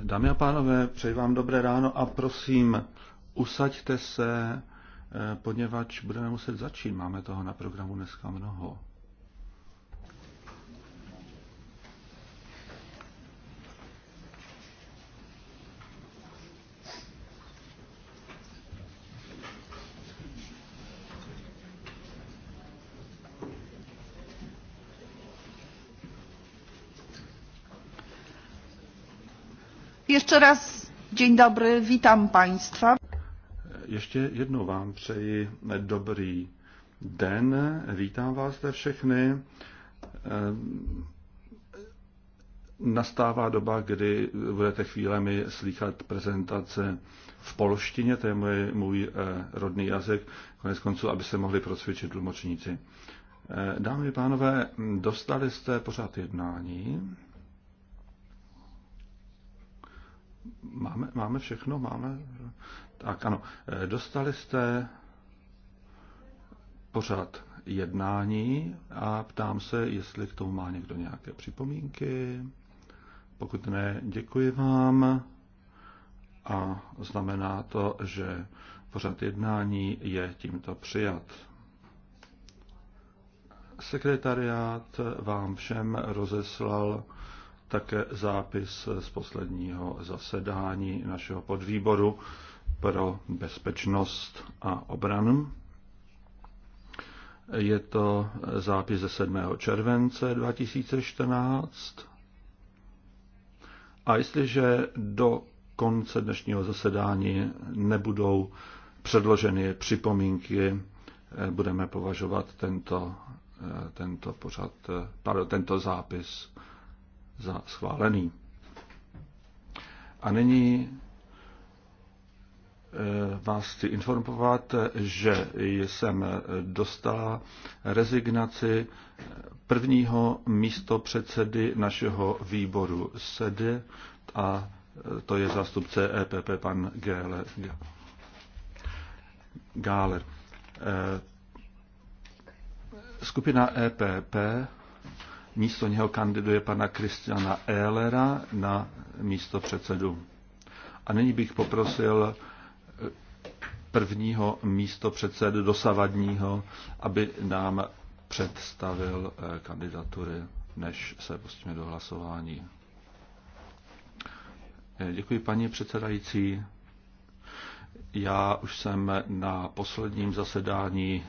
Dámy a pánové, přeji vám dobré ráno a prosím, usaďte se, eh, poněvadž budeme muset začít. Máme toho na programu dneska mnoho. Jeszcze raz dzień dobry, witam Państwa. Ještě jednou vám přeji dobrý den, vítám vás zde všechny. Nastává doba, kdy budete chvílemi slychat prezentace v polštině, to je můj, můj eh, rodný jazyk, konec konců, aby se mohli procvičit tlumočníci. Eh, dámy a pánové, dostali jste pořád jednání. Máme, máme všechno, máme. Tak ano, dostali jste pořád jednání a ptám se, jestli k tomu má někdo nějaké připomínky. Pokud ne, děkuji vám. A znamená to, že pořád jednání je tímto přijat. Sekretariát vám všem rozeslal také zápis z posledního zasedání našeho podvýboru pro bezpečnost a obranu. Je to zápis ze 7. července 2014. A jestliže do konce dnešního zasedání nebudou předloženy připomínky, budeme považovat tento, tento, pořad, tento zápis za schválený. A nyní eh, vás chci informovat, že jsem dostala rezignaci prvního místo předsedy našeho výboru SEDE a eh, to je zástupce EPP pan Gáler. Eh, skupina EPP místo něho kandiduje pana Kristiana Ehlera na místo předsedu. A nyní bych poprosil eh, prvního místo předsedu dosavadního, aby nám představil eh, kandidatury, než se pustíme do hlasování. Eh, děkuji paní předsedající. Já už jsem na posledním zasedání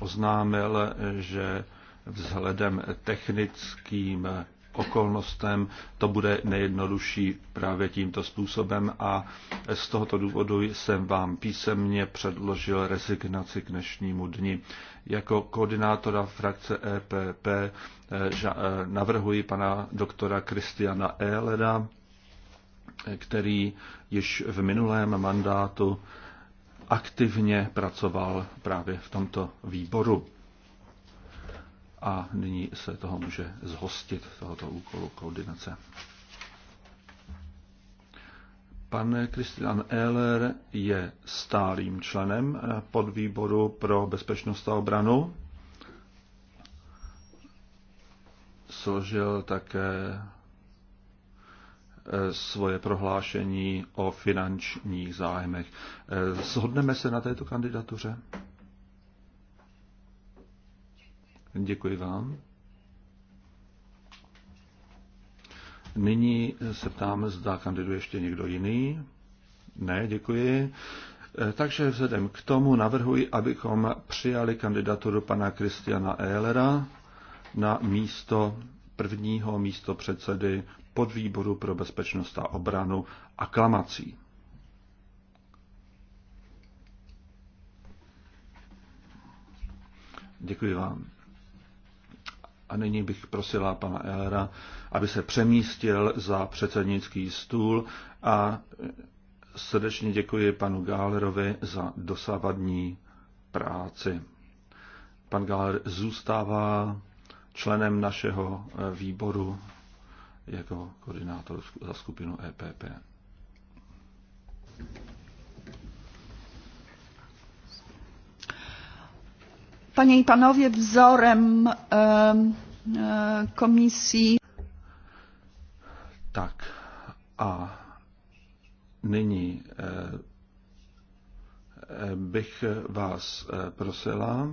oznámil, že vzhledem technickým okolnostem to bude nejjednodušší právě tímto způsobem a z tohoto důvodu jsem vám písemně předložil rezignaci k dnešnímu dni. Jako koordinátora frakce EPP eh, eh, navrhuji pana doktora Kristiana Ehleda, který již v minulém mandátu aktivně pracoval právě v tomto výboru a nyní se toho může zhostit, tohoto úkolu koordinace. Pan Kristian Ehler je stálým členem podvýboru pro bezpečnost a obranu. Složil také eh, svoje prohlášení o finančních zájmech. Eh, shodneme se na této kandidatuře? Děkuji vám. Nyní se ptáme, zda kandiduje ještě někdo jiný. Ne, děkuji. Eh, takže vzhledem k tomu navrhuji, abychom přijali kandidaturu pana Kristiana Ehlera na místo prvního místo předsedy podvýboru pro bezpečnost a obranu aklamací. Děkuji vám. A nyní bych prosila pana Elera, aby se přemístil za předsednický stůl a srdečně děkuji panu Gálerovi za dosavadní práci. Pan Gáler zůstává členem našeho eh, výboru jako koordinátor za skupinu EPP. Panie i panowie, wzorem e, komisji. Tak. A nyní e, e, bych vás prosila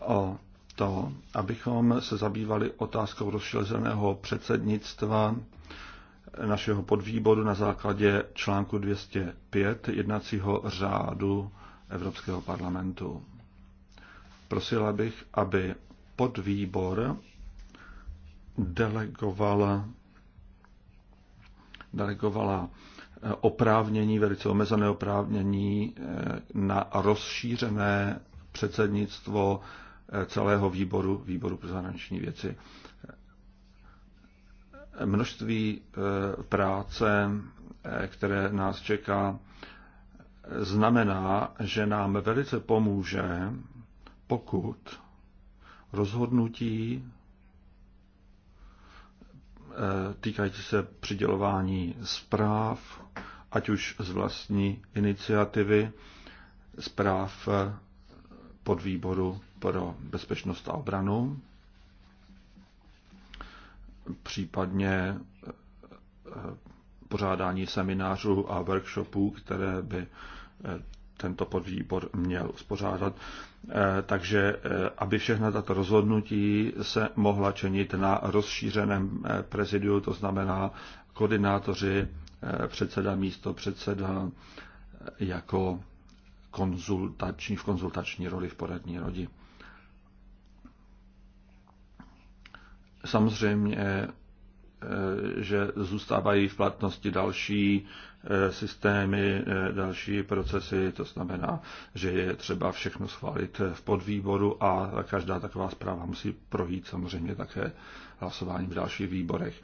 o to, abychom se zabývali otázkou rozšířeného předsednictva našeho podvýboru na základě článku 205 jednacího řádu Evropského parlamentu prosila bych, aby podvýbor delegovala, delegovala eh, oprávnění, velice omezené oprávnění eh, na rozšířené předsednictvo eh, celého výboru, výboru pro zahraniční věci. Množství práce, které nás čeká, znamená, že nám velice pomůže pokud rozhodnutí eh, týkající se přidělování zpráv, ať už z vlastní iniciativy, zpráv eh, pod výboru pro bezpečnost a obranu, případně eh, pořádání seminářů a workshopů, které by tento podvýbor měl uspořádat. Eh, takže eh, aby všechna tato rozhodnutí se mohla činit na rozšířeném eh, prezidiu, to znamená koordinátoři, předseda, místo předseda jako konzultační, v konzultační roli v poradní rodi. Samozřejmě Eh, že zůstávají v platnosti další eh, systémy, eh, další procesy, to znamená, že je třeba všechno schválit v podvýboru a každá taková zpráva musí projít samozřejmě také hlasováním v dalších výborech.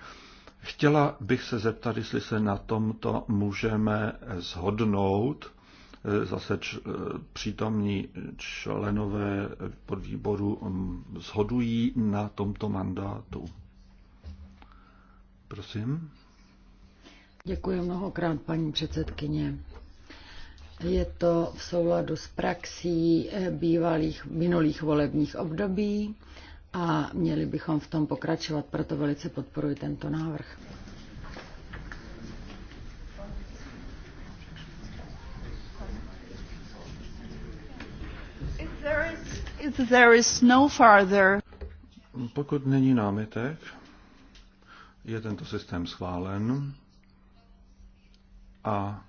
Chtěla bych se zeptat, jestli se na tomto můžeme zhodnout, zase č, přítomní členové podvýboru zhodují mm, na tomto mandátu. Prosím. Děkuji mnohokrát, paní předsedkyně. Je to v souladu s praxí bývalých minulých volebních období a měli bychom v tom pokračovat, proto velice podporuji tento návrh. If there is no farther... Pokud není námitek, je tento systém schválen a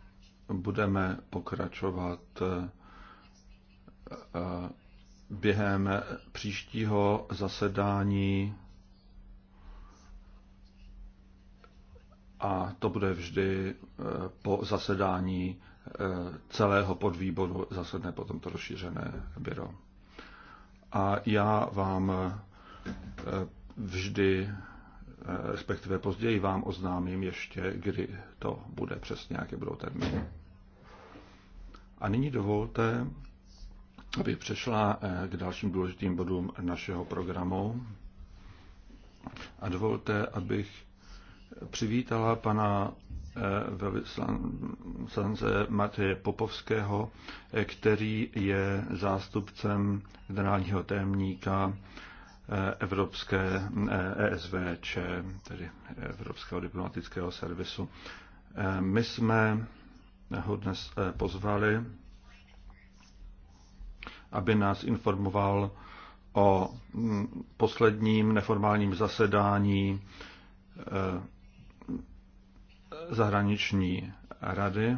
budeme pokračovat eh, eh, během příštího zasedání a to bude vždy eh, po zasedání celého podvýboru zasedne potom to rozšířené byro. A já vám vždy respektive později vám oznámím ještě, kdy to bude přesně, jaké budou termíny. A nyní dovolte, aby přešla eh, k dalším důležitým bodům našeho programu. A dovolte, abych přivítala pana eh, velvyslance Mateje Popovského, eh, který je zástupcem generálního témníka Evropské ESVČ, eh, e tedy Evropského diplomatického servisu. Eh, my jsme ho dnes eh, pozvali, aby nás informoval o mm, posledním neformálním zasedání zahraniční rady.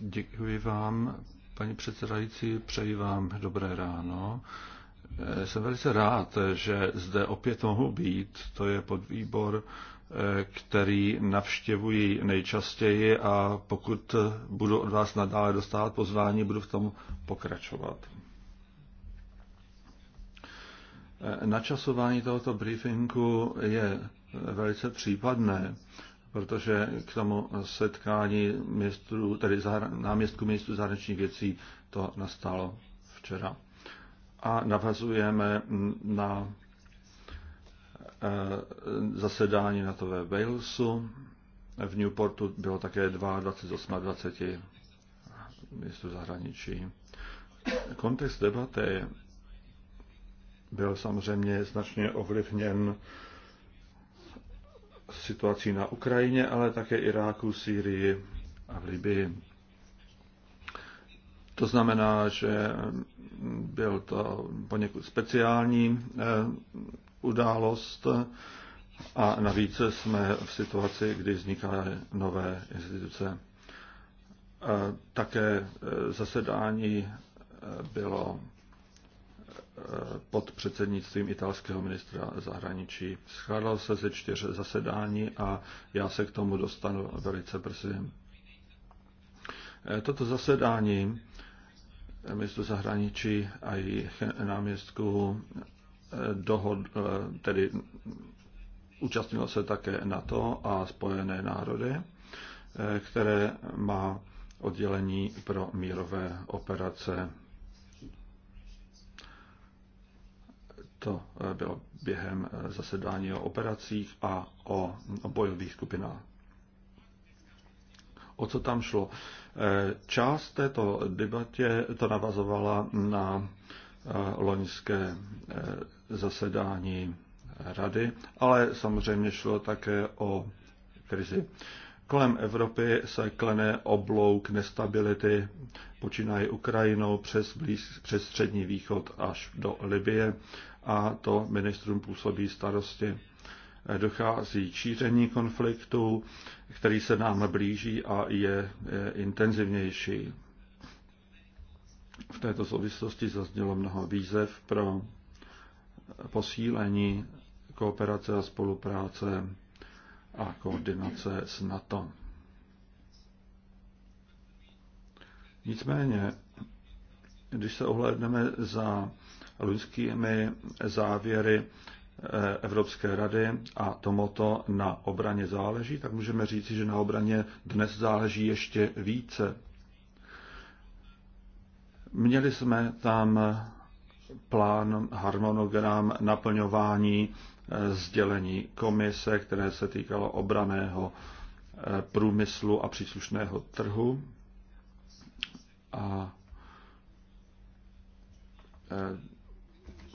Děkuji vám, Paní předsedající, přeji vám dobré ráno. Eh, jsem velice rád, že zde opět mohu být. To je podvýbor, eh, který navštěvuji nejčastěji a pokud budu od vás nadále dostávat pozvání, budu v tom pokračovat. Eh, načasování tohoto briefingu je velice případné, protože k tomu setkání městru, tedy náměstku ministru zahraničních věcí to nastalo včera. A navazujeme na eh, zasedání na to ve Walesu. V Newportu bylo také 22 28 ministrů zahraničí. Kontext debaty byl samozřejmě značně ovlivněn situací na Ukrajině, ale také Iráku, Sýrii a v Libii. To znamená, že byl to poněkud speciální eh, událost a navíc jsme v situaci, kdy vznikaly nové instituce. Eh, také eh, zasedání bylo pod předsednictvím italského ministra zahraničí. Schádal se ze čtyř zasedání a já se k tomu dostanu velice brzy. E, toto zasedání ministru zahraničí a jejich náměstku e, dohod, e, tedy účastnilo se také NATO a Spojené národy, které má oddělení pro mírové operace To eh, bylo během eh, zasedání o operacích a o bojových skupinách. O co tam šlo? Eh, část této debatě to navazovala na loňské zasedání rady, ale samozřejmě šlo také o krizi. Kolem Evropy se klene oblouk nestability, počínaje Ukrajinou přes, blíz, přes Střední východ až do Libie a to ministrům působí starosti. Dochází k šíření konfliktu, který se nám blíží a je intenzivnější. V této souvislosti zaznělo mnoho výzev pro posílení kooperace a spolupráce a koordinace s NATO. Nicméně, když se ohlédneme za loňskými závěry eh, Evropské rady a tomuto na obraně záleží, tak můžeme říci, že na obraně dnes záleží ještě více. Měli jsme tam plán, harmonogram naplňování eh, sdělení komise, které se týkalo obraného eh, průmyslu a příslušného trhu. A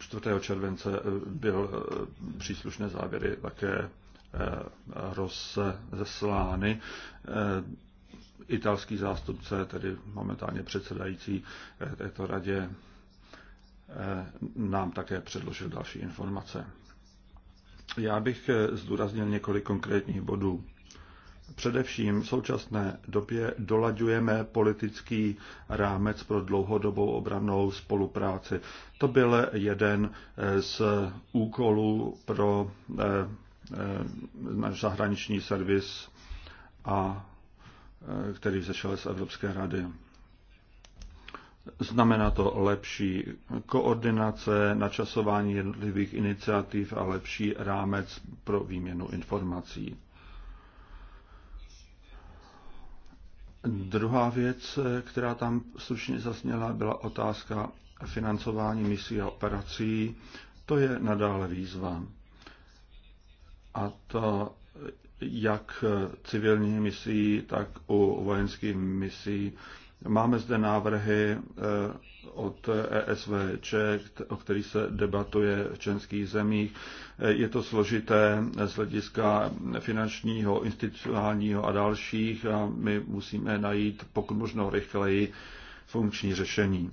4. července eh, byl eh, příslušné závěry také eh, rozeslány. Italský zástupce, tedy momentálně předsedající této radě, nám také předložil další informace. Já bych zdůraznil několik konkrétních bodů. Především v současné době dolaďujeme politický rámec pro dlouhodobou obranou spolupráci. To byl jeden z úkolů pro eh, eh, náš zahraniční servis, a, eh, který vzešel z Evropské rady. Znamená to lepší koordinace, načasování jednotlivých iniciativ a lepší rámec pro výměnu informací. Druhá věc, která tam slušně zasněla, byla otázka financování misí a operací. To je nadále výzva. A to jak civilní misí, tak u vojenských misí. Máme zde návrhy eh, od ESVČ, o který se debatuje v českých zemích. Je to složité z hlediska finančního, institucionálního a dalších a my musíme najít pokud možno rychleji funkční řešení.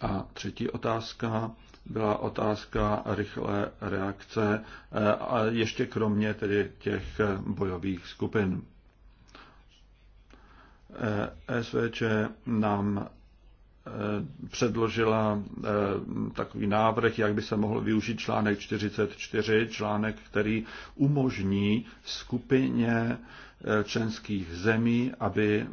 A třetí otázka byla otázka rychlé reakce, a ještě kromě tedy těch bojových skupin. E SVČ nám Eh, předložila eh, takový návrh, jak by se mohl využít článek 44, článek, který umožní skupině eh, členských zemí, aby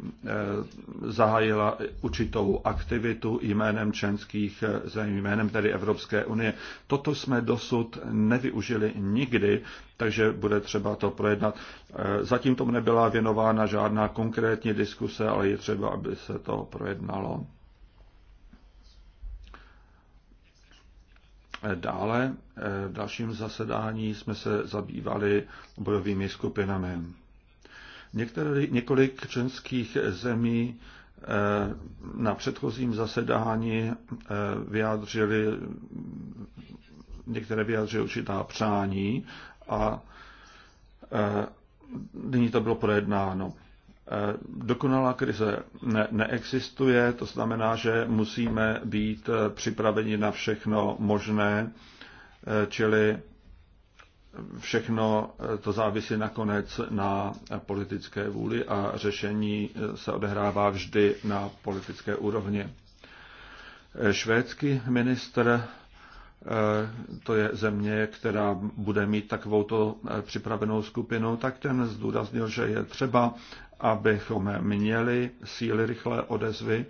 zahájila určitou aktivitu jménem členských zemí, jménem tedy Evropské unie. Toto jsme dosud nevyužili nikdy, takže bude třeba to projednat. Zatím tomu nebyla věnována žádná konkrétní diskuse, ale je třeba, aby se to projednalo. Eh, dále eh, v dalším zasedání jsme se zabývali bojovými skupinami. Některé, několik členských zemí eh, na předchozím zasedání vyjádřili, některé vyjádřili určitá přání a nyní to bylo projednáno. Eh, dokonalá krize ne- neexistuje, to znamená, že musíme být eh, připraveni na všechno možné, eh, čili všechno to závisí nakonec na politické vůli a řešení se odehrává vždy na politické úrovni. Švédský ministr to je země, která bude mít takovouto připravenou skupinu, tak ten zdůraznil, že je třeba abychom měli síly rychlé odezvy,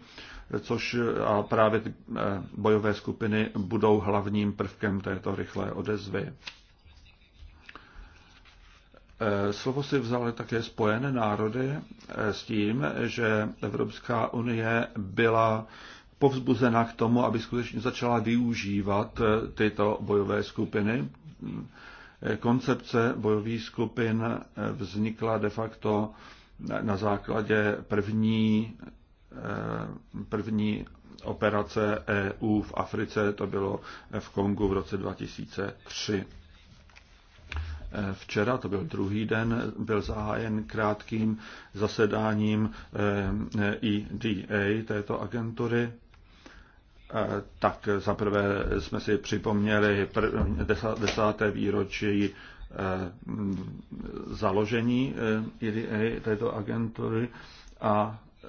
což a právě ty eh, bojové skupiny budou hlavním prvkem této rychlé odezvy. Eh, slovo si vzali také Spojené národy eh, s tím, že Evropská unie byla povzbuzena k tomu, aby skutečně začala využívat tyto bojové skupiny. Koncepce bojových skupin vznikla de facto na základě první, eh, první operace EU v Africe, to bylo v Kongu v roce 2003. Eh, včera, to byl druhý den, byl zahájen krátkým zasedáním EDA eh, e této agentury. Tak zaprvé jsme si připomněli desáté výročí Eh, založení EDA eh, této agentury a eh,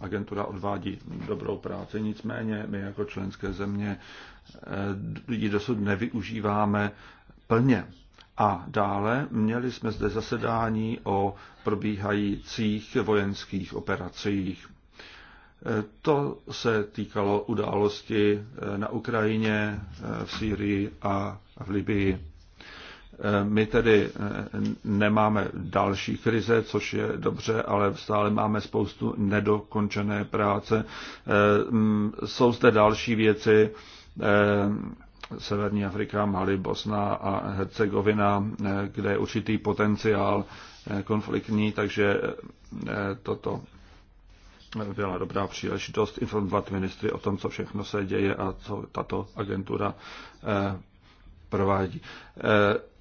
agentura odvádí dobrou práci, nicméně my jako členské země ji dosud nevyužíváme plně. A dále měli jsme zde zasedání o probíhajících vojenských operacích. To se týkalo události na Ukrajině, v Sýrii a v Libii. Eh, my tedy eh, nemáme další krize, což je dobře, ale stále máme spoustu nedokončené práce. Eh, mm, jsou zde další věci, Severní Afrika, Mali, Bosna a Hercegovina, kde je určitý potenciál konfliktní, takže toto byla dobrá příležitost informovat ministry o tom, co všechno se děje a co tato agentura provádí.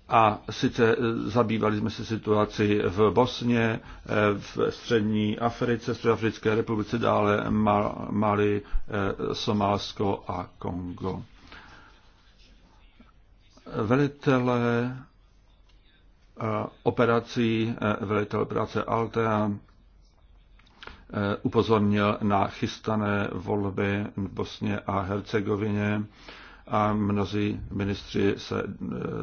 A sice e, zabývali jsme se situaci v Bosně, e, v střední Africe, Středoafrické republice, dále Mali, e, Somálsko a Kongo. Velitelé operací, velitel práce Altea, upozornil na chystané volby v Bosně a Hercegovině a mnozí ministři se e,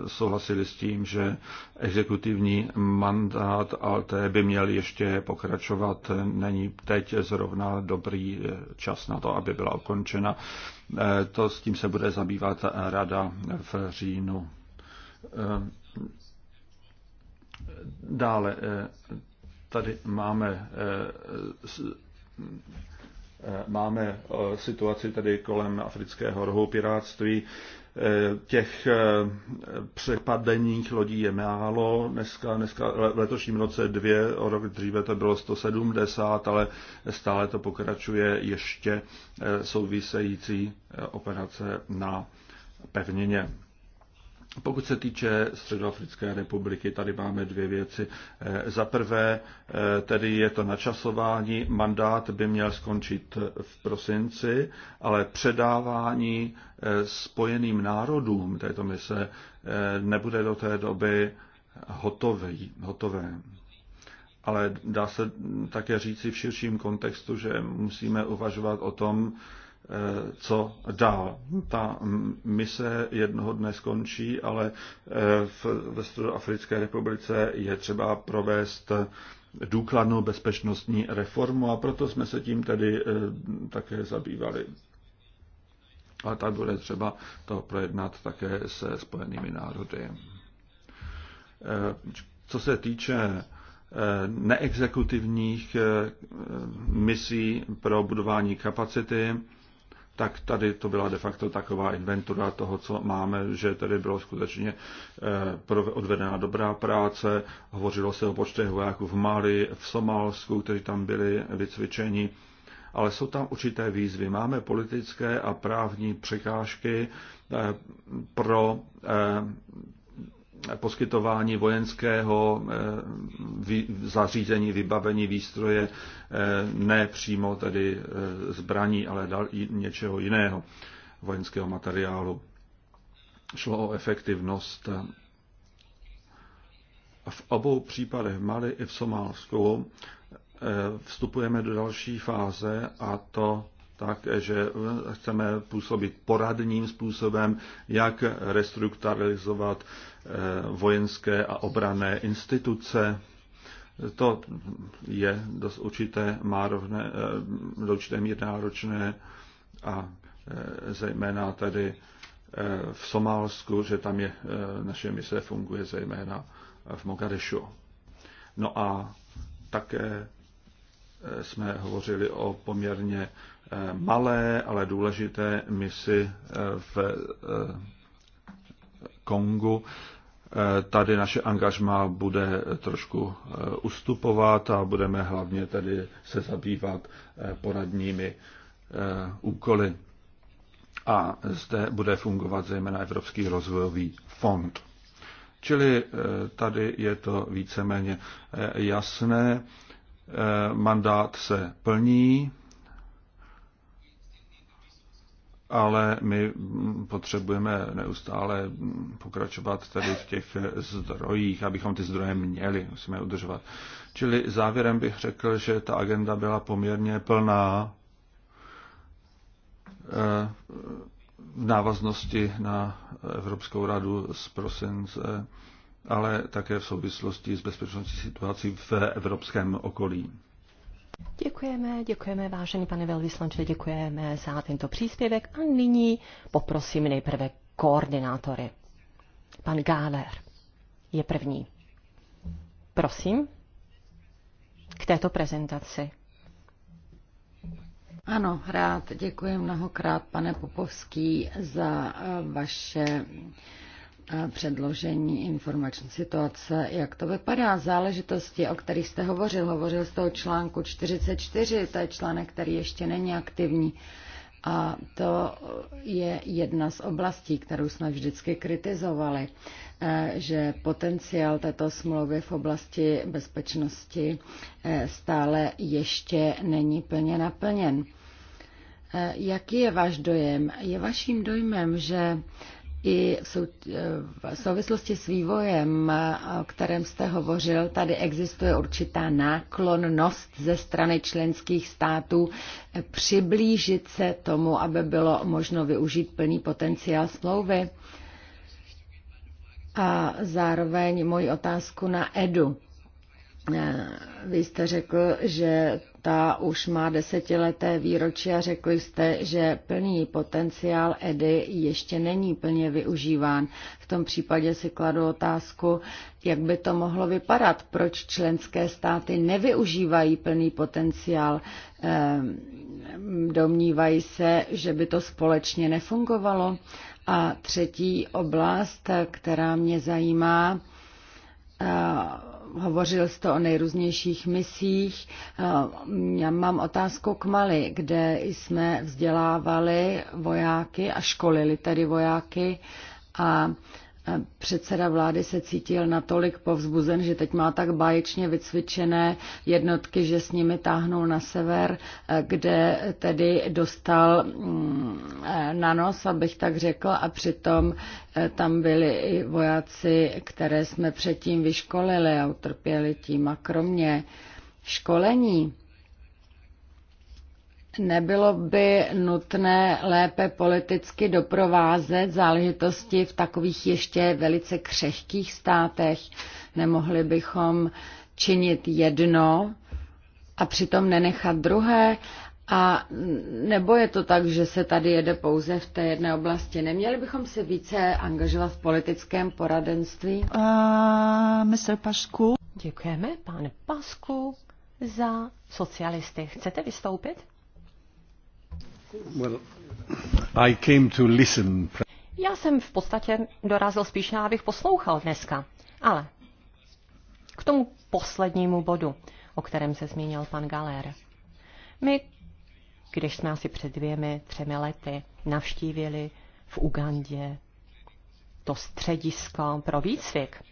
souhlasili s tím, že exekutivní mandát ALT by měl ještě pokračovat. Není teď zrovna dobrý e, čas na to, aby byla ukončena. E, to s tím se bude zabývat rada v říjnu. Dále tady máme Eh, máme eh, situaci tedy kolem afrického rohu piráctví. Eh, těch přepadeních lodí je málo. Dneska, dneska letošním roce dvě, o rok dříve to bylo 170, ale stále to pokračuje ještě související operace na pevnině. Pokud se týče Středoafrické republiky, tady máme dvě věci. Eh, za prvé, eh, tedy je to načasování, mandát by měl skončit v prosinci, ale předávání eh, spojeným národům této mise nebude do té doby hotové, hotové. Ale dá se také říci v širším kontextu, že musíme uvažovat o tom, Eh, co dál. Ta mise jednoho dne skončí, ale eh, v, ve Středoafrické republice je třeba provést důkladnou bezpečnostní reformu a proto jsme se tím tedy eh, také zabývali. A tak bude třeba to projednat také se Spojenými národy. Co se týče neexekutivních misí pro budování kapacity, tak tady to byla de facto taková inventura toho, co máme, že tady bylo skutečně eh, odvedena dobrá práce, hovořilo se o počtech vojáků v Mali, v Somálsku, kteří tam byli vycvičeni, ale jsou tam určité výzvy. Máme politické a právní překážky eh, pro eh, poskytování vojenského eh, zařízení, vybavení, výstroje, eh, ne přímo tedy eh, zbraní, ale něčeho jiného, vojenského materiálu. Šlo o efektivnost. V obou případech Mali i v Somálsku vstupujeme do další fáze a to tak, že chceme působit poradním způsobem, jak restrukturalizovat Eh, vojenské a obrané instituce. To je dost určité, má rovné, eh, do určité míry náročné a eh, zejména tedy v Somálsku, že tam je naše mise funguje zejména v Mogadešu. No a také jsme hovořili o poměrně malé, ale důležité misi v Kongu, Eh, tady naše angažma bude trošku eh, ustupovat a budeme hlavně tedy se zabývat eh, poradními úkoly. A zde bude fungovat zejména Evropský rozvojový fond. Čili tady je to víceméně jasné. Mandát se plní, ale my potřebujeme neustále pokračovat tady v těch zdrojích, abychom ty zdroje měli, musíme je udržovat. Čili závěrem bych řekl, že ta agenda byla poměrně plná eh, v návaznosti na Evropskou radu z prosince, ale také v souvislosti s bezpečnostní situací v evropském okolí. Děkujeme, děkujeme, vážený pane velvyslanče, děkujeme za tento příspěvek a nyní poprosím nejprve koordinátory. Pan Gáler je první. Prosím, k této prezentaci. Ano, rád děkuji mnohokrát, pane Popovský, za eh, vaše předložení informační situace, jak to vypadá, záležitosti, o kterých jste hovořil. Hovořil z toho článku 44, to je článek, který ještě není aktivní. A to je jedna z oblastí, kterou jsme vždycky kritizovali, eh, že potenciál této smlouvy v oblasti bezpečnosti eh, stále ještě není plně naplněn. Eh, jaký je váš dojem? Je vaším dojmem, že i v souvislosti s vývojem, o kterém jste hovořil, tady existuje určitá náklonnost ze strany členských států přiblížit se tomu, aby bylo možno využít plný potenciál smlouvy. A zároveň moji otázku na Edu. Eh, vy jste řekl, že ta už má desetileté výročí a řekl jste, že plný potenciál EDY ještě není plně využíván. V tom případě si kladu otázku, jak by to mohlo vypadat, proč členské státy nevyužívají plný potenciál. Eh, domnívají se, že by to společně nefungovalo. A třetí oblast, která mě zajímá, eh, Hovořil jste o nejrůznějších misích. Eh, já mám otázku k Mali, kde jsme vzdělávali vojáky a školili tedy vojáky a Předseda vlády se cítil natolik povzbuzen, že teď má tak báječně vycvičené jednotky, že s nimi táhnul na sever, eh, kde tedy dostal mm, eh, na nos, abych tak řekl, a přitom eh, tam byli i vojáci, které jsme předtím vyškolili a utrpěli tím. A kromě školení Nebylo by nutné lépe politicky doprovázet záležitosti v takových ještě velice křehkých státech? Nemohli bychom činit jedno a přitom nenechat druhé? A nebo je to tak, že se tady jede pouze v té jedné oblasti? Neměli bychom se více angažovat v politickém poradenství? Uh, Mr. Pašku. Děkujeme, pane Pasku, za socialisty. Chcete vystoupit? Já jsem v podstatě dorazil spíš, abych poslouchal dneska. Ale k tomu poslednímu bodu, o kterém se zmínil pan Galer. My, když jsme asi před dvěmi, třemi lety navštívili v Ugandě to středisko pro výcvik,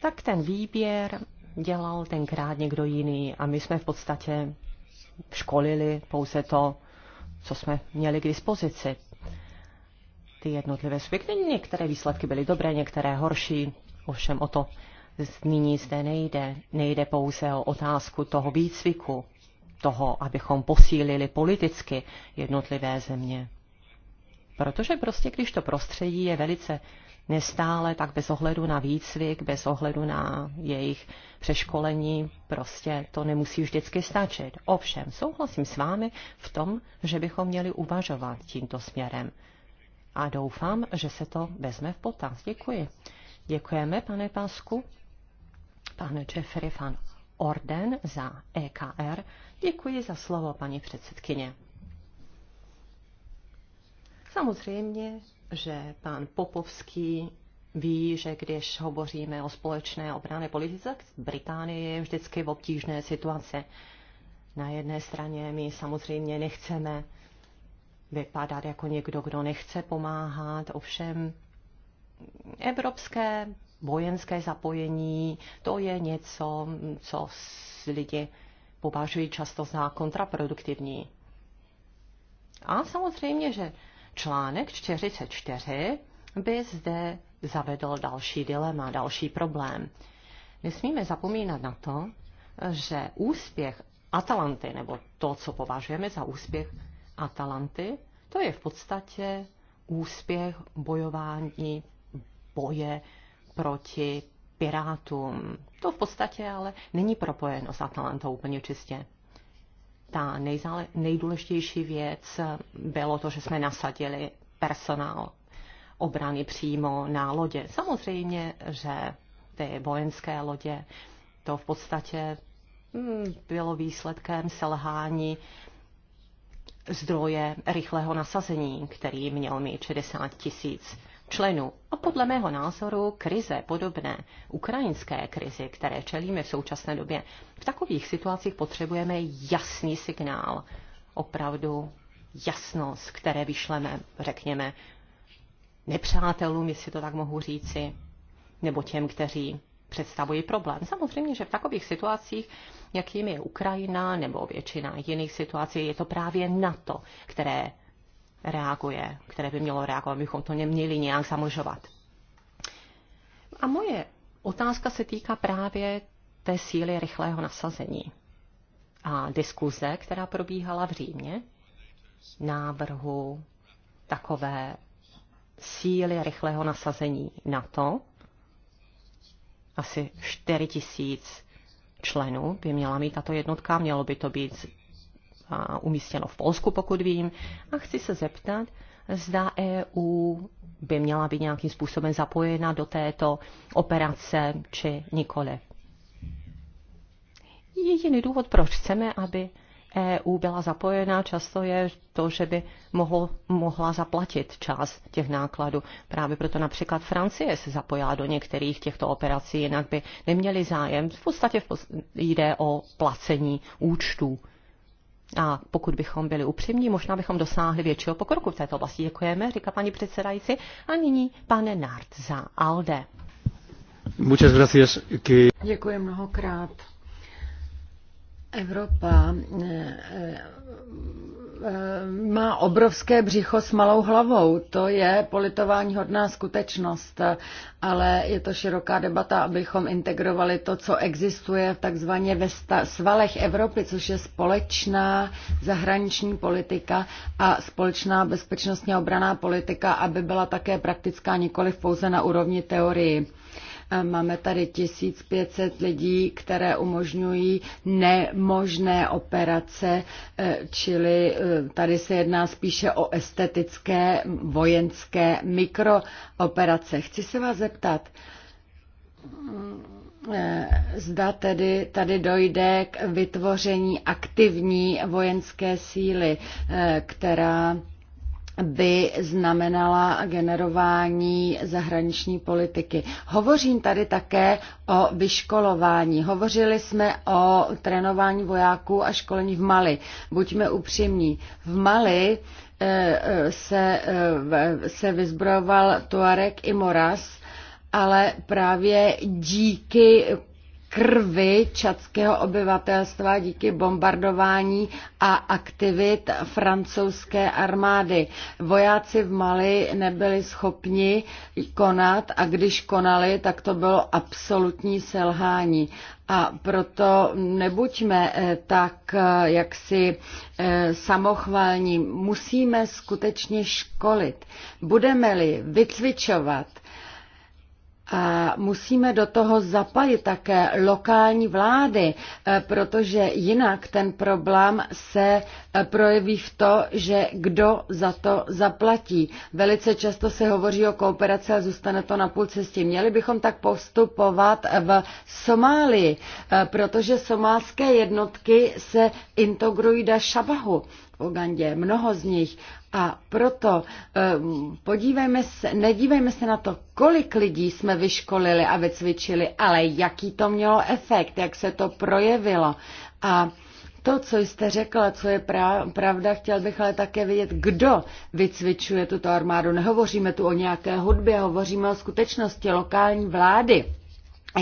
tak ten výběr dělal tenkrát někdo jiný a my jsme v podstatě školili pouze to, co jsme měli k dispozici. Ty jednotlivé subjekty, některé výsledky byly dobré, některé horší, ovšem o to nyní zde nejde. Nejde pouze o otázku toho výcviku, toho, abychom posílili politicky jednotlivé země. Protože prostě, když to prostředí je velice nestále, tak bez ohledu na výcvik, bez ohledu na jejich přeškolení, prostě to nemusí vždycky stačit. Ovšem, souhlasím s vámi v tom, že bychom měli uvažovat tímto směrem. A doufám, že se to vezme v potaz. Děkuji. Děkujeme, pane Pasku, pane Jeffrey van Orden za EKR. Děkuji za slovo, paní předsedkyně. Samozřejmě že pan Popovský ví, že když hovoříme o společné obrané politice, tak Británie je vždycky v obtížné situace. Na jedné straně my samozřejmě nechceme vypadat jako někdo, kdo nechce pomáhat, ovšem evropské vojenské zapojení, to je něco, co lidi považují často za kontraproduktivní. A samozřejmě, že Článek 44 by zde zavedl další dilema, další problém. Nesmíme zapomínat na to, že úspěch Atalanty, nebo to, co považujeme za úspěch Atalanty, to je v podstatě úspěch bojování, boje proti pirátům. To v podstatě ale není propojeno s Atalantou úplně čistě ta nejzále, nejdůležitější věc bylo to, že jsme nasadili personál obrany přímo na lodě. Samozřejmě, že ty vojenské lodě, to v podstatě hm, bylo výsledkem selhání zdroje rychlého nasazení, který měl mít 60 tisíc členů. A podle mého názoru krize podobné ukrajinské krizi, které čelíme v současné době, v takových situacích potřebujeme jasný signál, opravdu jasnost, které vyšleme, řekněme, nepřátelům, jestli to tak mohu říci, nebo těm, kteří představují problém. Samozřejmě, že v takových situacích, jakým je Ukrajina nebo většina jiných situací, je to právě NATO, které reaguje, které by mělo reagovat, abychom to neměli nějak zamlžovat. A moje otázka se týká právě té síly rychlého nasazení a diskuze, která probíhala v Římě, návrhu takové síly rychlého nasazení na to asi 4 tisíc členů by měla mít tato jednotka, mělo by to být umístěno v Polsku, pokud vím. A chci se zeptat, zda EU by měla být nějakým způsobem zapojena do této operace, či nikoli. Jediný důvod, proč chceme, aby EU byla zapojena, často je to, že by mohlo, mohla zaplatit část těch nákladů. Právě proto například Francie se zapojila do některých těchto operací, jinak by neměli zájem. V podstatě jde o placení účtů a pokud bychom byli upřímní, možná bychom dosáhli většího pokroku v této oblasti. Děkujeme, říká paní předsedající. A nyní pane Nart za ALDE. Děkuji mnohokrát. Evropa eh, eh, Eh, má obrovské břicho s malou hlavou. To je politování hodná skutečnost, ale je to široká debata, abychom integrovali to, co existuje v takzvaně ve svalech Evropy, což je společná zahraniční politika a společná bezpečnostně obraná politika, aby byla také praktická nikoli pouze na úrovni teorii Máme tady 1500 lidí, které umožňují nemožné operace, eh, čili eh, tady se jedná spíše o estetické vojenské mikrooperace. Chci se vás zeptat, eh, Zda tedy tady dojde k vytvoření aktivní vojenské síly, která by znamenala generování zahraniční politiky. Hovořím tady také o vyškolování. Hovořili jsme o trénování vojáků a školení v Mali. Buďme upřímní. V Mali eh, eh, se, eh, se vyzbrojoval Tuarek i Moras, ale právě díky krvi čadského obyvatelstva díky bombardování a aktivit francouzské armády. Vojáci v Mali nebyli schopni konat a když konali, tak to bylo absolutní selhání. A proto nebuďme eh, tak eh, jaksi eh, samochvální. Musíme skutečně školit. Budeme-li vycvičovat a musíme do toho zapojit také lokální vlády, e, protože jinak ten problém se e, projeví v to, že kdo za to zaplatí. Velice často se hovoří o kooperaci a zůstane to na půl cestě. Měli bychom tak postupovat v Somálii, e, protože somálské jednotky se integrují do Šabahu v Ugandě, mnoho z nich. A proto ehm, podívejme se, nedívejme se na to, kolik lidí jsme vyškolili a vycvičili, ale jaký to mělo efekt, jak se to projevilo. A to, co jste řekla, co je pravda, chtěl bych ale také vědět, kdo vycvičuje tuto armádu. Nehovoříme tu o nějaké hudbě, hovoříme o skutečnosti lokální vlády,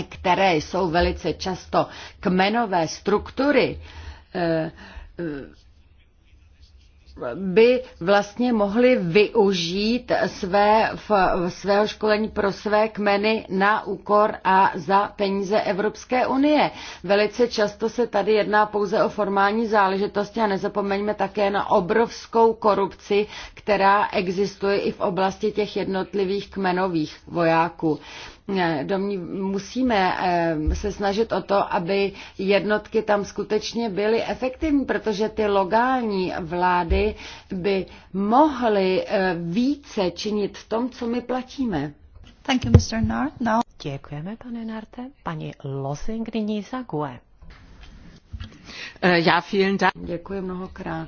které jsou velice často kmenové struktury eh, eh, by vlastně mohli využít své, v, svého školení pro své kmeny na úkor a za peníze Evropské unie. Velice často se tady jedná pouze o formální záležitosti a nezapomeňme také na obrovskou korupci, která existuje i v oblasti těch jednotlivých kmenových vojáků domní, musíme eh, se snažit o to, aby jednotky tam skutečně byly efektivní, protože ty logální vlády by mohly eh, více činit v tom, co my platíme. Thank you, Mr. Nard. No. Děkujeme, pane Narte. Paní Losing nyní za GUE. Uh, eh, ja, vielen Dank. Děkuji mnohokrát.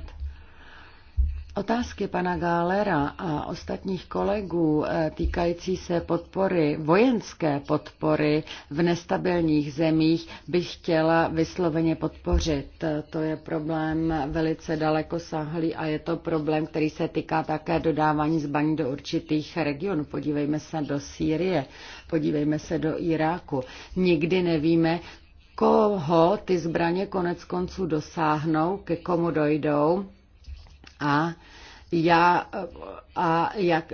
Otázky pana Gálera a ostatních kolegů eh, týkající se podpory, vojenské podpory v nestabilních zemích bych chtěla vysloveně podpořit. Eh, to je problém velice daleko sahlý a je to problém, který se týká také dodávání zbaní do určitých regionů. Podívejme se do Sýrie, podívejme se do Iráku. Nikdy nevíme, koho ty zbraně konec konců dosáhnou, ke komu dojdou a já a, jak,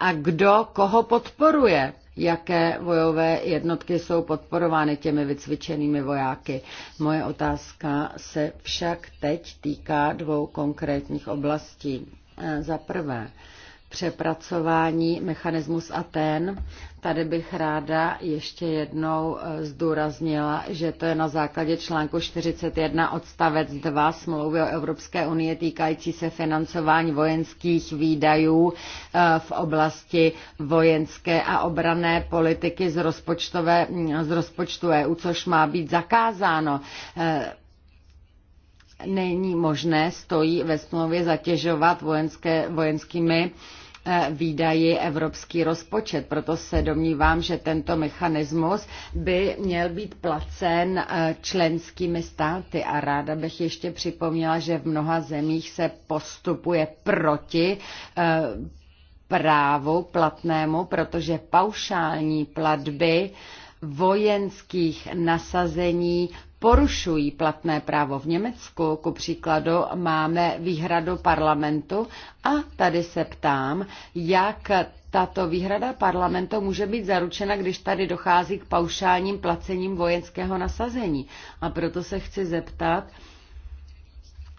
a kdo koho podporuje? Jaké vojové jednotky jsou podporovány těmi vycvičenými vojáky? Moje otázka se však teď týká dvou konkrétních oblastí. E, za prvé, přepracování mechanismus Aten. Tady bych ráda ještě jednou eh, zdůraznila, že to je na základě článku 41 odstavec 2 smlouvy o Evropské unii týkající se financování vojenských výdajů eh, v oblasti vojenské a obrané politiky z, rozpočtové, z rozpočtu EU, což má být zakázáno eh, není možné stojí ve smlouvě zatěžovat vojenské, vojenskými E, výdaji evropský rozpočet. Proto se domnívám, že tento mechanismus by měl být placen e, členskými státy. A ráda bych ještě připomněla, že v mnoha zemích se postupuje proti e, právu platnému, protože paušální platby vojenských nasazení porušují platné právo. V Německu, ku příkladu, máme výhradu parlamentu a tady se ptám, jak tato výhrada parlamentu může být zaručena, když tady dochází k paušálním placením vojenského nasazení. A proto se chci zeptat,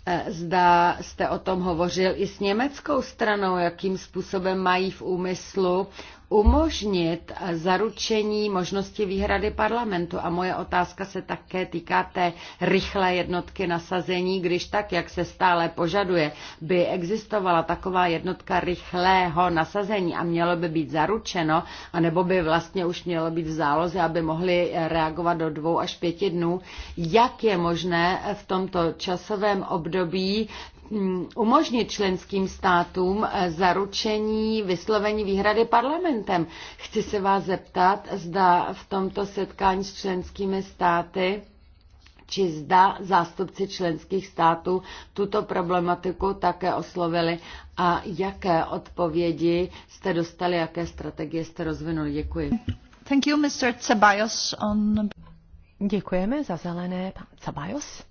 eh, Zda jste o tom hovořil i s německou stranou, jakým způsobem mají v úmyslu umožnit zaručení možnosti výhrady parlamentu. A moje otázka se také týká té rychlé jednotky nasazení, když tak, jak se stále požaduje, by existovala taková jednotka rychlého nasazení a mělo by být zaručeno, anebo by vlastně už mělo být v záloze, aby mohli reagovat do dvou až pěti dnů. Jak je možné v tomto časovém období Hm, umožnit členským státům eh, zaručení vyslovení výhrady parlamentem. Chci se vás zeptat, zda v tomto setkání s členskými státy či zda zástupci členských států tuto problematiku také oslovili a jaké odpovědi jste dostali, jaké strategie jste rozvinuli. Děkuji. Thank you, Mr. Ceballos. On... Děkujeme za zelené. Pan Ceballos?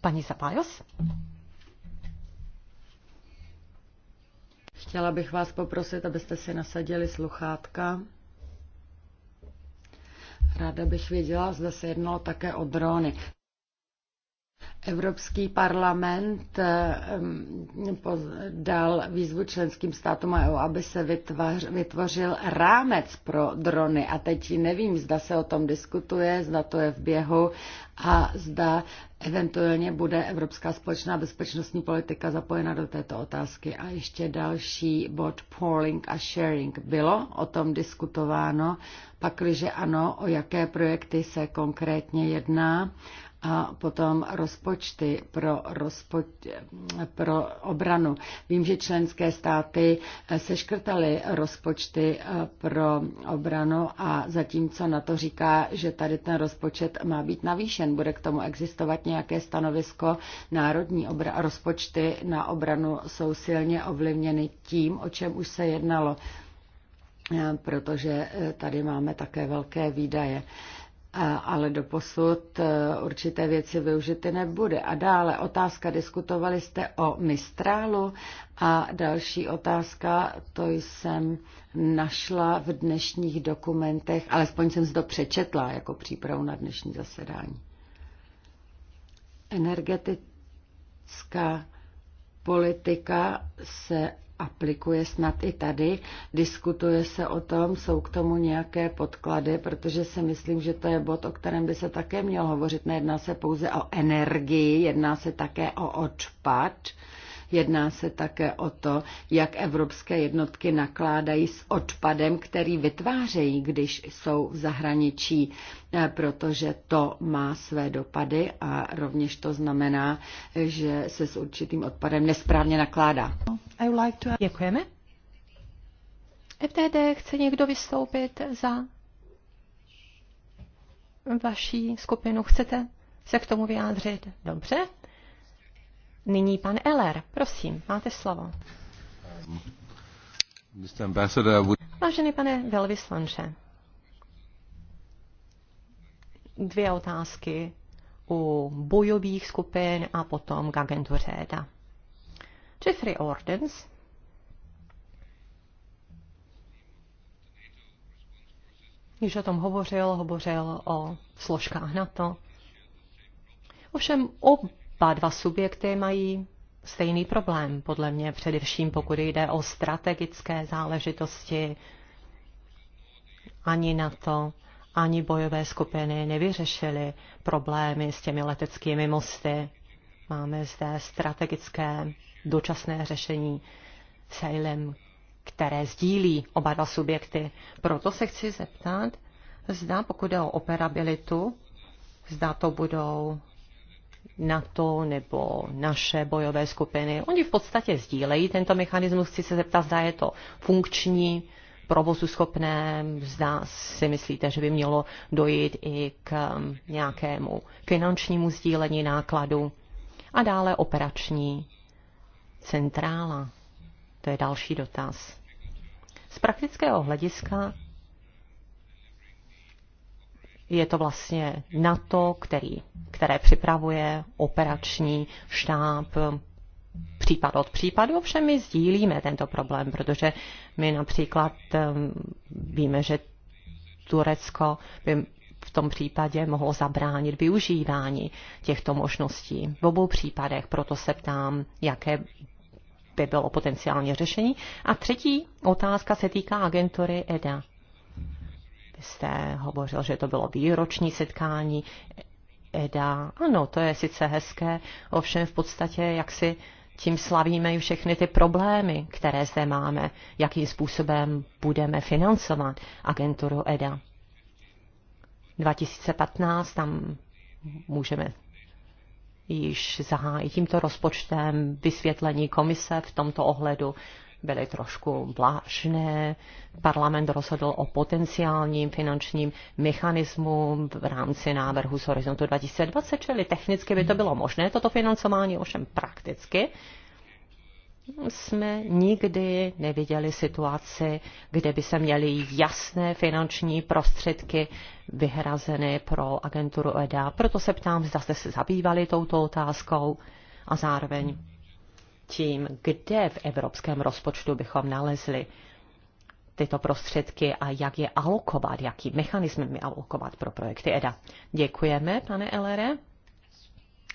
Paní Ceballos? Chtěla bych vás poprosit, abyste si nasadili sluchátka. Ráda bych věděla, zda se jednalo také o drony. Evropský parlament ehm, dal výzvu členským státům EU, aby se vytvořil rámec pro drony. A teď nevím, zda se o tom diskutuje, zda to je v běhu a zda eventuálně bude Evropská společná bezpečnostní politika zapojena do této otázky. A ještě další bod polling a sharing. Bylo o tom diskutováno, pakliže ano, o jaké projekty se konkrétně jedná a potom rozpočty pro, rozpoč, pro obranu. Vím, že členské státy eh, seškrtaly rozpočty eh, pro obranu a zatímco na to říká, že tady ten rozpočet má být navýšen, bude k tomu existovat nějaké stanovisko. Národní obra, rozpočty na obranu jsou silně ovlivněny tím, o čem už se jednalo eh, protože tady máme také velké výdaje ale do posud e, určité věci využity nebude. A dále otázka, diskutovali jste o Mistrálu a další otázka, to jsem našla v dnešních dokumentech, alespoň jsem si to přečetla jako přípravu na dnešní zasedání. Energetická politika se aplikuje snad i tady. Diskutuje se o tom, jsou k tomu nějaké podklady, protože si myslím, že to je bod, o kterém by se také mělo hovořit. Nejedná se pouze o energii, jedná se také o odpad Jedná se také o to, jak evropské jednotky nakládají s odpadem, který vytvářejí, když jsou v zahraničí, eh, protože to má své dopady a rovněž to znamená, že se s určitým odpadem nesprávně nakládá. Děkujeme. FTD chce někdo vystoupit za vaší skupinu? Chcete se k tomu vyjádřit? Dobře, Nyní pan Eller, prosím, máte slovo. Vážený pane velvyslanče, dvě otázky u bojových skupin a potom k agentu Ředa. E Jeffrey Ordens Když o tom hovořil, hovořil o složkách NATO. Ovšem Oba dva subjekty mají stejný problém, podle mě, především pokud jde o strategické záležitosti. Ani na to, ani bojové skupiny nevyřešily problémy s těmi leteckými mosty. Máme zde strategické dočasné řešení Sejlem, které sdílí oba dva subjekty. Proto se chci zeptat, zda pokud jde o operabilitu, zda to budou NATO nebo naše bojové skupiny. Oni v podstatě sdílejí tento mechanismus. Chci se zeptat, zda je to funkční, provozu schopné, zda si myslíte, že by mělo dojít i k um, nějakému finančnímu sdílení nákladu a dále operační centrála. To je další dotaz. Z praktického hlediska je to vlastně NATO, který, které připravuje operační štáb případ od případu, ovšem my sdílíme tento problém, protože my například víme, že Turecko by v tom případě mohlo zabránit využívání těchto možností v obou případech. Proto se ptám, jaké by bylo potenciálně řešení. A třetí otázka se týká agentury EDA jste hovořil, že to bylo výroční setkání EDA. Ano, to je sice hezké, ovšem v podstatě jak si tím slavíme i všechny ty problémy, které zde máme, jakým způsobem budeme financovat agenturu EDA. 2015 tam můžeme již zahájit tímto rozpočtem vysvětlení komise v tomto ohledu byly trošku vlážné. Parlament rozhodl o potenciálním finančním mechanismu v rámci návrhu z horizontu 2020, čili technicky by to bylo možné, toto financování, ovšem prakticky jsme nikdy neviděli situaci, kde by se měly jasné finanční prostředky vyhrazeny pro agenturu EDA. Proto se ptám, zda jste se zabývali touto otázkou a zároveň tím, kde v evropském rozpočtu bychom nalezli tyto prostředky a jak je alokovat, jaký mechanismem je alokovat pro projekty EDA. Děkujeme, pane Elere,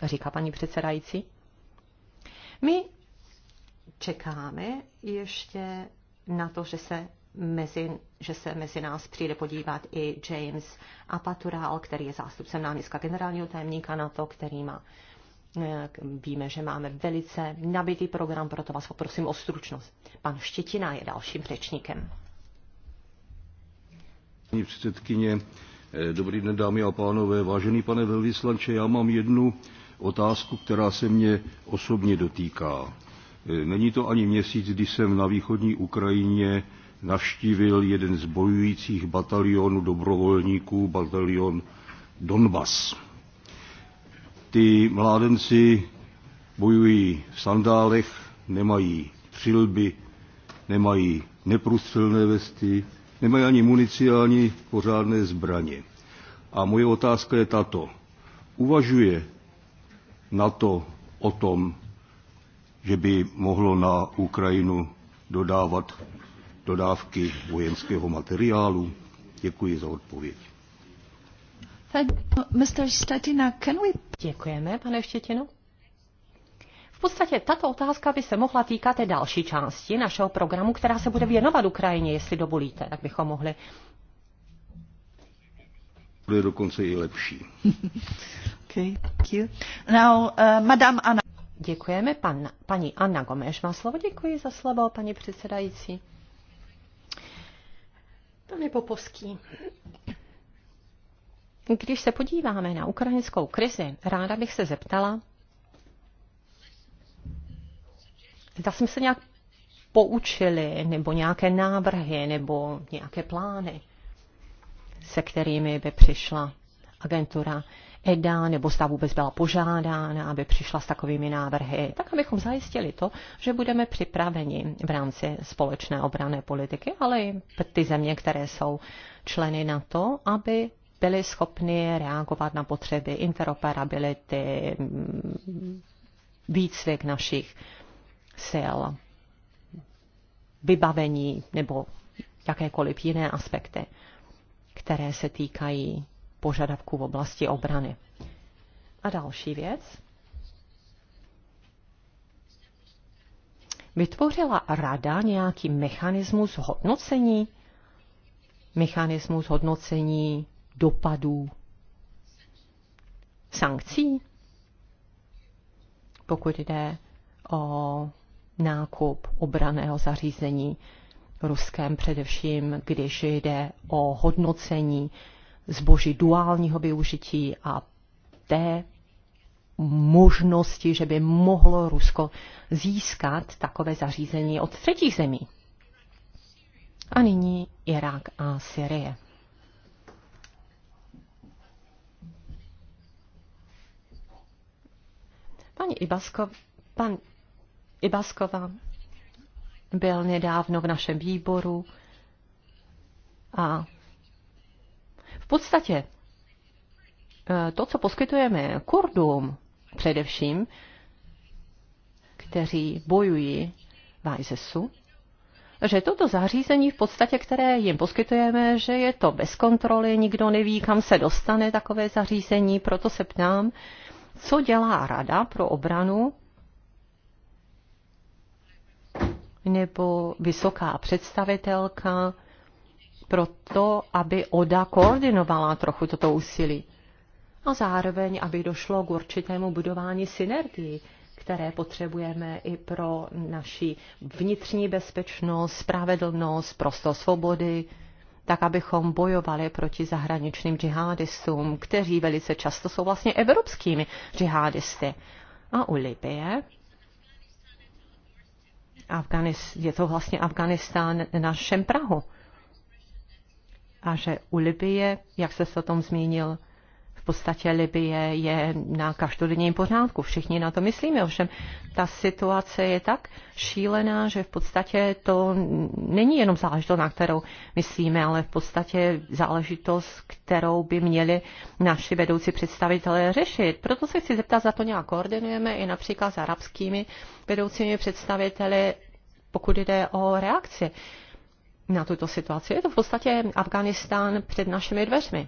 říká paní předsedající. My čekáme ještě na to, že se mezi, že se mezi nás přijde podívat i James Apatural, který je zástupcem náměstka generálního tajemníka NATO, který má Víme, že máme velice nabitý program, proto vás poprosím o stručnost. Pan Štětina je dalším řečníkem. Pani předsedkyně, dobrý den dámy a pánové. Vážený pane velvyslanče, já mám jednu otázku, která se mě osobně dotýká. Není to ani měsíc, kdy jsem na východní Ukrajině navštívil jeden z bojujících batalionů dobrovolníků, batalion Donbas ty mládenci bojují v sandálech, nemají přilby, nemají neprůstřelné vesty, nemají ani munici, ani pořádné zbraně. A moje otázka je tato. Uvažuje na to o tom, že by mohlo na Ukrajinu dodávat dodávky vojenského materiálu? Děkuji za odpověď. Děkujeme, pane Štětinu. V podstatě tato otázka by se mohla týkat té další části našeho programu, která se bude věnovat Ukrajině, jestli dovolíte, tak bychom mohli. Bude dokonce i lepší. okay, thank you. Now, uh, Madame Anna. Děkujeme, pan, paní Anna Gomeš má slovo. Děkuji za slovo, paní předsedající. Pane Popovský, když se podíváme na ukrajinskou krizi, ráda bych se zeptala, zda jsme se nějak poučili, nebo nějaké návrhy, nebo nějaké plány, se kterými by přišla agentura EDA, nebo zda vůbec byla požádána, aby přišla s takovými návrhy, tak abychom zajistili to, že budeme připraveni v rámci společné obrané politiky, ale i ty země, které jsou členy na to, aby byly schopny reagovat na potřeby interoperability, mm, výcvik našich sil, vybavení nebo jakékoliv jiné aspekty, které se týkají požadavků v oblasti obrany. A další věc. Vytvořila rada nějaký mechanismus hodnocení? Mechanismus hodnocení dopadů sankcí, pokud jde o nákup obraného zařízení ruském především když jde o hodnocení zboží duálního využití a té možnosti, že by mohlo Rusko získat takové zařízení od třetích zemí. A nyní Irák a Syrie. Ibasko, pan Ibaskova byl nedávno v našem výboru a v podstatě eh, to, co poskytujeme Kurdům především, kteří bojují v ISISu, že toto zařízení v podstatě, které jim poskytujeme, že je to bez kontroly, nikdo neví, kam se dostane takové zařízení, proto se ptám, co dělá Rada pro obranu nebo vysoká představitelka pro to, aby ODA koordinovala trochu toto úsilí. A zároveň, aby došlo k určitému budování synergii, které potřebujeme i pro naši vnitřní bezpečnost, spravedlnost, prostor svobody, tak abychom bojovali proti zahraničním džihadistům, kteří velice často jsou vlastně evropskými džihadisty. A u Libie je to vlastně Afganistán na našem Prahu. A že u Libie, jak se o tom zmínil podstatě Libie je na každodenním pořádku. Všichni na to myslíme, ovšem ta situace je tak šílená, že v podstatě to není jenom záležitost, na kterou myslíme, ale v podstatě záležitost, kterou by měli naši vedoucí představitelé řešit. Proto se chci zeptat, za to nějak koordinujeme i například s arabskými vedoucími představiteli, pokud jde o reakci na tuto situaci. Je to v podstatě Afganistán před našimi dveřmi.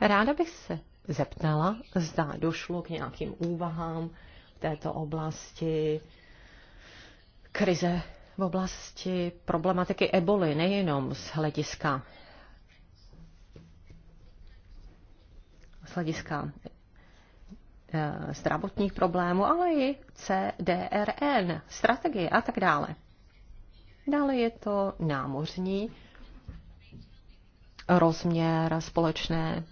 Ráda bych se zeptala, zda došlo k nějakým úvahám v této oblasti, krize v oblasti problematiky eboli, nejenom z hlediska z hlediska eh, zdravotních problémů, ale i CDRN, strategie a tak dále. Dále je to námořní rozměr společné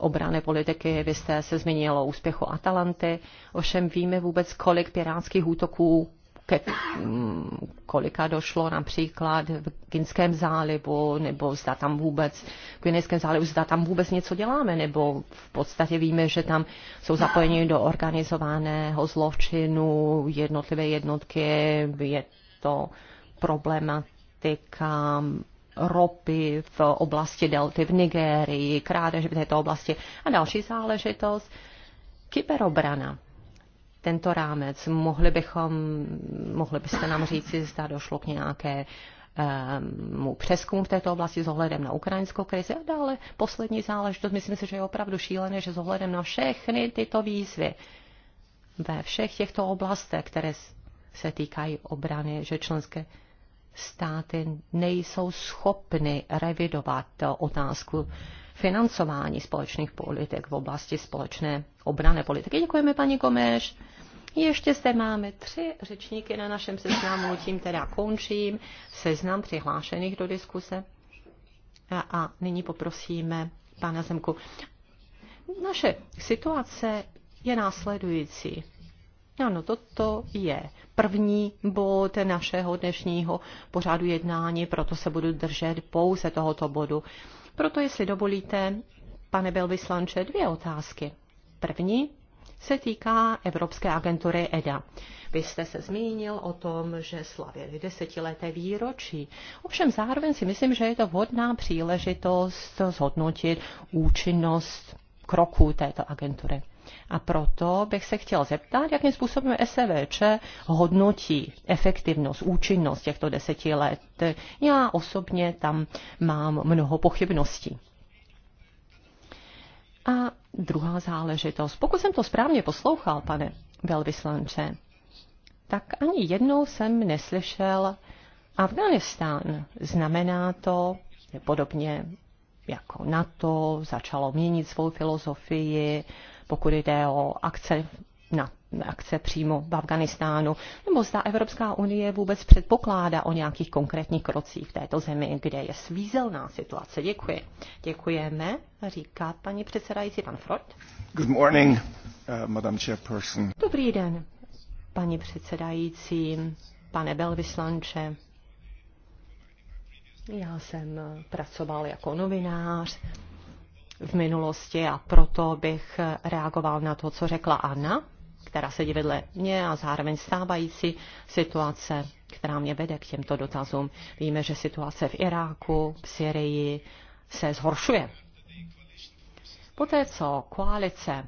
obrany politiky. Vy jste se zmínil o úspěchu Atalanty. Ovšem víme vůbec, kolik pirátských útoků ke, kolika došlo například v Kinském zálivu, nebo zda tam vůbec, v kinském zálivu, zda tam vůbec něco děláme, nebo v podstatě víme, že tam jsou zapojeni do organizovaného zločinu jednotlivé jednotky, je to problematika ropy v oblasti delty v Nigérii, krádež v této oblasti a další záležitost. Kyberobrana. Tento rámec, mohli, bychom, mohli byste nám říci, zda došlo k nějaké ehm, mu přeskum v této oblasti s ohledem na ukrajinskou krizi a dále poslední záležitost. Myslím si, že je opravdu šílené, že s ohledem na všechny tyto výzvy ve všech těchto oblastech, které se týkají obrany, že členské státy nejsou schopny revidovat otázku financování společných politik v oblasti společné obrané politiky. Děkujeme, paní Gomeš. Ještě zde máme tři řečníky na našem seznamu, tím teda končím seznam přihlášených do diskuse. A, a nyní poprosíme pana Zemku. Naše situace je následující. Ano, toto je první bod našeho dnešního pořadu jednání, proto se budu držet pouze tohoto bodu. Proto, jestli dovolíte, pane Belvislanče, dvě otázky. První se týká Evropské agentury EDA. Vy jste se zmínil o tom, že slavili desetileté výročí. Ovšem zároveň si myslím, že je to vhodná příležitost zhodnotit účinnost kroků této agentury. A proto bych se chtěl zeptat, jakým způsobem SVČ hodnotí efektivnost, účinnost těchto deseti let. Já osobně tam mám mnoho pochybností. A druhá záležitost. Pokud jsem to správně poslouchal, pane velvyslanče, tak ani jednou jsem neslyšel Afganistán. Znamená to, podobně jako NATO, začalo měnit svou filozofii, pokud jde o akce na akce přímo v Afganistánu, nebo zda Evropská unie vůbec předpokládá o nějakých konkrétních krocích v této zemi, kde je svízelná situace. Děkuji. Děkujeme, říká paní předsedající, pan Freud. Good morning, uh, Madam Chairperson. Dobrý den, paní předsedající, pane Belvislanče. Já jsem pracoval jako novinář v minulosti a proto bych reagoval na to, co řekla Anna, která sedí vedle mě a zároveň stávající situace, která mě vede k těmto dotazům. Víme, že situace v Iráku, v Syrii se zhoršuje. Poté, co koalice,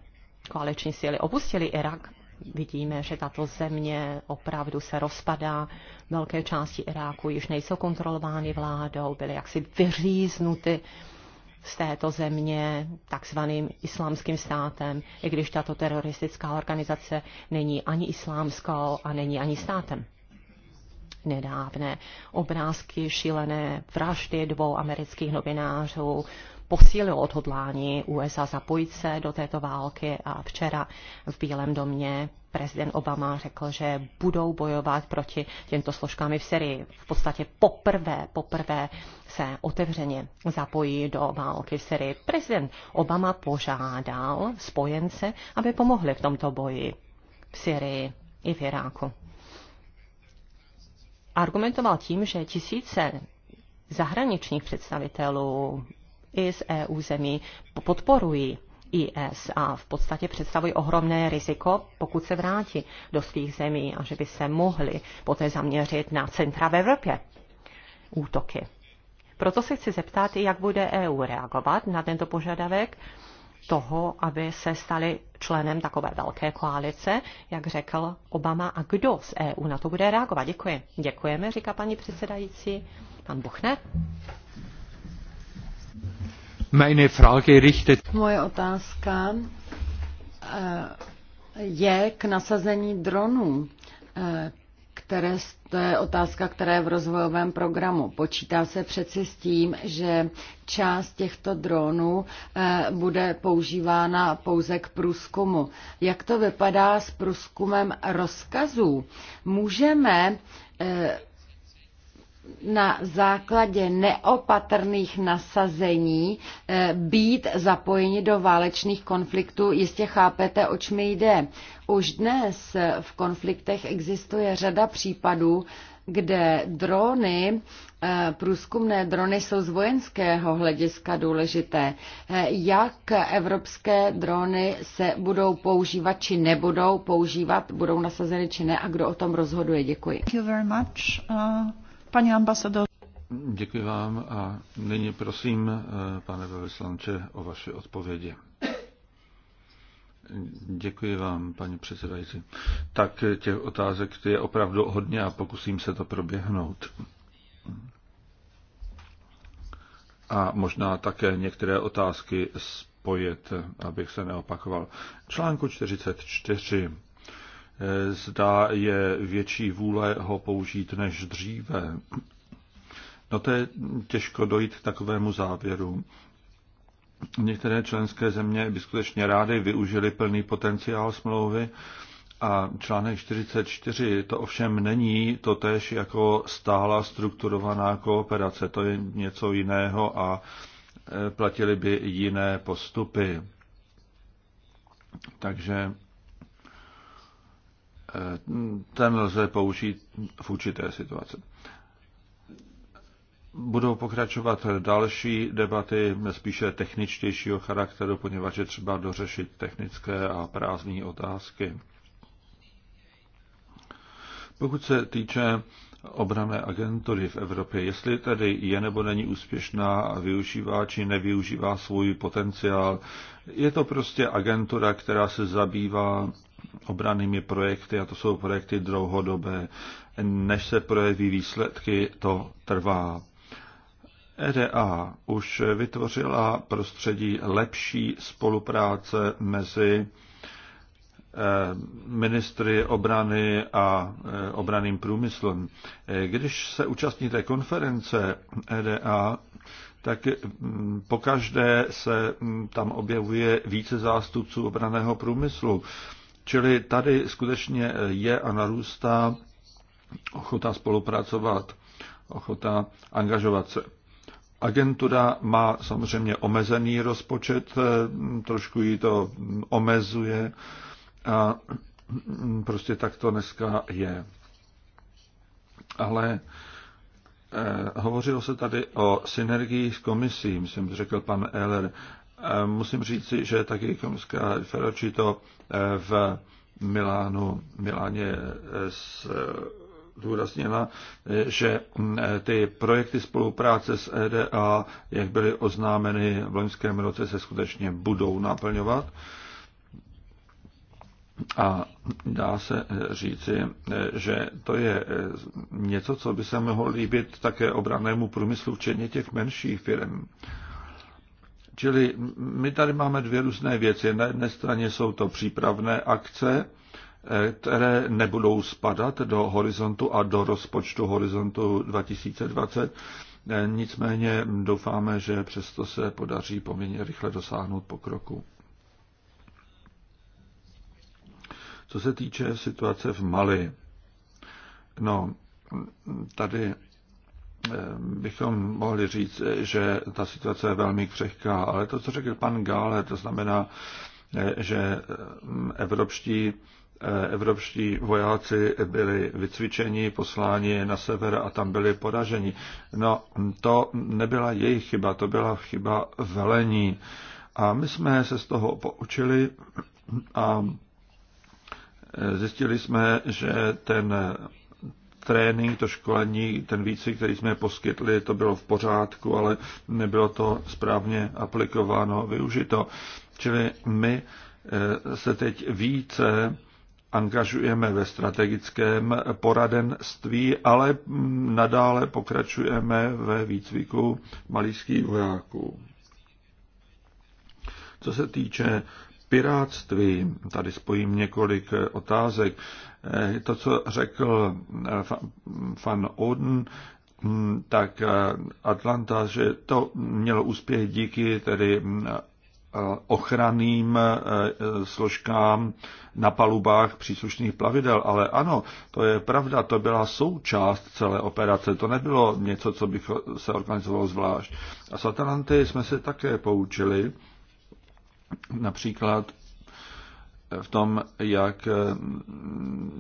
koaliční síly opustili Irak, vidíme, že tato země opravdu se rozpadá. Velké části Iráku již nejsou kontrolovány vládou, byly jaksi vyříznuty z této země takzvaným islámským státem, i když tato teroristická organizace není ani islámskou a není ani státem. Nedávné obrázky šílené vraždy dvou amerických novinářů posílil odhodlání USA zapojit se do této války a včera v Bílém domě prezident Obama řekl, že budou bojovat proti těmto složkám v Syrii. V podstatě poprvé, poprvé se otevřeně zapojí do války v Syrii. Prezident Obama požádal spojence, aby pomohli v tomto boji v Syrii i v Iráku. Argumentoval tím, že tisíce zahraničních představitelů i z EU zemí podporují IS a v podstatě představují ohromné riziko, pokud se vrátí do svých zemí a že by se mohli poté zaměřit na centra v Evropě útoky. Proto se chci zeptat, jak bude EU reagovat na tento požadavek toho, aby se stali členem takové velké koalice, jak řekl Obama, a kdo z EU na to bude reagovat. Děkuji. Děkujeme, říká paní předsedající. Pan Buchner. Meine Frage richtet... Moje otázka eh, je k nasazení dronů, eh, které to je otázka, která je v rozvojovém programu. Počítá se přeci s tím, že část těchto dronů eh, bude používána pouze k průzkumu. Jak to vypadá s průzkumem rozkazů? Můžeme na základě neopatrných nasazení eh, být zapojeni do válečných konfliktů. Jistě chápete, oč mi jde. Už dnes v konfliktech existuje řada případů, kde drony, eh, průzkumné drony jsou z vojenského hlediska důležité. Eh, jak evropské drony se budou používat či nebudou používat, budou nasazeny či ne a kdo o tom rozhoduje? Děkuji. Thank you very much. Uh... Paní ambasador. Děkuji vám a nyní prosím, eh, pane velvyslanče, o vaše odpovědi. Děkuji vám, paní předsedající. Tak těch otázek je opravdu hodně a pokusím se to proběhnout. A možná také některé otázky spojit, abych se neopakoval. Článku 44 zda je větší vůle ho použít než dříve. No to je těžko dojít k takovému závěru. Některé členské země by skutečně rády využili plný potenciál smlouvy a článek 44 to ovšem není to totéž jako stála strukturovaná kooperace. To je něco jiného a e, platili by jiné postupy. Takže Eh, ten lze použít v určité situaci. Budou pokračovat další debaty spíše techničtějšího charakteru, poněvadž je třeba dořešit technické a prázdné otázky. Pokud se týče obrané agentury v Evropě, jestli tedy je nebo není úspěšná a využívá či nevyužívá svůj potenciál, je to prostě agentura, která se zabývá obranými projekty, a to jsou projekty dlouhodobé. Než se projeví výsledky, to trvá. EDA už vytvořila prostředí lepší spolupráce mezi eh, ministry obrany a eh, obraným průmyslem. Když se účastníte konference EDA, tak mm, pokaždé se mm, tam objevuje více zástupců obraného průmyslu. Čili tady skutečně je a narůstá ochota spolupracovat, ochota angažovat se. Agentura má samozřejmě omezený rozpočet, trošku ji to omezuje a prostě tak to dneska je. Ale eh, hovořilo se tady o synergii s komisí, jsem řekl pan Eller. Eh, musím říci, že taky Komská Ferocito eh, v Milánu, Miláně eh, důraznila, že mm, ty projekty spolupráce s EDA, jak byly oznámeny v loňském roce, se skutečně budou naplňovat. A dá se říci, že to je něco, co by se mohlo líbit také obranému průmyslu, včetně těch menších firm. Čili my tady máme dvě různé věci. Na jedné straně jsou to přípravné akce, eh, které nebudou spadat do horizontu a do rozpočtu horizontu 2020. Eh, nicméně doufáme, že přesto se podaří poměrně rychle dosáhnout pokroku. Co se týče situace v Mali, no, tady bychom mohli říct, že ta situace je velmi křehká, ale to, co řekl pan Gále, to znamená, že evropští, evropští vojáci byli vycvičeni, posláni na sever a tam byli poraženi. No, to nebyla jejich chyba, to byla chyba velení. A my jsme se z toho poučili a zjistili jsme, že ten trénink, to školení, ten výcvik, který jsme poskytli, to bylo v pořádku, ale nebylo to správně aplikováno, využito. Čili my eh, se teď více angažujeme ve strategickém poradenství, ale nadále pokračujeme ve výcviku malířských vojáků. Co se týče piráctví, tady spojím několik otázek. Eh, to, co řekl van eh, Oden, hm, tak eh, Atlanta, že to mělo úspěch díky tedy ochranným složkám na palubách příslušných plavidel. Ale ano, to je pravda, to byla součást celé operace, to nebylo něco, co bych se organizovalo zvlášť. A s Atalanty jsme se také poučili, například, v tom, jak,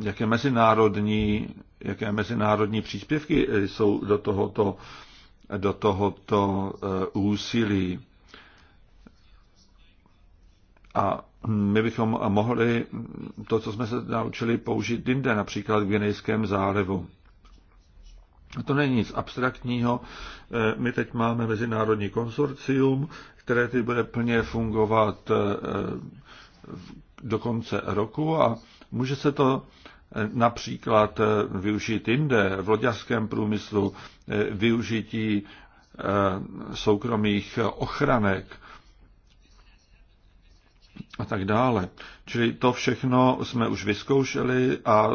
jaké, mezinárodní, jaké mezinárodní příspěvky jsou do tohoto, do tohoto eh, úsilí. A my bychom mohli to, co jsme se naučili, použít jinde, například v Guinejském zálivu. To není nic abstraktního. Eh, my teď máme mezinárodní konsorcium, které teď bude plně fungovat eh, v do konce roku a může se to eh, například eh, využít jinde, v loďarském průmyslu, eh, využití soukromých ochranek a tak dále. Čili to všechno jsme už vyzkoušeli a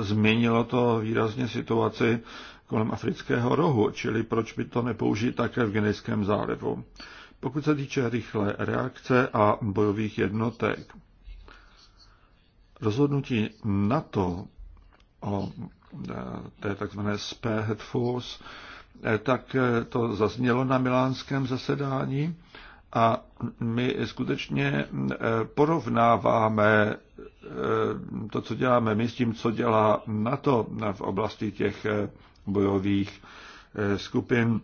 změnilo to výrazně situaci kolem afrického rohu, čili proč by to nepoužít také v Genejském zálivu. Pokud se týče rychlé reakce a bojových jednotek, Rozhodnutí NATO o e, té takzvané Spearhead Force, e, tak e, to zaznělo na milánském zasedání a my skutečně porovnáváme to, co děláme my s tím, co dělá NATO v oblasti těch bojových skupin.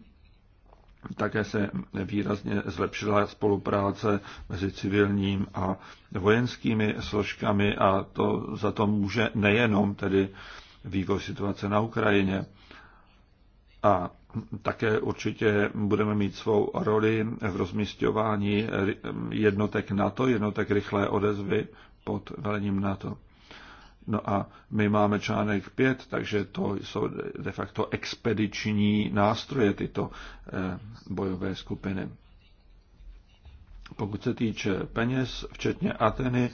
Také se výrazně zlepšila spolupráce mezi civilním a vojenskými složkami a to za to může nejenom tedy vývoj situace na Ukrajině. A také určitě budeme mít svou roli v rozmístování jednotek NATO, jednotek rychlé odezvy pod velením NATO. No a my máme článek 5, takže to jsou de facto expediční nástroje tyto eh, bojové skupiny. Pokud se týče peněz, včetně Ateny,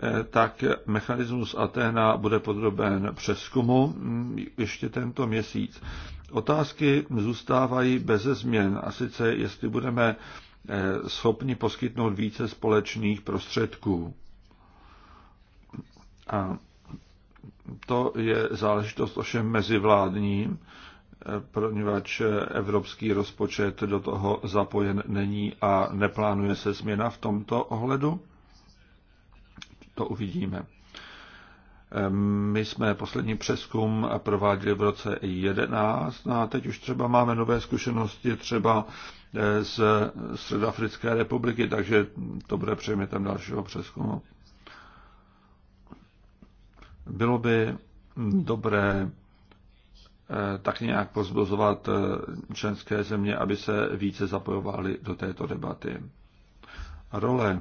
eh, tak mechanismus Atena bude podroben přeskumu mm, ještě tento měsíc. Otázky zůstávají bez změn, a sice jestli budeme eh, schopni poskytnout více společných prostředků. A to je záležitost ovšem mezivládní, eh, poněvadž evropský rozpočet do toho zapojen není a neplánuje se změna v tomto ohledu. To uvidíme. Ehm, my jsme poslední přeskum prováděli v roce 11 a teď už třeba máme nové zkušenosti třeba eh, z Středoafrické republiky, takže to bude předmětem dalšího přeskumu. Bylo by dobré eh, tak nějak pozbuzovat eh, členské země, aby se více zapojovaly do této debaty. Role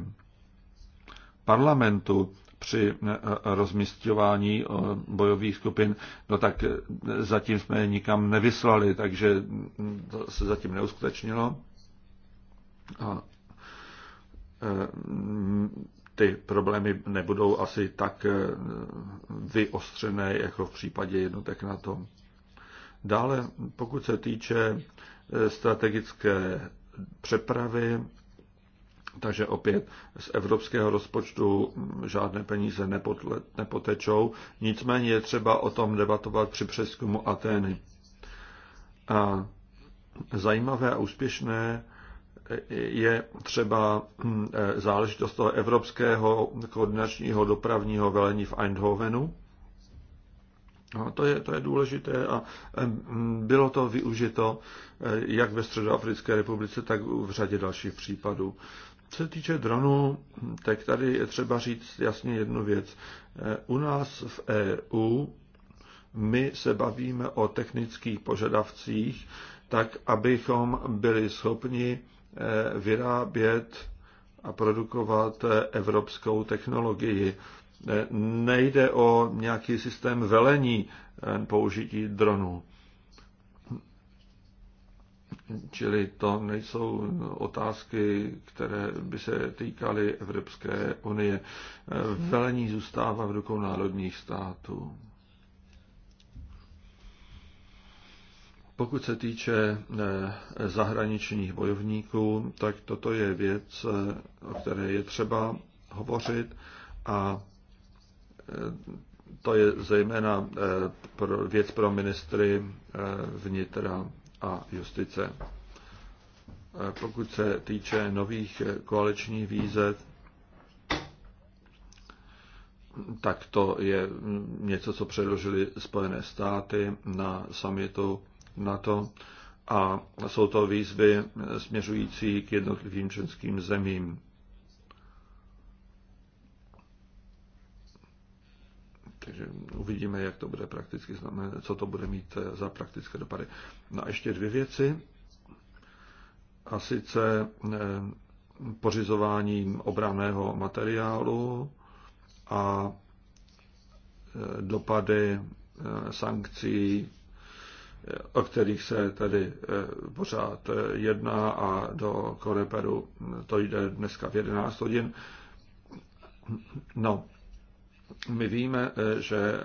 parlamentu při eh, rozmístěvání bojových skupin, no tak zatím jsme je nikam nevyslali, takže mm, to se zatím neuskutečnilo. A ty problémy nebudou asi tak eh, vyostřené, jako v případě jednotek na tom. Dále, pokud se týče eh, strategické přepravy, takže opět z evropského rozpočtu hm, žádné peníze nepotečou. Nicméně je třeba o tom debatovat při přeskumu Atény. A zajímavé a úspěšné je třeba hm, e, záležitost toho evropského koordinačního dopravního velení v Eindhovenu. A to, je, to je důležité a e, bylo to využito e, jak ve Středoafrické republice, tak v řadě dalších případů. Co se týče dronů, tak tady je třeba říct jasně jednu věc. U nás v EU my se bavíme o technických požadavcích, tak abychom byli schopni Eh, vyrábět a produkovat eh, evropskou technologii. Eh, nejde o nějaký systém velení použití dronů. Čili to nejsou otázky, které by se týkaly Evropské unie. Velení zůstává v rukou národních států. Pokud se týče eh, zahraničních bojovníků, tak toto je věc, eh, o které je třeba hovořit a eh, to je zejména věc pro ministry vnitra a justice. Pokud se týče nových koaličních výzev, tak to je mm, něco, co předložili Spojené státy na samitu NATO a jsou to výzvy směřující k jednotlivým členským zemím. Takže uvidíme, jak to bude prakticky znamenat, co to bude mít za praktické dopady. No a ještě dvě věci. A sice eh, pořizováním obraného materiálu a eh, dopady eh, sankcí o kterých se tady eh, pořád eh, jedná a do Koreperu hm, to jde dneska v 11 hodin. No, my víme, eh, že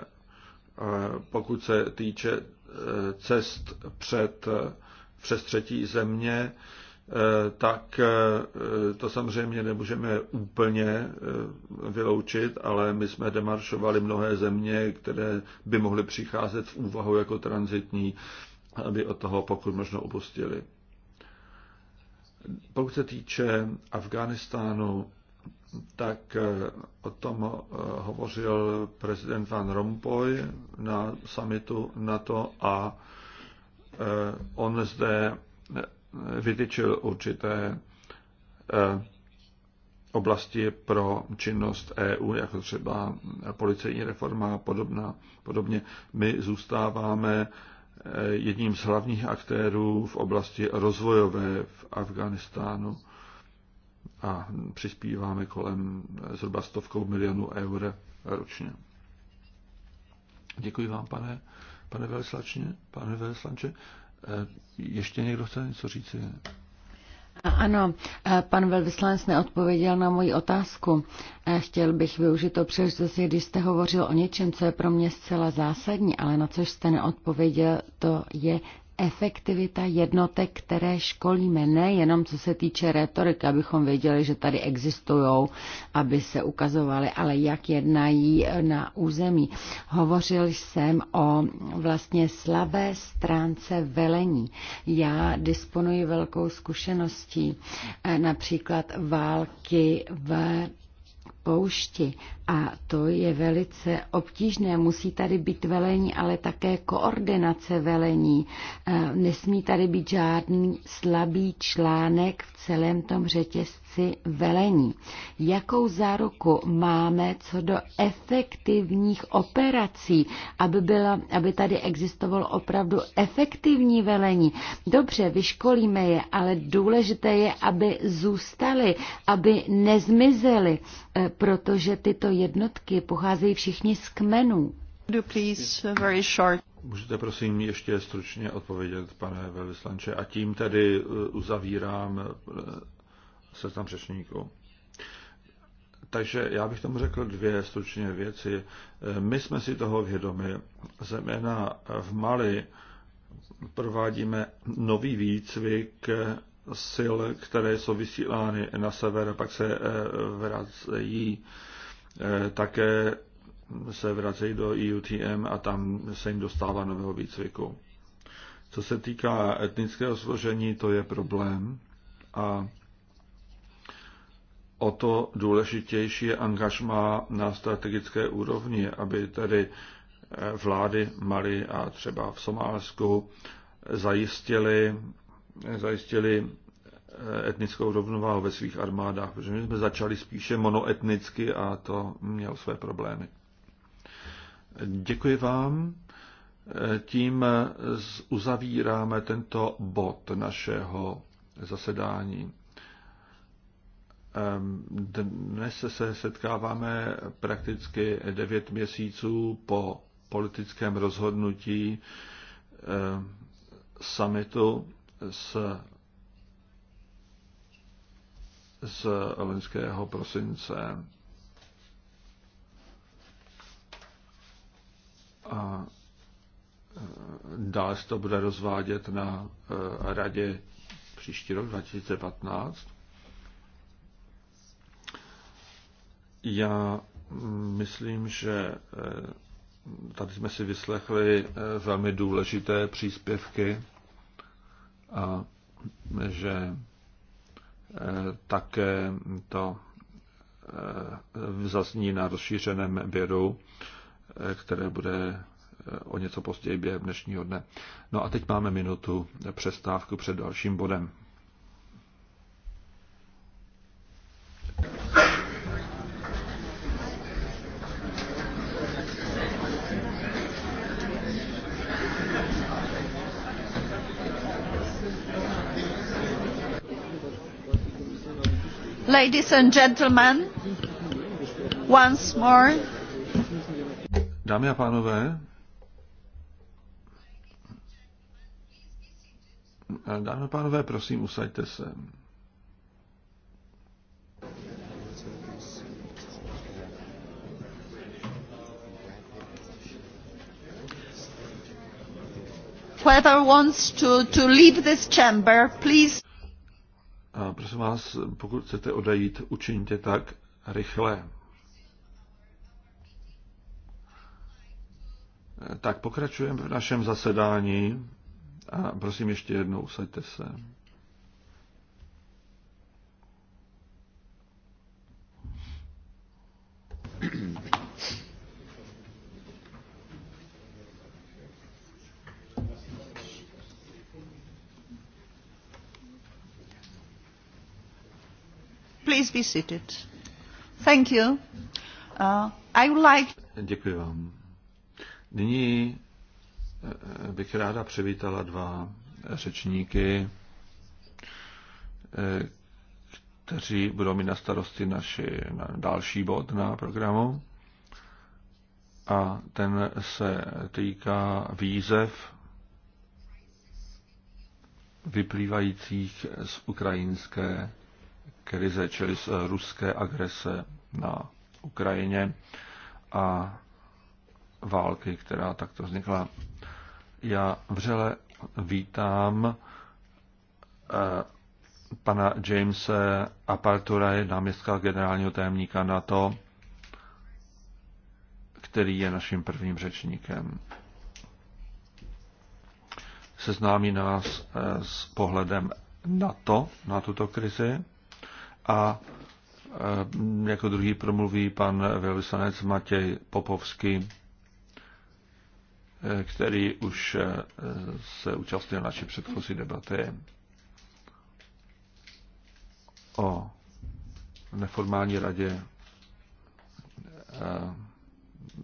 pokud se týče cest před přes třetí země, Eh, tak eh, to samozřejmě nemůžeme úplně eh, vyloučit, ale my jsme demaršovali mnohé země, které by mohly přicházet v úvahu jako transitní, aby od toho pokud možno upustili. Pokud se týče Afghánistánu, tak o tom hovořil prezident Van Rompuy na summitu NATO a on zde vytyčil určité eh, oblasti pro činnost EU, jako třeba policejní reforma a podobná, podobně. My zůstáváme eh, jedním z hlavních aktérů v oblasti rozvojové v Afganistánu a přispíváme kolem eh, zhruba stovkou milionů eur ročně. Děkuji vám, pane, pane velslačně, pane velslanče. Eh, ještě někdo chce něco říci? Ano, eh, pan velvyslanec neodpověděl na moji otázku. Eh, chtěl bych využít to příležitosti, když jste hovořil o něčem, co je pro mě zcela zásadní, ale na což jste neodpověděl, to je efektivita jednotek, které školíme, ne jenom co se týče retoriky, abychom věděli, že tady existují, aby se ukazovaly, ale jak jednají na území. Hovořil jsem o vlastně slabé stránce velení. Já disponuji velkou zkušeností, eh, například války v poušti a to je velice obtížné. Musí tady být velení, ale také koordinace velení. E, nesmí tady být žádný slabý článek v celém tom řetězci velení. Jakou záruku máme co do efektivních operací, aby, byla, aby tady existovalo opravdu efektivní velení? Dobře, vyškolíme je, ale důležité je, aby zůstali, aby nezmizeli, e, protože tyto jednotky pocházejí všichni z kmenů. Můžete prosím ještě stručně odpovědět, pane velvyslanče, a tím tedy eh, uzavírám eh, seznam řečníků. Takže já bych tomu řekl dvě stručně věci. Eh, my jsme si toho vědomi, zejména v Mali provádíme nový výcvik sil, které jsou vysílány na sever a pak se vrací Eh, také se vracejí do EUTM a tam se jim dostává nového výcviku. Co se týká etnického složení, to je problém a o to důležitější je angažma na strategické úrovni, aby tedy eh, vlády Mali a třeba v Somálsku zajistili, zajistili etnickou rovnováhu ve svých armádách, protože my jsme začali spíše monoetnicky a to mělo své problémy. Děkuji vám. Tím uzavíráme tento bod našeho zasedání. Dnes se setkáváme prakticky 9 měsíců po politickém rozhodnutí eh, summitu s z loňského prosince. A e, dále se to bude rozvádět na e, radě příští rok 2015. Já myslím, že e, tady jsme si vyslechli velmi důležité příspěvky a že také to eh, zazní na rozšířeném běru, eh, které bude eh, o něco později během dnešního dne. No a teď máme minutu přestávku před dalším bodem. Ladies and gentlemen, once more. Dámy a pánové, dámy a pánové, prosím, usaďte se. Whoever wants to, to leave this chamber, please. A prosím vás, pokud chcete odejít, učiňte tak rychle. Tak pokračujeme v našem zasedání a prosím ještě jednou, usaďte se. Uh, Děkuji vám. Nyní eh, bych ráda přivítala dva řečníky, eh, kteří budou mít na starosti naši na další bod na programu. A ten se týká výzev vyplývajících z ukrajinské krize, čili z eh, ruské agrese na Ukrajině a války, která takto vznikla. Já vřele vítám eh, pana Jamese Apartura, náměstka generálního tajemníka NATO, který je naším prvním řečníkem. Seznámí nás eh, s pohledem NATO na tuto krizi a eh, jako druhý promluví pan velvyslanec Matěj Popovský, eh, který už eh, se účastnil naší předchozí debaty o neformální radě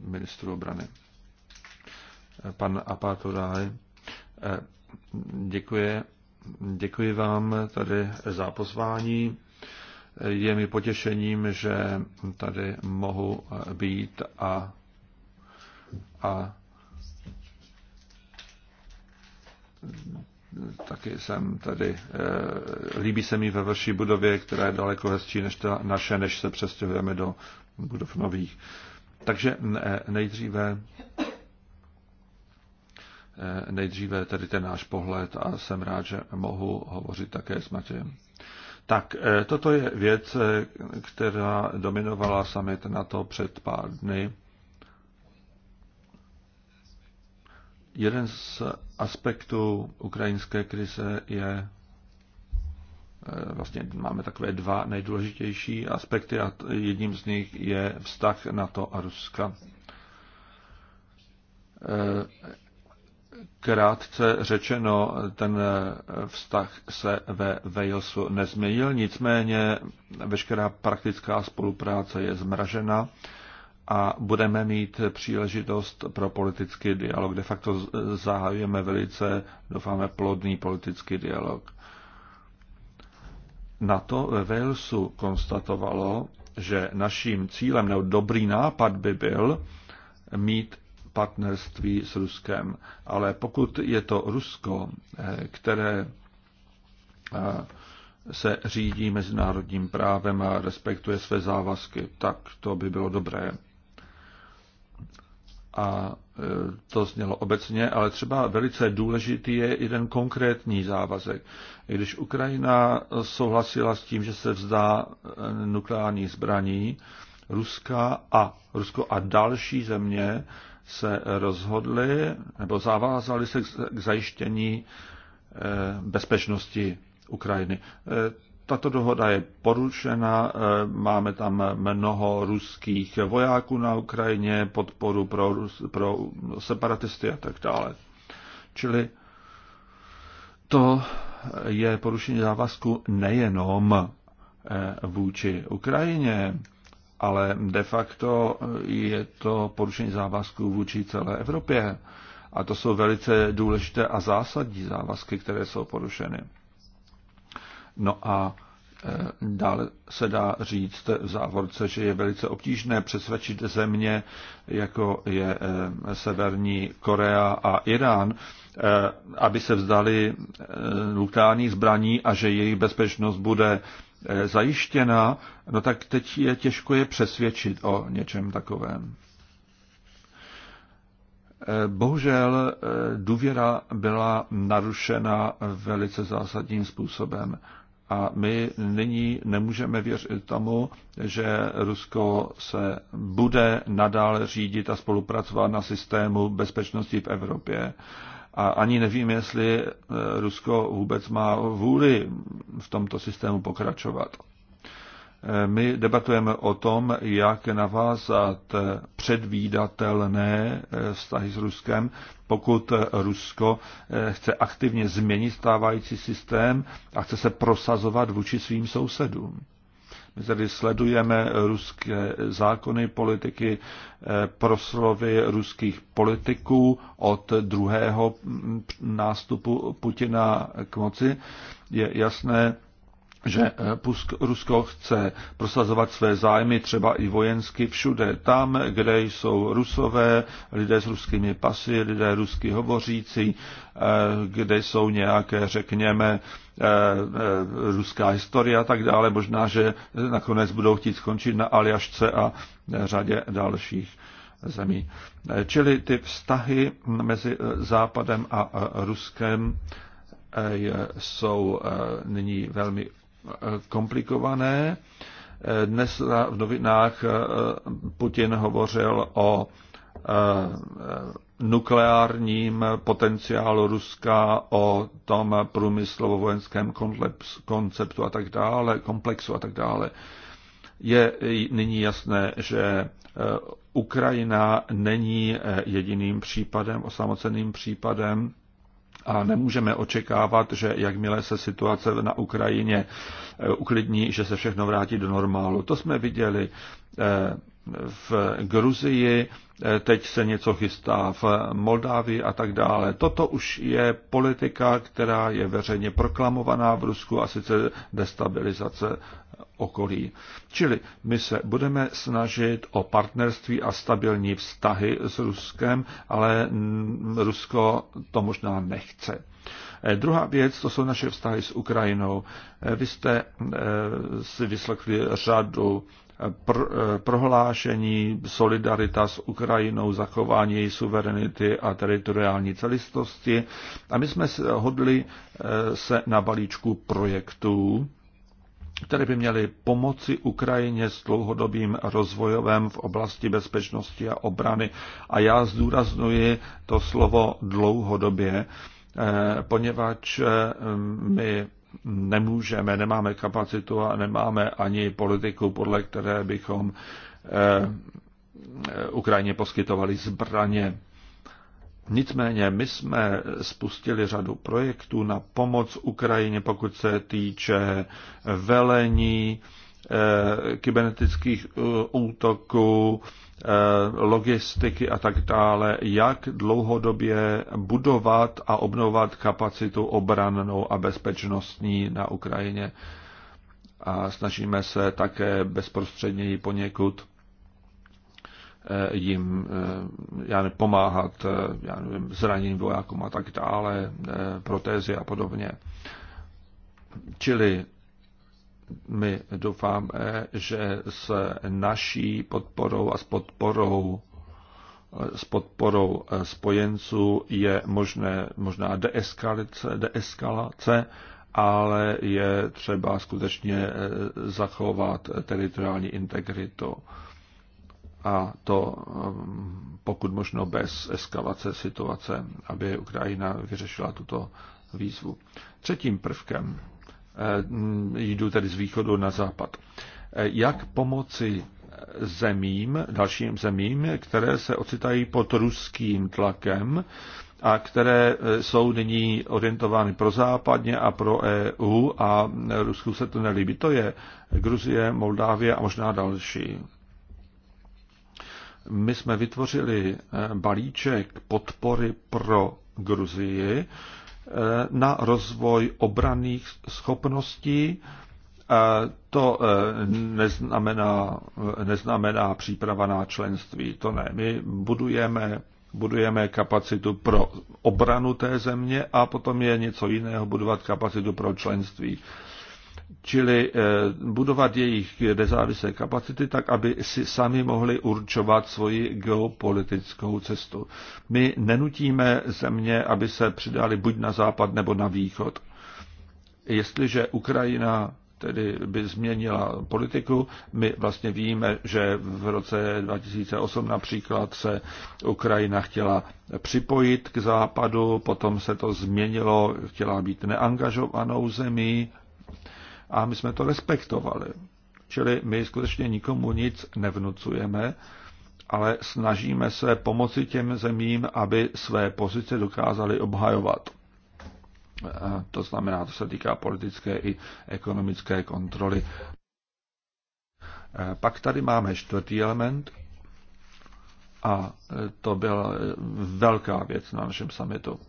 ministru obrany. Pan Apátoraj, děkuji, děkuji vám tady za pozvání je mi potěšením, že tady mohu být a, a taky jsem tady, eh, líbí se mi ve vaší budově, která je daleko hezčí než ta naše, než se přestěhujeme do budov nových. Takže eh, nejdříve eh, nejdříve tedy ten náš pohled a jsem rád, že mohu hovořit také s Matějem. Tak eh, toto je věc, eh, která dominovala summit na to před pár dny. Jeden z aspektů ukrajinské krize je, eh, vlastně máme takové dva nejdůležitější aspekty a jedním z nich je vztah NATO a Ruska krátce řečeno, ten vztah se ve Walesu nezměnil, nicméně veškerá praktická spolupráce je zmražena a budeme mít příležitost pro politický dialog. De facto zahajujeme velice, doufáme, plodný politický dialog. Na to ve Walesu konstatovalo, že naším cílem nebo dobrý nápad by byl mít partnerství s Ruskem. Ale pokud je to Rusko, eh, které eh, se řídí mezinárodním právem a respektuje své závazky, tak to by bylo dobré. A eh, to znělo obecně, ale třeba velice důležitý je jeden konkrétní závazek. Když Ukrajina souhlasila s tím, že se vzdá nukleární zbraní, Ruska a Rusko a další země se rozhodli nebo zavázali se k zajištění eh, bezpečnosti Ukrajiny. Eh, tato dohoda je porušena, eh, máme tam mnoho ruských vojáků na Ukrajině, podporu pro, pro separatisty a tak dále. Čili to je porušení závazku nejenom vůči Ukrajině, ale de facto je to porušení závazků vůči celé Evropě. A to jsou velice důležité a zásadní závazky, které jsou porušeny. No a e, Dále se dá říct v závorce, že je velice obtížné přesvědčit země, jako je e, Severní Korea a Irán, e, aby se vzdali nukleárních zbraní a že jejich bezpečnost bude Eh, zajištěna, no tak teď je těžko je přesvědčit o něčem takovém. Eh, bohužel eh, důvěra byla narušena velice zásadním způsobem. A my nyní nemůžeme věřit tomu, že Rusko se bude nadále řídit a spolupracovat na systému bezpečnosti v Evropě a ani nevím, jestli eh, Rusko vůbec má vůli v tomto systému pokračovat. Eh, my debatujeme o tom, jak navázat předvídatelné eh, vztahy s Ruskem, pokud Rusko chce aktivně změnit stávající systém a chce se prosazovat vůči svým sousedům. My tady sledujeme ruské zákony, politiky, eh, proslovy ruských politiků od druhého mm, nástupu Putina k moci. Je jasné, že eh, Rusko chce prosazovat své zájmy třeba i vojensky všude tam, kde jsou rusové, lidé s ruskými pasy, lidé rusky hovořící, eh, kde jsou nějaké, řekněme, eh, ruská historie a tak dále. Možná, že nakonec budou chtít skončit na Aljašce a řadě dalších zemí. Čili ty vztahy mezi Západem a Ruskem jsou nyní velmi komplikované. Dnes v novinách eh, Putin hovořil o eh, nukleárním potenciálu Ruska, o tom průmyslovo-vojenském konceptu a tak dále, komplexu a tak dále. Je nyní jasné, že eh, Ukrajina není jediným případem, osamoceným případem a nemůžeme očekávat, že jakmile se situace na Ukrajině eh, uklidní, že se všechno vrátí do normálu. To jsme viděli eh, v Gruzii, eh, teď se něco chystá v Moldávii a tak dále. Toto už je politika, která je veřejně proklamovaná v Rusku a sice destabilizace okolí. Čili my se budeme snažit o partnerství a stabilní vztahy s Ruskem, ale Rusko to možná nechce. Eh, druhá věc, to jsou naše vztahy s Ukrajinou. Eh, vy jste eh, si vyslechli řadu prohlášení, solidarita s Ukrajinou, zachování její suverenity a teritoriální celistosti. A my jsme hodli se na balíčku projektů, které by měly pomoci Ukrajině s dlouhodobým rozvojovém v oblasti bezpečnosti a obrany. A já zdůraznuji to slovo dlouhodobě, eh, poněvadž eh, my nemůžeme, nemáme kapacitu a nemáme ani politiku, podle které bychom eh, Ukrajině poskytovali zbraně. Nicméně my jsme spustili řadu projektů na pomoc Ukrajině, pokud se týče velení, eh, kybernetických eh, útoků, eh, logistiky a tak dále, jak dlouhodobě budovat a obnovat kapacitu obrannou a bezpečnostní na Ukrajině. A snažíme se také bezprostředněji poněkud Eh, jim eh, já nevím, pomáhat eh, já nevím, zraněným vojákům a tak dále, protézy a podobně. Čili my doufáme, že s naší podporou a s podporou s podporou spojenců je možné, možná deeskalace, deeskalace, ale je třeba skutečně zachovat teritoriální integritu a to eh, pokud možno bez eskalace situace, aby Ukrajina vyřešila tuto výzvu. Třetím prvkem eh, jdu tedy z východu na západ. Eh, jak pomoci zemím, dalším zemím, které se ocitají pod ruským tlakem a které jsou nyní orientovány pro západně a pro EU a Rusku se to nelíbí. To je Gruzie, Moldávie a možná další. My jsme vytvořili eh, balíček podpory pro Gruzii eh, na rozvoj obraných schopností. Eh, to neznamená, neznamená příprava na členství, to ne. My budujeme budujeme kapacitu pro obranu té země a potom je něco jiného budovat kapacitu pro členství čili eh, budovat jejich nezávislé kapacity tak, aby si sami mohli určovat svoji geopolitickou cestu. My nenutíme země, aby se přidali buď na západ nebo na východ. Jestliže Ukrajina tedy by změnila politiku. My vlastně víme, že v roce 2008 například se Ukrajina chtěla připojit k západu, potom se to změnilo, chtěla být neangažovanou zemí, a my jsme to respektovali. Čili my skutečně nikomu nic nevnucujeme, ale snažíme se pomoci těm zemím, aby své pozice dokázali obhajovat. To znamená, to se týká politické i ekonomické kontroly. Pak tady máme čtvrtý element a to byla velká věc na našem summitu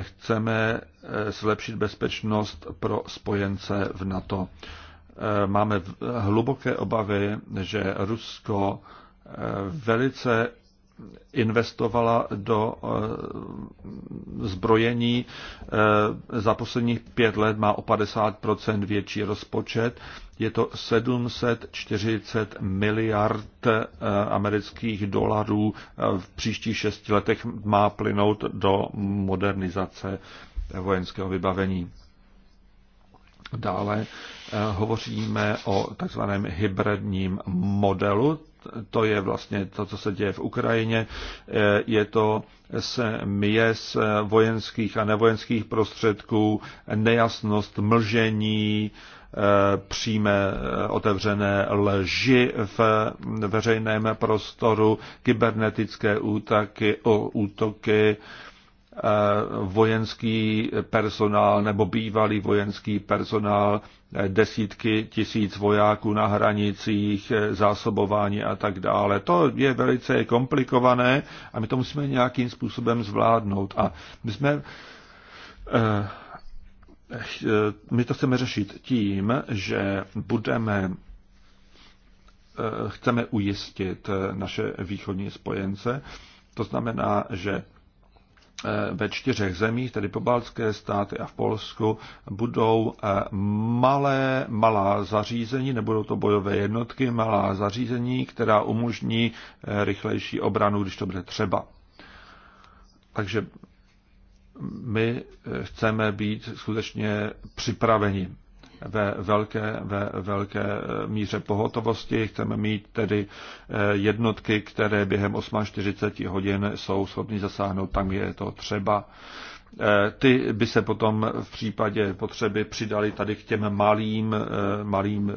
chceme eh, zlepšit bezpečnost pro spojence v NATO. Eh, máme hluboké obavy, že Rusko eh, velice investovala do eh, zbrojení. Eh, za posledních pět let má o 50 větší rozpočet. Je to 740 miliard eh, amerických dolarů. V příštích šesti letech má plynout do modernizace vojenského vybavení. Dále hovoříme o takzvaném hybridním modelu, to je vlastně to, co se děje v Ukrajině. Eh, je to směs vojenských a nevojenských prostředků, nejasnost, mlžení, eh, přímé eh, otevřené lži v veřejném prostoru, kybernetické útaky, útoky, útoky Eh, vojenský personál nebo bývalý vojenský personál, eh, desítky tisíc vojáků na hranicích, eh, zásobování a tak dále. To je velice komplikované a my to musíme nějakým způsobem zvládnout. A my jsme my to chceme řešit tím, že budeme chceme ujistit naše východní spojence. To znamená, že Eh, ve čtyřech zemích, tedy po Balské státy a v Polsku, budou eh, malé, malá zařízení, nebudou to bojové jednotky, malá zařízení, která umožní eh, rychlejší obranu, když to bude třeba. Takže my chceme být skutečně připraveni ve velké, ve velké eh, míře pohotovosti. Chceme mít tedy eh, jednotky, které během 48 hodin jsou schopny zasáhnout tam, je to třeba. Eh, ty by se potom v případě potřeby přidali tady k těm malým, malým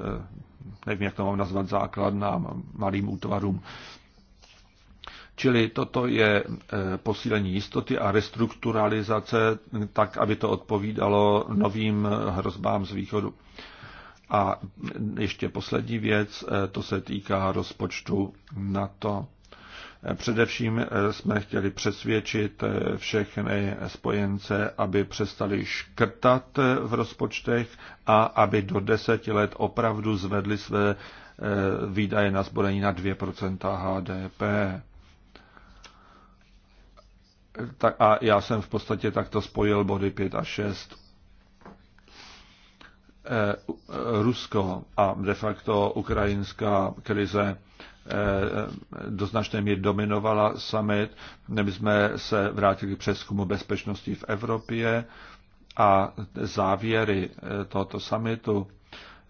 nevím, jak to mám nazvat, základnám, malým útvarům. Čili toto je e, posílení jistoty a restrukturalizace tak, aby to odpovídalo novým hrozbám z východu. A ještě poslední věc, e, to se týká rozpočtu NATO. E, především jsme chtěli přesvědčit všechny spojence, aby přestali škrtat v rozpočtech a aby do deseti let opravdu zvedli své výdaje na zbrojení na 2% HDP tak a já jsem v podstatě takto spojil body 5 a 6. Eh, Rusko a de facto ukrajinská krize eh, do značné míry dominovala summit. My jsme se vrátili k přeskumu bezpečnosti v Evropě a závěry eh, tohoto summitu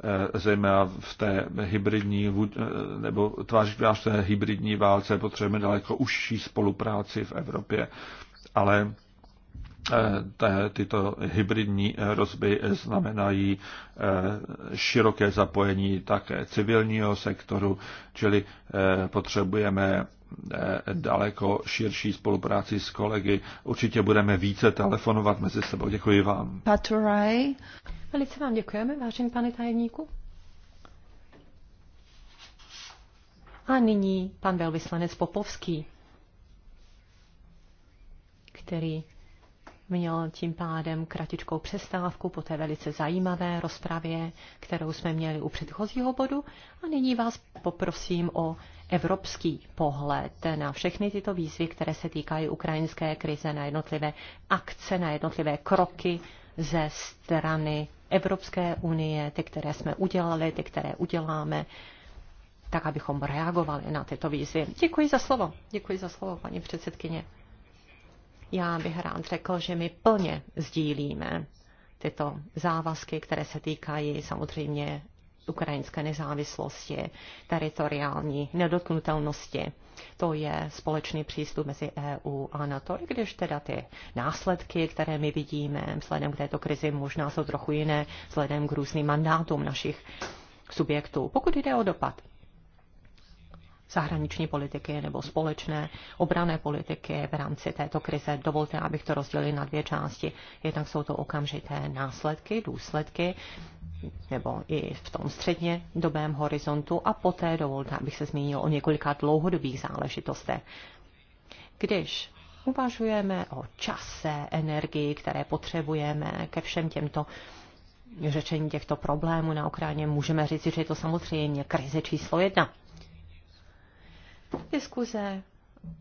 Eh, zejména v té hybridní, eh, nebo tváří v té hybridní válce potřebujeme daleko užší spolupráci v Evropě. Ale eh, tyto hybridní rozby znamenají široké zapojení také civilního sektoru, čili potřebujeme daleko širší spolupráci s kolegy. Určitě budeme více telefonovat mezi sebou. Děkuji vám. Paturaj. Velice vám děkujeme, vážený pane tajemníku. A nyní pan velvyslanec Popovský, který měl tím pádem kratičkou přestávku po té velice zajímavé rozpravě, kterou jsme měli u předchozího bodu. A nyní vás poprosím o evropský pohled na všechny tyto výzvy, které se týkají ukrajinské krize, na jednotlivé akce, na jednotlivé kroky, ze strany Evropské unie, ty, které jsme udělali, ty, které uděláme, tak abychom reagovali na tyto výzvy. Děkuji za slovo. Děkuji za slovo, paní předsedkyně. Já bych rád řekl, že my plně sdílíme tyto závazky, které se týkají samozřejmě ukrajinské nezávislosti, teritoriální nedotknutelnosti. To je společný přístup mezi EU a NATO, i když teda ty následky, které my vidíme vzhledem k této krizi, možná jsou trochu jiné vzhledem k různým mandátům našich subjektů. Pokud jde o dopad, zahraniční politiky nebo společné obrané politiky v rámci této krize. Dovolte, abych to rozdělil na dvě části. Jednak jsou to okamžité následky, důsledky, nebo i v tom středně dobém horizontu a poté dovolte, abych se zmínil o několika dlouhodobých záležitostech. Když uvažujeme o čase, energii, které potřebujeme ke všem těmto řešení těchto problémů na Ukrajině, můžeme říct, že je to samozřejmě krize číslo jedna. Diskuze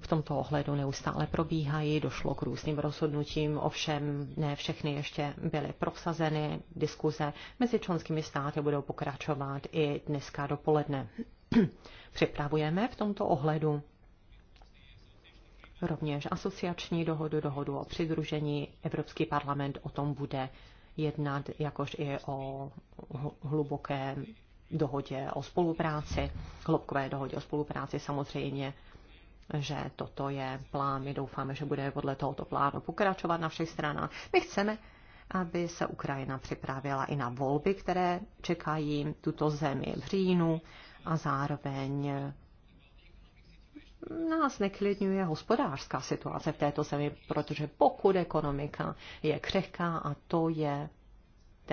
v tomto ohledu neustále probíhají, došlo k různým rozhodnutím, ovšem ne všechny ještě byly prosazeny. Diskuze mezi členskými státy budou pokračovat i dneska dopoledne. Připravujeme v tomto ohledu rovněž asociační dohodu, dohodu o přidružení. Evropský parlament o tom bude jednat, jakož i o hlubokém dohodě o spolupráci, hloubkové dohodě o spolupráci samozřejmě že toto je plán. My doufáme, že bude podle tohoto plánu pokračovat na všech stranách. My chceme, aby se Ukrajina připravila i na volby, které čekají tuto zemi v říjnu a zároveň nás neklidňuje hospodářská situace v této zemi, protože pokud ekonomika je křehká a to je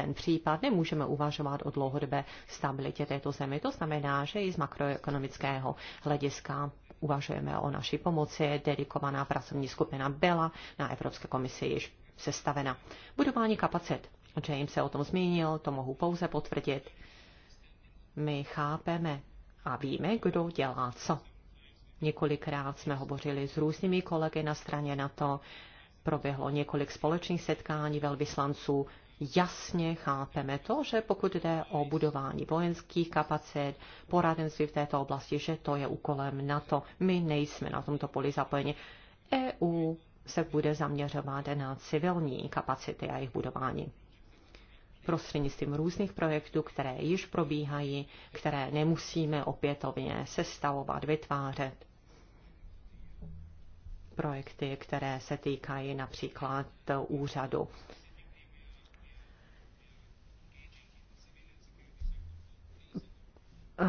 ten případ, nemůžeme uvažovat o dlouhodobé stabilitě této země. To znamená, že i z makroekonomického hlediska uvažujeme o naší pomoci. Dedikovaná pracovní skupina byla na Evropské komisi již sestavena. Budování kapacit. James se o tom zmínil, to mohu pouze potvrdit. My chápeme a víme, kdo dělá co. Několikrát jsme hovořili s různými kolegy na straně NATO, proběhlo několik společných setkání velvyslanců jasně chápeme to, že pokud jde o budování vojenských kapacit, poradenství v této oblasti, že to je úkolem NATO. My nejsme na tomto poli zapojeni. EU se bude zaměřovat na civilní kapacity a jejich budování prostřednictvím různých projektů, které již probíhají, které nemusíme opětovně sestavovat, vytvářet. Projekty, které se týkají například úřadu Eh,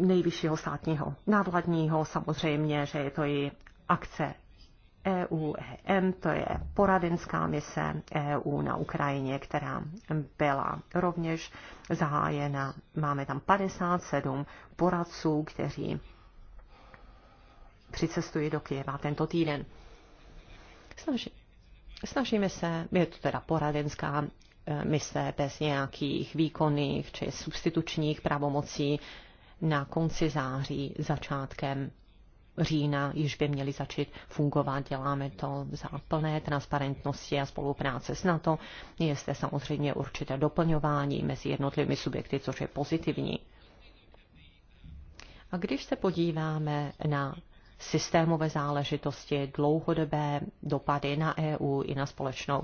nejvyššího státního návladního, samozřejmě, že je to i akce EUEM, to je poradenská mise EU na Ukrajině, která byla rovněž zahájena. Máme tam 57 poradců, kteří přicestují do Kyjeva tento týden. Snaží, snažíme se, je to teda poradenská mise bez nějakých výkonných či substitučních pravomocí na konci září, začátkem října již by měly začít fungovat. Děláme to za plné transparentnosti a spolupráce s NATO. Je zde samozřejmě určité doplňování mezi jednotlivými subjekty, což je pozitivní. A když se podíváme na systémové záležitosti, dlouhodobé dopady na EU i na společnou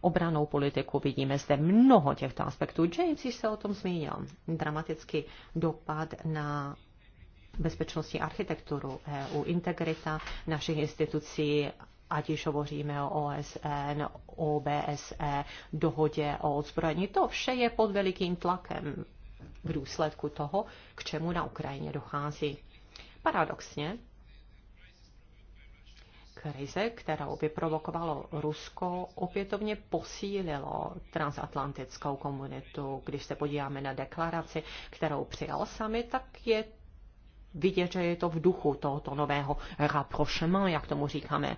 obranou politiku. Vidíme zde mnoho těchto aspektů. James již se o tom zmínil. Dramatický dopad na bezpečnostní architekturu EU, integrita našich institucí, ať již hovoříme o OSN, OBSE, dohodě o odzbrojení. To vše je pod velikým tlakem v důsledku toho, k čemu na Ukrajině dochází. Paradoxně, krize, kterou vyprovokovalo Rusko, opětovně posílilo transatlantickou komunitu. Když se podíváme na deklaraci, kterou přijal sami, tak je vidět, že je to v duchu tohoto nového rapprochement, jak tomu říkáme,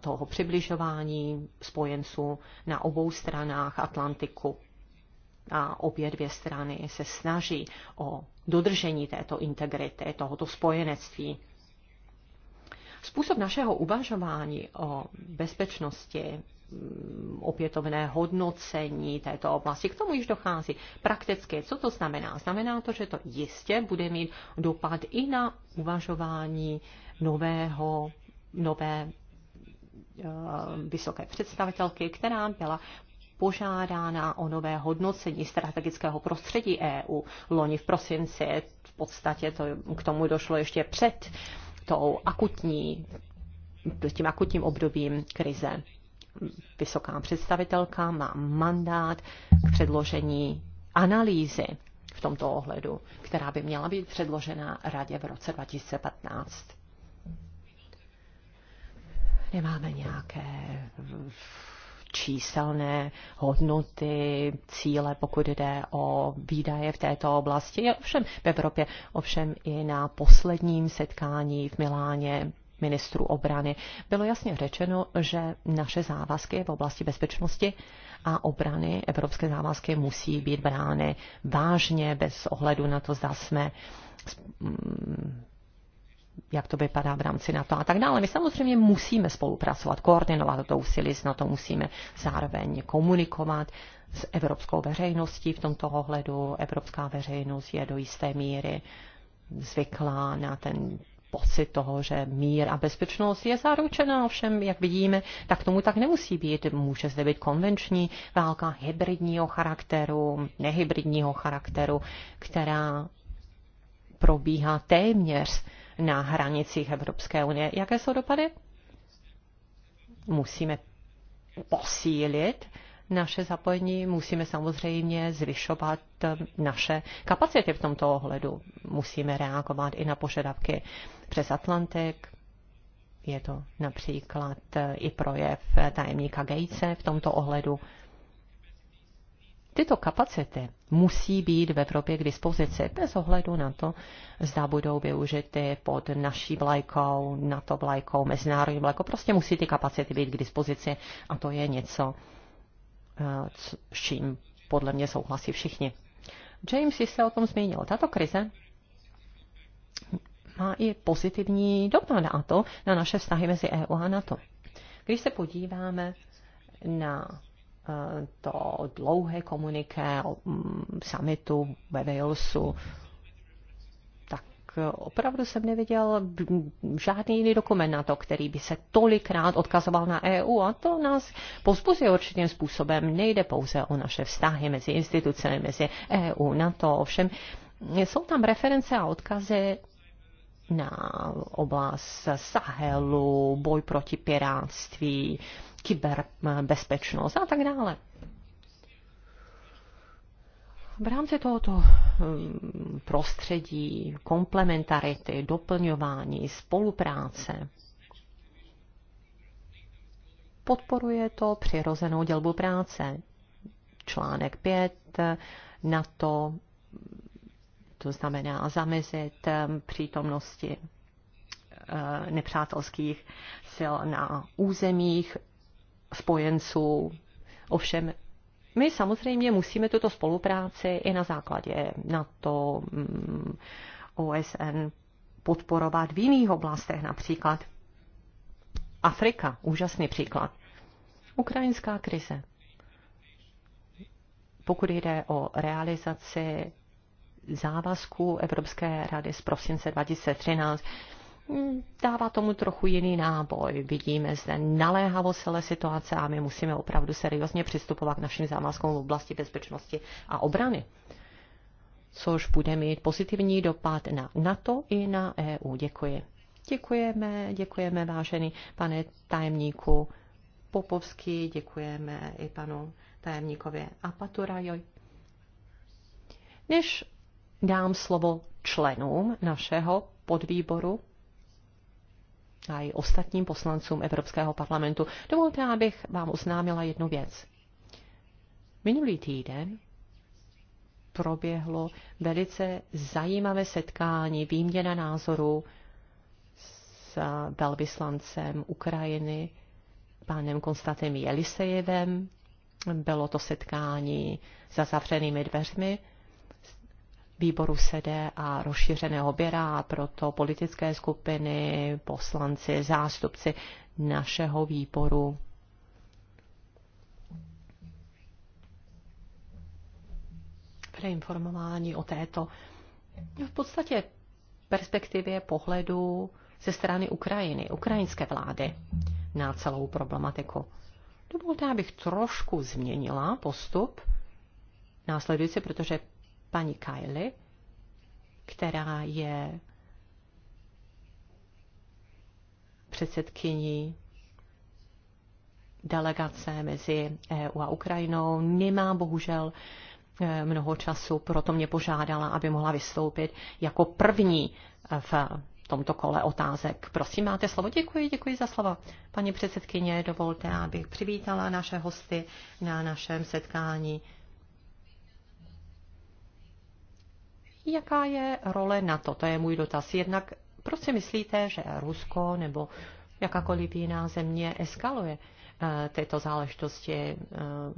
toho přibližování spojenců na obou stranách Atlantiku. A obě dvě strany se snaží o dodržení této integrity, tohoto spojenectví. Způsob našeho uvažování o bezpečnosti mm, opětovné hodnocení této oblasti. K tomu již dochází prakticky. Co to znamená? Znamená to, že to jistě bude mít dopad i na uvažování nového, nové eh, vysoké představitelky, která byla požádána o nové hodnocení strategického prostředí EU loni v prosinci. V podstatě to, k tomu došlo ještě před uh, tou akutní, tím akutním obdobím krize. Vysoká představitelka má mandát k předložení analýzy v tomto ohledu, která by měla být předložena radě v roce 2015. Nemáme nějaké číselné hodnoty, cíle, pokud jde o výdaje v této oblasti. Je ovšem v Evropě, ovšem i na posledním setkání v Miláně ministrů obrany bylo jasně řečeno, že naše závazky v oblasti bezpečnosti a obrany, evropské závazky musí být brány vážně bez ohledu na to, zda jsme jak to vypadá v rámci NATO a tak dále. My samozřejmě musíme spolupracovat, koordinovat to úsilí na to musíme zároveň komunikovat s evropskou veřejností v tomto ohledu. Evropská veřejnost je do jisté míry zvyklá na ten pocit toho, že mír a bezpečnost je zaručena, ovšem, jak vidíme, tak tomu tak nemusí být. Může zde být konvenční válka hybridního charakteru, nehybridního charakteru, která probíhá téměř na hranicích Evropské unie. Jaké jsou dopady? Musíme posílit naše zapojení, musíme samozřejmě zvyšovat naše kapacity v tomto ohledu. Musíme reagovat i na požadavky přes Atlantik. Je to například i projev tajemníka Gejce v tomto ohledu. Tyto kapacity musí být v Evropě k dispozici, bez ohledu na to, zda budou využity pod naší vlajkou, NATO vlajkou, mezinárodní vlajkou. Prostě musí ty kapacity být k dispozici a to je něco, eh, s čím podle mě souhlasí všichni. James se o tom zmínil. Tato krize má i pozitivní dopad na to, na naše vztahy mezi EU a NATO. Když se podíváme na to dlouhé komuniké mm, summitu ve Walesu, tak opravdu jsem neviděl žádný jiný dokument na to, který by se tolikrát odkazoval na EU a to nás pozbuzuje určitým způsobem. Nejde pouze o naše vztahy mezi institucemi, mezi EU, NATO, ovšem jsou tam reference a odkazy na oblast Sahelu, boj proti piráctví, kyberbezpečnost a tak dále. V rámci tohoto hm, prostředí komplementarity, doplňování, spolupráce podporuje to přirozenou dělbu práce. Článek 5 na to to znamená zamezit um, přítomnosti uh, nepřátelských sil na územích spojenců. Ovšem, my samozřejmě musíme tuto spolupráci i na základě na to mm, OSN podporovat v jiných oblastech, například Afrika, úžasný příklad. Ukrajinská krize. Pokud jde o realizaci závazků Evropské rady z prosince 2013 dává tomu trochu jiný náboj. Vidíme zde naléhavost celé situace a my musíme opravdu seriózně přistupovat k našim závazkům v oblasti bezpečnosti a obrany což bude mít pozitivní dopad na NATO i na EU. Děkuji. Děkujeme, děkujeme vážený pane tajemníku Popovský, děkujeme i panu tajemníkovi Apaturajoj. Než dám slovo členům našeho podvýboru a i ostatním poslancům Evropského parlamentu. Dovolte, abych vám oznámila jednu věc. Minulý týden proběhlo velice zajímavé setkání, výměna názorů s velvyslancem Ukrajiny, pánem konstantem Jelisejevem. Bylo to setkání za zavřenými dveřmi výboru SEDE a rozšířeného běra a proto politické skupiny, poslanci, zástupci našeho výboru byli informování o této v podstatě perspektivě pohledu ze strany Ukrajiny, ukrajinské vlády na celou problematiku. Dovolte, abych trošku změnila postup následující, protože paní Kylie, která je předsedkyní delegace mezi EU a Ukrajinou. nemá bohužel eh, mnoho času, proto mě požádala, aby mohla vystoupit jako první v tomto kole otázek. Prosím, máte slovo. Děkuji, děkuji za slovo. Paní předsedkyně, dovolte, abych přivítala naše hosty na našem setkání Jaká je role NATO? To je můj dotaz. Jednak proč si myslíte, že Rusko nebo jakákoliv jiná země eskaluje eh, této záležitosti eh,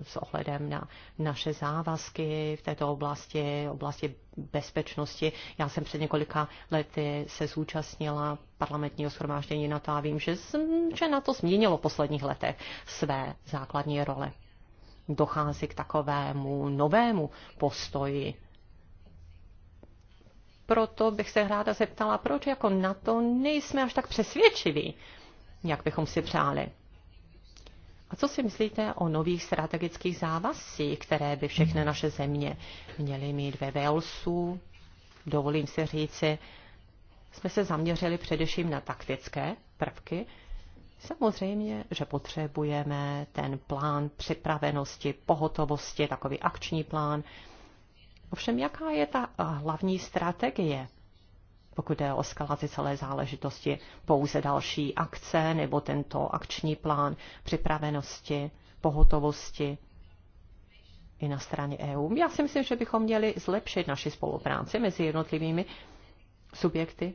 s ohledem na naše závazky v této oblasti, oblasti bezpečnosti. Já jsem před několika lety se zúčastnila parlamentního shromáždění to a vím, že, že na to změnilo v posledních letech své základní role. Dochází k takovému novému postoji proto bych se ráda zeptala, proč jako na to nejsme až tak přesvědčiví, jak bychom si přáli. A co si myslíte o nových strategických závazcích, které by všechny naše země měly mít ve Walesu? Dovolím si říci, jsme se zaměřili především na taktické prvky. Samozřejmě, že potřebujeme ten plán připravenosti, pohotovosti, takový akční plán, Ovšem, jaká je ta eh, hlavní strategie, pokud jde o skalaci celé záležitosti, pouze další akce nebo tento akční plán připravenosti, pohotovosti i na straně EU? Já si myslím, že bychom měli zlepšit naši spolupráci mezi jednotlivými subjekty,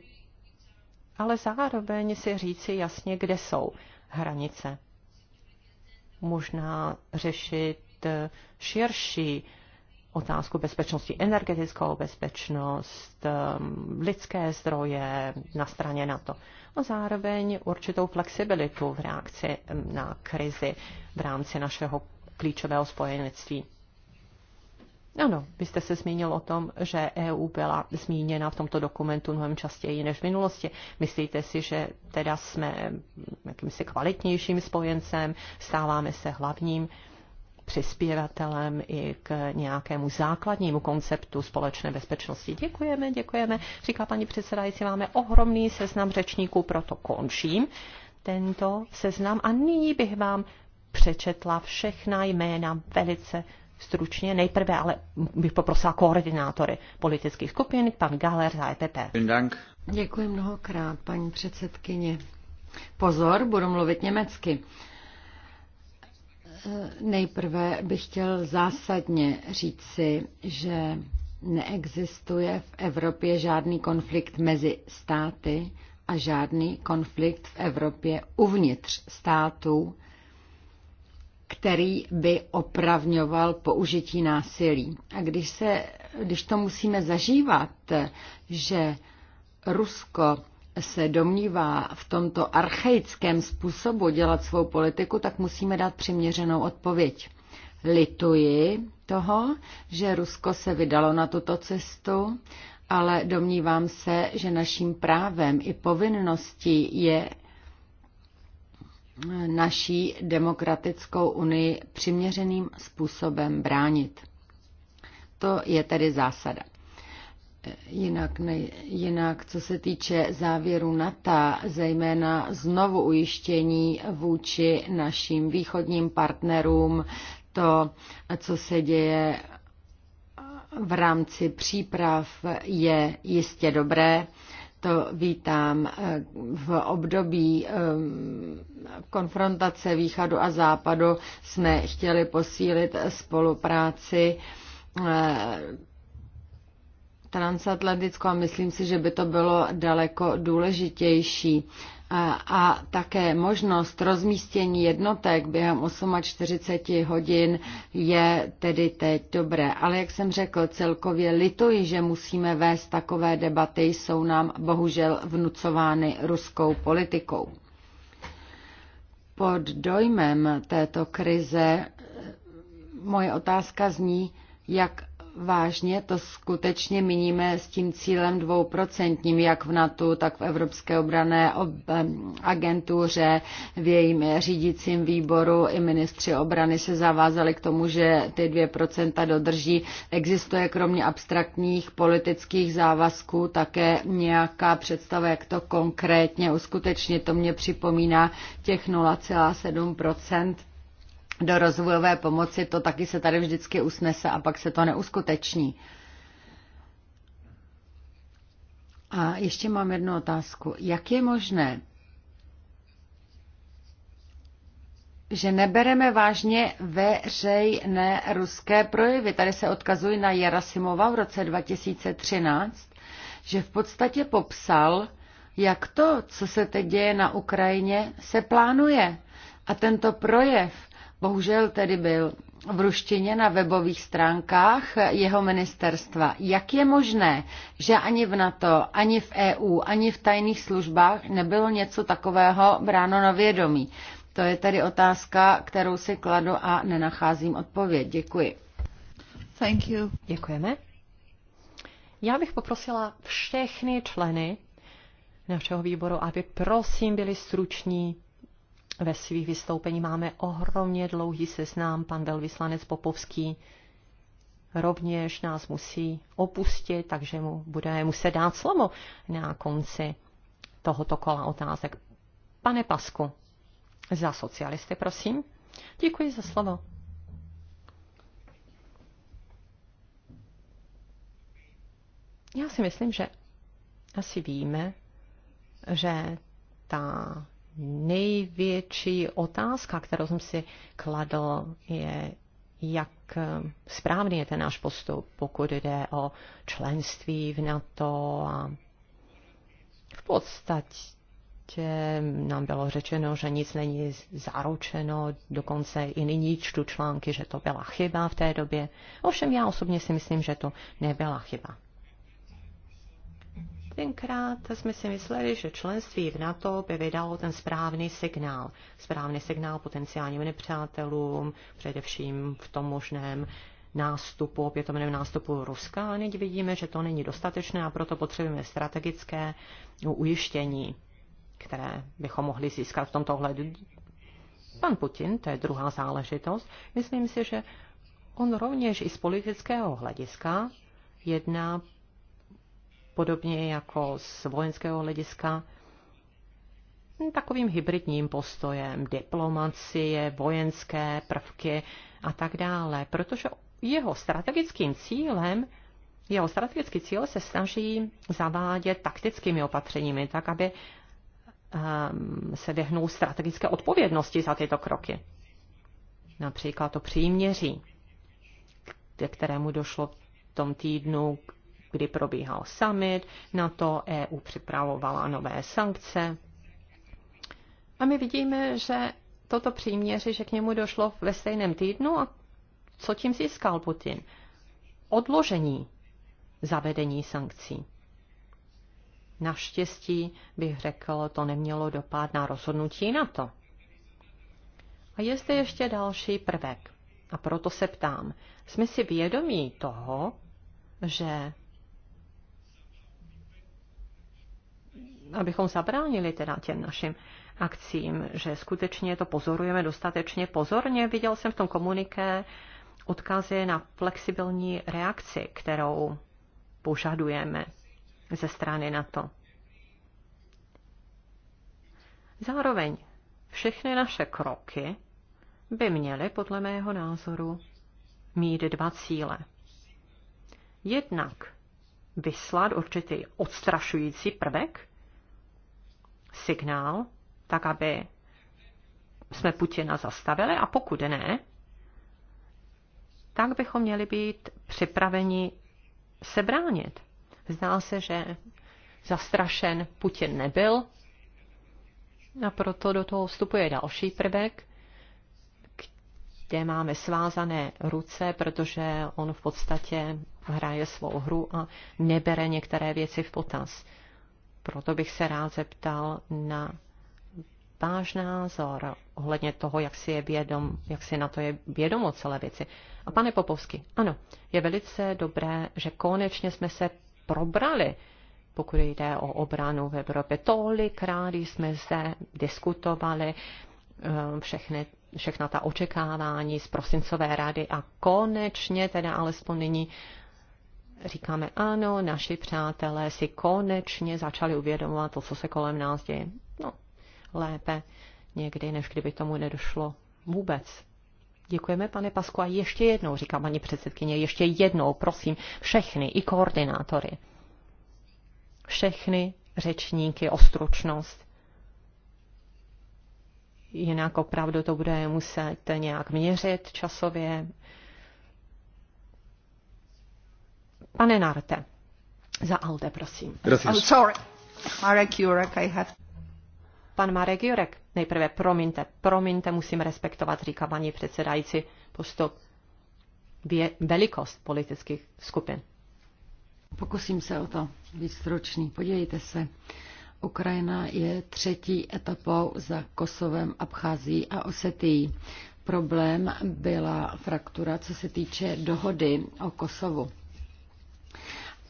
ale zároveň si říci jasně, kde jsou hranice. Možná řešit eh, širší otázku bezpečnosti, energetickou bezpečnost, um, lidské zdroje na straně NATO a zároveň určitou flexibilitu v reakci na krizi v rámci našeho klíčového spojenectví. Ano, vy jste se zmínil o tom, že EU byla zmíněna v tomto dokumentu mnohem častěji než v minulosti. Myslíte si, že teda jsme jakýmsi kvalitnějším spojencem, stáváme se hlavním přispěvatelem i k nějakému základnímu konceptu společné bezpečnosti. Děkujeme, děkujeme, říká paní předsedající, máme ohromný seznam řečníků, proto končím tento seznam a nyní bych vám přečetla všechna jména velice stručně. Nejprve ale bych poprosila koordinátory politických skupin, pan Galer za EPP. Děkuji mnohokrát, paní předsedkyně. Pozor, budu mluvit německy. Eh, nejprve bych chtěl zásadně říci, že neexistuje v Evropě žádný konflikt mezi státy a žádný konflikt v Evropě uvnitř států, který by opravňoval použití násilí. A když, se, když to musíme zažívat, že Rusko se domnívá v tomto archaickém způsobu dělat svou politiku, tak musíme dát přiměřenou odpověď. Lituji toho, že Rusko se vydalo na tuto cestu, ale domnívám se, že naším právem i povinností je naší demokratickou unii přiměřeným způsobem bránit. To je tedy zásada. Jinak, ne, jinak, co se týče závěru NATO, zejména znovu ujištění vůči našim východním partnerům, to, co se děje v rámci příprav, je jistě dobré. To vítám eh, v období eh, konfrontace východu a západu. Jsme chtěli posílit spolupráci eh, transatlantickou a myslím si, že by to bylo daleko důležitější. A, a také možnost rozmístění jednotek během 48 hodin je tedy teď dobré. Ale jak jsem řekl, celkově lituji, že musíme vést takové debaty, jsou nám bohužel vnucovány ruskou politikou. Pod dojmem této krize moje otázka zní, jak vážně to skutečně miníme s tím cílem dvouprocentním, jak v NATO, tak v Evropské obrané agentuře, v jejím řídícím výboru i ministři obrany se zavázali k tomu, že ty 2% dodrží. Existuje kromě abstraktních politických závazků také nějaká představa, jak to konkrétně uskutečnit. To mě připomíná těch 0,7% do rozvojové pomoci, to taky se tady vždycky usnese a pak se to neuskuteční. A ještě mám jednu otázku. Jak je možné, že nebereme vážně veřejné ruské projevy. Tady se odkazují na Jarasimova v roce 2013, že v podstatě popsal, jak to, co se teď děje na Ukrajině, se plánuje. A tento projev Bohužel tedy byl v ruštině na webových stránkách jeho ministerstva. Jak je možné, že ani v NATO, ani v EU, ani v tajných službách nebylo něco takového bráno na vědomí? To je tedy otázka, kterou si kladu a nenacházím odpověď. Děkuji. Thank you. Děkujeme. Já bych poprosila všechny členy našeho výboru, aby prosím byli struční, ve svých vystoupení máme ohromně dlouhý seznám. Pan velvyslanec Popovský rovněž nás musí opustit, takže mu bude muset dát slovo na konci tohoto kola otázek. Pane Pasku, za socialisty, prosím. Děkuji za slovo. Já si myslím, že asi víme, že ta největší otázka, kterou jsem si kladl, je, jak eh, správný je ten náš postup, pokud jde o členství v NATO a v podstatě nám bylo řečeno, že nic není zaručeno, dokonce i nyní čtu články, že to byla chyba v té době. Ovšem já osobně si myslím, že to nebyla chyba. Tenkrát jsme si mysleli, že členství v NATO by vydalo ten správný signál. Správný signál potenciálním nepřátelům, především v tom možném nástupu, opětovném nástupu Ruska. A teď vidíme, že to není dostatečné a proto potřebujeme strategické ujištění, které bychom mohli získat v tomto ohledu. Pan Putin, to je druhá záležitost. Myslím si, že on rovněž i z politického hlediska jedná podobně jako z vojenského hlediska, takovým hybridním postojem diplomacie, vojenské prvky a tak dále, protože jeho strategickým cílem jeho strategický cíl se snaží zavádět taktickými opatřeními, tak aby ehm, se vyhnul strategické odpovědnosti za tyto kroky. Například to příměří, ke kterému došlo v tom týdnu, kdy probíhal summit, na to EU připravovala nové sankce. A my vidíme, že toto příměři, že k němu došlo ve stejném týdnu a co tím získal Putin? Odložení zavedení sankcí. Naštěstí bych řekl, to nemělo dopad na rozhodnutí na to. A je zde ještě další prvek. A proto se ptám, jsme si vědomí toho, že abychom zabránili teda těm našim akcím, že skutečně to pozorujeme dostatečně pozorně. Viděl jsem v tom komuniké odkazy na flexibilní reakci, kterou požadujeme ze strany na to. Zároveň všechny naše kroky by měly, podle mého názoru, mít dva cíle. Jednak vyslat určitý odstrašující prvek, signál, tak aby jsme Putina zastavili a pokud ne, tak bychom měli být připraveni se bránit. Zdá se, že zastrašen Putin nebyl a proto do toho vstupuje další prvek, kde máme svázané ruce, protože on v podstatě hraje svou hru a nebere některé věci v potaz. Proto bych se rád zeptal na váš názor ohledně toho, jak si, je vědom, jak si na to je vědomo celé věci. A pane Popovsky, ano, je velice dobré, že konečně jsme se probrali, pokud jde o obranu v Evropě. Tolikrát jsme se diskutovali eh, všechny, všechna ta očekávání z prosincové rady a konečně teda alespoň nyní říkáme ano, naši přátelé si konečně začali uvědomovat to, co se kolem nás děje. No, lépe někdy, než kdyby tomu nedošlo vůbec. Děkujeme, pane Pasku, a ještě jednou, říká paní předsedkyně, ještě jednou, prosím, všechny, i koordinátory, všechny řečníky o stručnost. Jinak opravdu to bude muset nějak měřit časově, Pane Narte, za Alde, prosím. Gracias. I'm oh, sorry. Marek Jurek, I have... Pan Marek Jurek, nejprve promiňte, promiňte, musím respektovat, říká paní předsedající, postup vě, velikost politických skupin. Pokusím se o to být stručný. Podívejte se. Ukrajina je třetí etapou za Kosovem, Abchází a Osetií. Problém byla fraktura, co se týče dohody o Kosovu.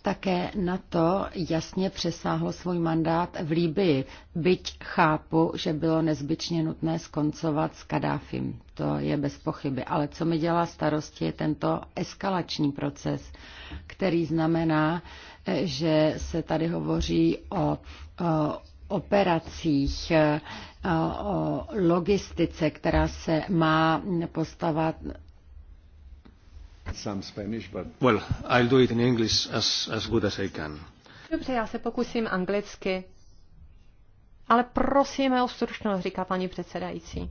Také na to jasně přesáhlo svůj mandát v Líbii, byť chápu, že bylo nezbytně nutné skoncovat s Kadáfim. To je bez pochyby. Ale co mi dělá starosti je tento eskalační proces, který znamená, že se tady hovoří o, o operacích, o logistice, která se má postavat, Some Spanish, but... Well, I'll do it in English as, as good as I can. Dobře, já se pokusím anglicky. Ale prosíme o stručnost, říká paní předsedající.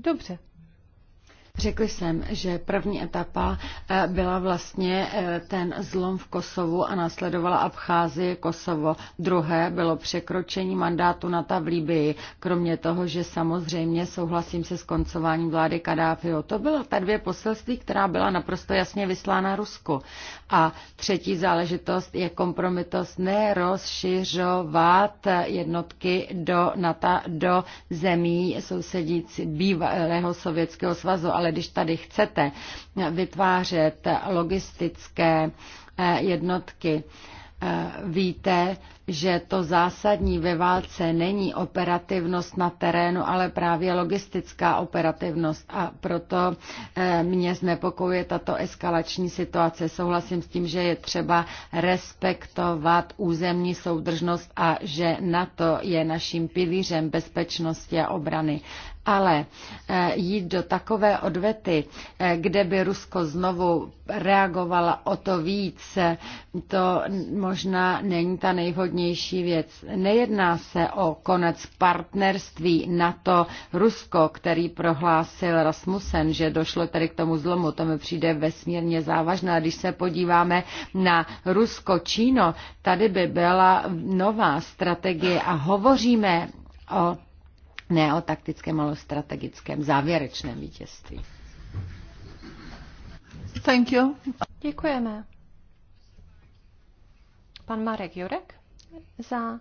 Dobře. Řekli jsem, že první etapa eh, byla vlastně eh, ten zlom v Kosovu a následovala Abcházie Kosovo. Druhé bylo překročení mandátu NATO v Libii, kromě toho, že samozřejmě souhlasím se skoncováním vlády Kadáfiho. To byla ta dvě poselství, která byla naprosto jasně vyslána Rusku. A třetí záležitost je kompromitost nerozšiřovat eh, jednotky do NATO do zemí sousedící bývalého Sovětského svazu, ale ale když tady chcete vytvářet logistické eh, jednotky, eh, víte, že to zásadní ve válce není operativnost na terénu, ale právě logistická operativnost a proto eh, mě znepokojuje tato eskalační situace. Souhlasím s tím, že je třeba respektovat územní soudržnost a že NATO je naším pilířem bezpečnosti a obrany. Ale eh, jít do takové odvety, eh, kde by Rusko znovu reagovalo o to víc, to možná není ta nejvhodnější nejzásadnější věc. Nejedná se o konec partnerství NATO-Rusko, který prohlásil Rasmussen, že došlo tedy k tomu zlomu. To mi přijde vesmírně závažné. když se podíváme na Rusko-Číno, tady by byla nová strategie a hovoříme o ne o taktickém, ale o strategickém závěrečném vítězství. Thank you. Děkujeme. Pan Marek Jurek? za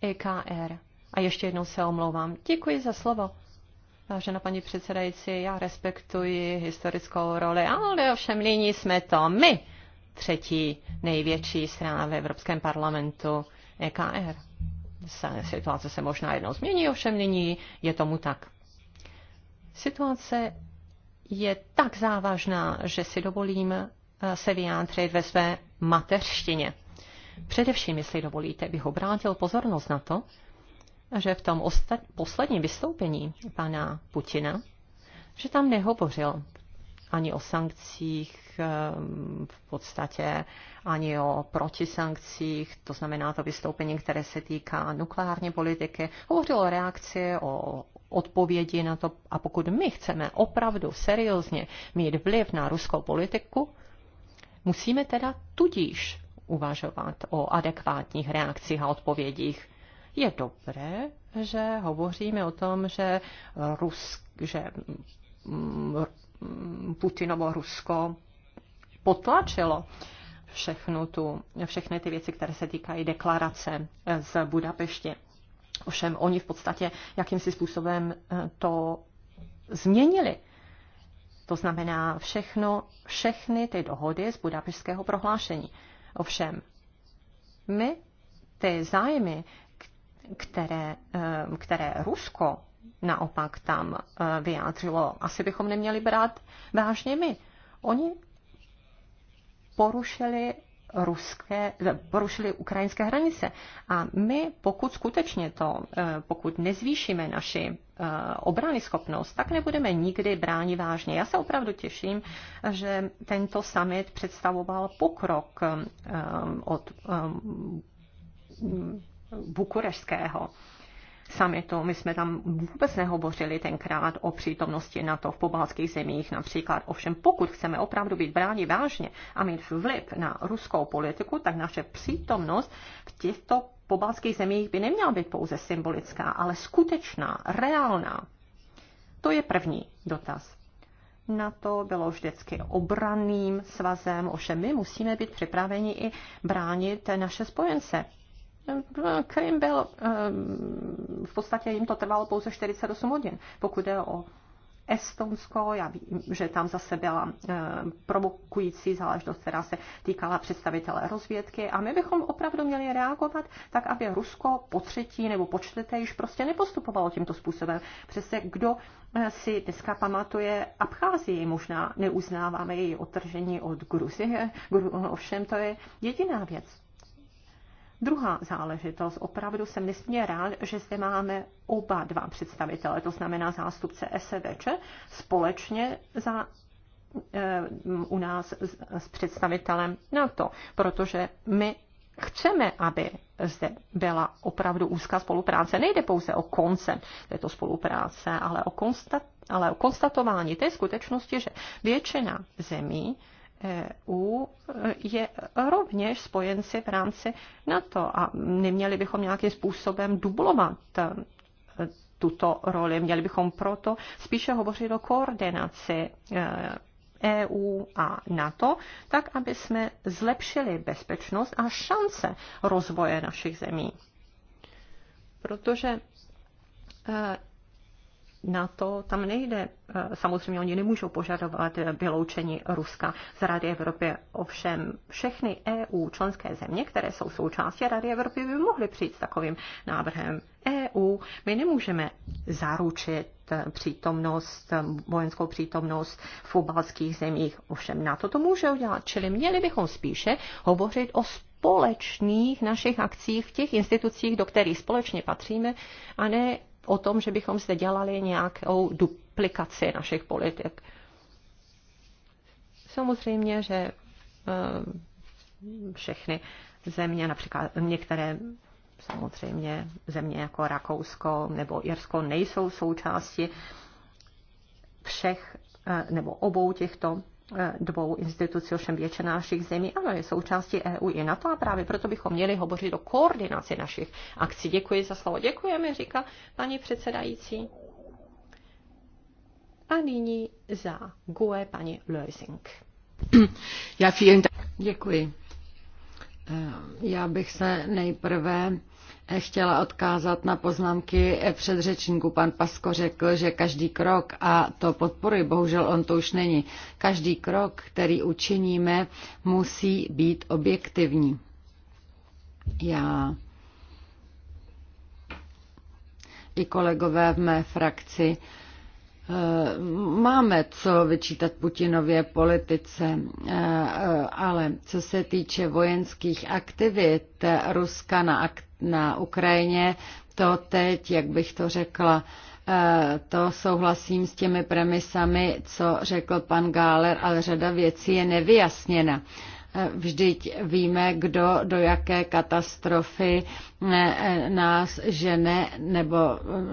EKR. A ještě jednou se omlouvám. Děkuji za slovo. Vážená paní předsedající, já respektuji historickou roli, ale ovšem nyní jsme to my, třetí největší strana v Evropském parlamentu EKR. Situace se možná jednou změní, ovšem nyní je tomu tak. Situace je tak závažná, že si dovolím eh, se vyjádřit ve své mateřštině. Především, jestli dovolíte, bych obrátil pozornost na to, že v tom posledním vystoupení pana Putina, že tam nehovořil ani o sankcích, ehm, v podstatě ani o protisankcích, to znamená to vystoupení, které se týká nukleární politiky. Hovořil o reakci, o odpovědi na to. A pokud my chceme opravdu seriózně mít vliv na ruskou politiku, musíme teda tudíž uvažovat o adekvátních reakcích a odpovědích. Je dobré, že hovoříme o tom, že, Rus, že mm, Putinovo Rusko potlačilo všechnu tu, všechny ty věci, které se týkají deklarace z Budapešti. Ovšem oni v podstatě jakýmsi způsobem eh, to změnili. To znamená všechno, všechny ty dohody z budapešského prohlášení. Ovšem, my ty zájmy, které, eh, které Rusko naopak tam eh, vyjádřilo, asi bychom neměli brát vážně my. Oni porušili ruské, eh, porušili ukrajinské hranice. A my, pokud skutečně to, pokud nezvýšíme naši Eh, obrany schopnost, tak nebudeme nikdy bránit vážně. Já se opravdu těším, že tento summit představoval pokrok eh, od eh, bukurešského summitu. My jsme tam vůbec nehovořili tenkrát o přítomnosti na to v pobalských zemích například. Ovšem, pokud chceme opravdu být bráni vážně a mít vliv na ruskou politiku, tak naše přítomnost v těchto pobalských zemích by neměla být pouze symbolická, ale skutečná, reálná. To je první dotaz. Na to bylo vždycky obraným svazem, ovšem my musíme být připraveni i bránit naše spojence. Krim byl, ehm, v podstatě jim to trvalo pouze 48 hodin, pokud je o Estonsko, já vím, že tam zase byla eh, provokující záležitost, která se týkala představitele rozvědky a my bychom opravdu měli reagovat tak, aby Rusko po třetí nebo po čtvrté již prostě nepostupovalo tímto způsobem. Přesně kdo eh, si dneska pamatuje Abcházii, možná neuznáváme její otržení od Gruzie, ovšem to je jediná věc, Druhá záležitost, opravdu jsem nesmírně rád, že zde máme oba dva představitele, to znamená zástupce SVČ, společně za e, u nás s, s představitelem NATO, protože my chceme, aby zde byla opravdu úzká spolupráce. Nejde pouze o konce této spolupráce, ale o, konstat, ale o konstatování té skutečnosti, že většina zemí EU e, je rovněž spojenci v rámci NATO a neměli bychom nějakým způsobem dublovat e, tuto roli. Měli bychom proto spíše hovořit o koordinaci EU e a NATO, tak aby jsme zlepšili bezpečnost a šance rozvoje našich zemí. Protože na to tam nejde. Eh, samozřejmě oni nemůžou požadovat eh, vyloučení Ruska z Rady Evropy. Ovšem všechny EU členské země, které jsou součástí Rady Evropy, by mohly přijít s takovým návrhem. EU my nemůžeme zaručit eh, přítomnost, vojenskou přítomnost v obalských zemích. Ovšem na to to může udělat. Čili měli bychom spíše hovořit o společných našich akcích v těch institucích, do kterých společně patříme, a ne o tom, že bychom zde dělali nějakou duplikaci našich politik. Samozřejmě, že eh, všechny země, například některé samozřejmě země jako Rakousko nebo Irsko nejsou součástí všech eh, nebo obou těchto E, dvou institucí, ovšem většina našich zemí, ano, je součástí EU i NATO a právě proto bychom měli hovořit o koordinaci našich akcí. Děkuji za slovo. Děkujeme, říká paní předsedající. A nyní za GUE paní Lösing. Já vielen Děkuji. E, já bych se nejprve chtěla odkázat na poznámky předřečníku. Pan Pasko řekl, že každý krok, a to podporuji, bohužel on to už není, každý krok, který učiníme, musí být objektivní. Já i kolegové v mé frakci Eh, máme co vyčítat Putinově politice, eh, ale co se týče vojenských aktivit Ruska na, na Ukrajině, to teď, jak bych to řekla, eh, to souhlasím s těmi premisami, co řekl pan Gáler, ale řada věcí je nevyjasněna. Vždyť víme, kdo do jaké katastrofy eh, eh, nás žene nebo,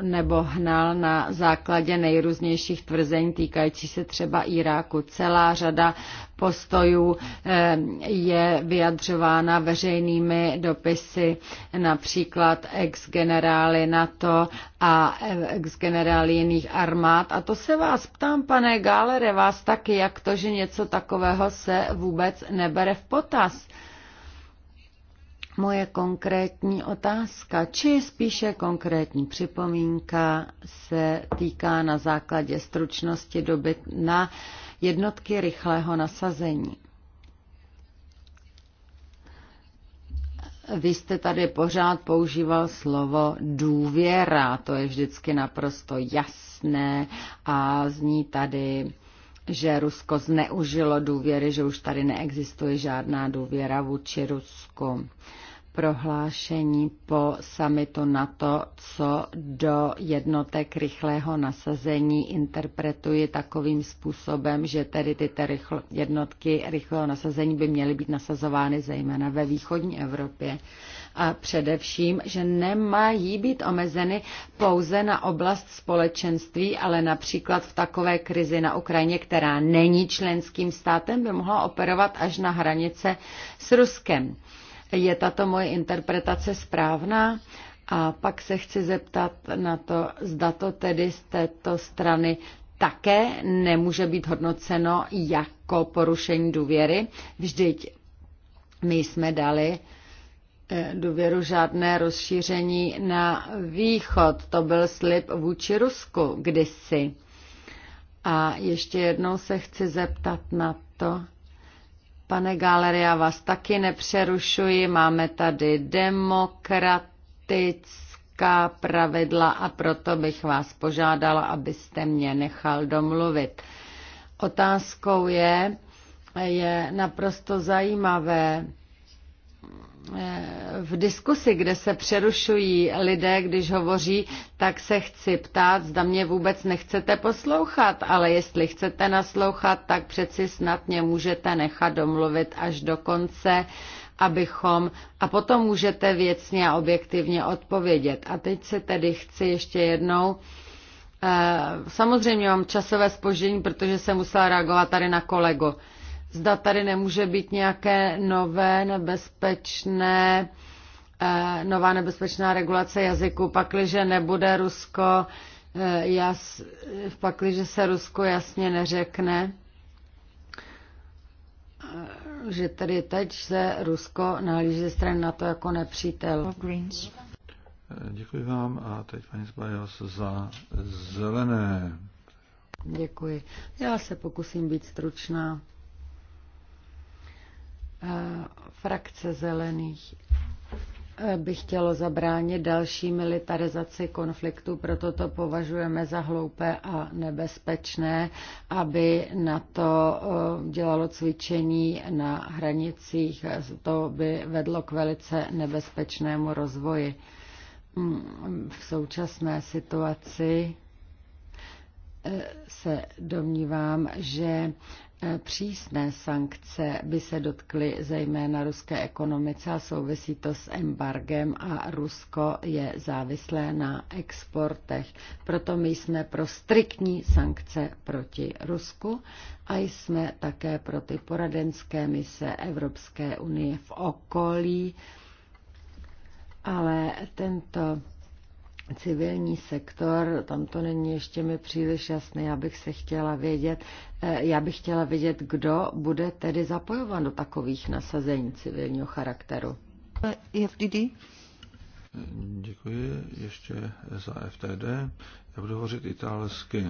nebo hnal na základě nejrůznějších tvrzení týkající se třeba Iráku. Celá řada postojů eh, je vyjadřována veřejnými dopisy, například ex-generály NATO a ex-generály jiných armád. A to se vás ptám, pane Gálere, vás taky, jak to, že něco takového se vůbec nebere bere v potaz. Moje konkrétní otázka, či spíše konkrétní připomínka, se týká na základě stručnosti doby na jednotky rychlého nasazení. Vy jste tady pořád používal slovo důvěra, to je vždycky naprosto jasné a zní tady že Rusko zneužilo důvěry, že už tady neexistuje žádná důvěra vůči Rusku prohlášení po samitu to, co do jednotek rychlého nasazení interpretuji takovým způsobem, že tedy ty rychl, jednotky rychlého nasazení by měly být nasazovány zejména ve východní Evropě a především, že nemají být omezeny pouze na oblast společenství, ale například v takové krizi na Ukrajině, která není členským státem, by mohla operovat až na hranice s Ruskem. Je tato moje interpretace správná? A pak se chci zeptat na to, zda to tedy z této strany také nemůže být hodnoceno jako porušení důvěry. Vždyť my jsme dali Eh, důvěru žádné rozšíření na východ. To byl slib vůči Rusku kdysi. A ještě jednou se chci zeptat na to, pane Gáler, já vás taky nepřerušuji, máme tady demokratická pravidla a proto bych vás požádala, abyste mě nechal domluvit. Otázkou je, je naprosto zajímavé, v diskusi, kde se přerušují lidé, když hovoří, tak se chci ptát, zda mě vůbec nechcete poslouchat, ale jestli chcete naslouchat, tak přeci snad mě můžete nechat domluvit až do konce, abychom, a potom můžete věcně a objektivně odpovědět. A teď se tedy chci ještě jednou eh, Samozřejmě mám časové spoždění, protože jsem musela reagovat tady na kolegu. Zda tady nemůže být nějaké nové nebezpečné eh, nová nebezpečná regulace jazyku, pakliže nebude Rusko, eh, jas, pakliže se Rusko jasně neřekne, eh, že tady teď se Rusko nahlíží ze strany na to jako nepřítel. Děkuji vám a teď paní Zbajos za zelené. Děkuji. Já se pokusím být stručná frakce zelených eh, by chtělo zabránit další militarizaci konfliktu, proto to považujeme za hloupé a nebezpečné, aby na to eh, dělalo cvičení na hranicích. To by vedlo k velice nebezpečnému rozvoji. Mm, v současné situaci eh, se domnívám, že Přísné sankce by se dotkly zejména ruské ekonomice a souvisí to s embargem a Rusko je závislé na exportech. Proto my jsme pro striktní sankce proti Rusku a jsme také pro ty poradenské mise Evropské unie v okolí. Ale tento civilní sektor, tam to není ještě mi příliš jasné, já bych se chtěla vědět, eh, já bych chtěla vědět, kdo bude tedy zapojován do takových nasazení civilního charakteru. E FDD? Děkuji ještě za FTD. Já budu hovořit italsky.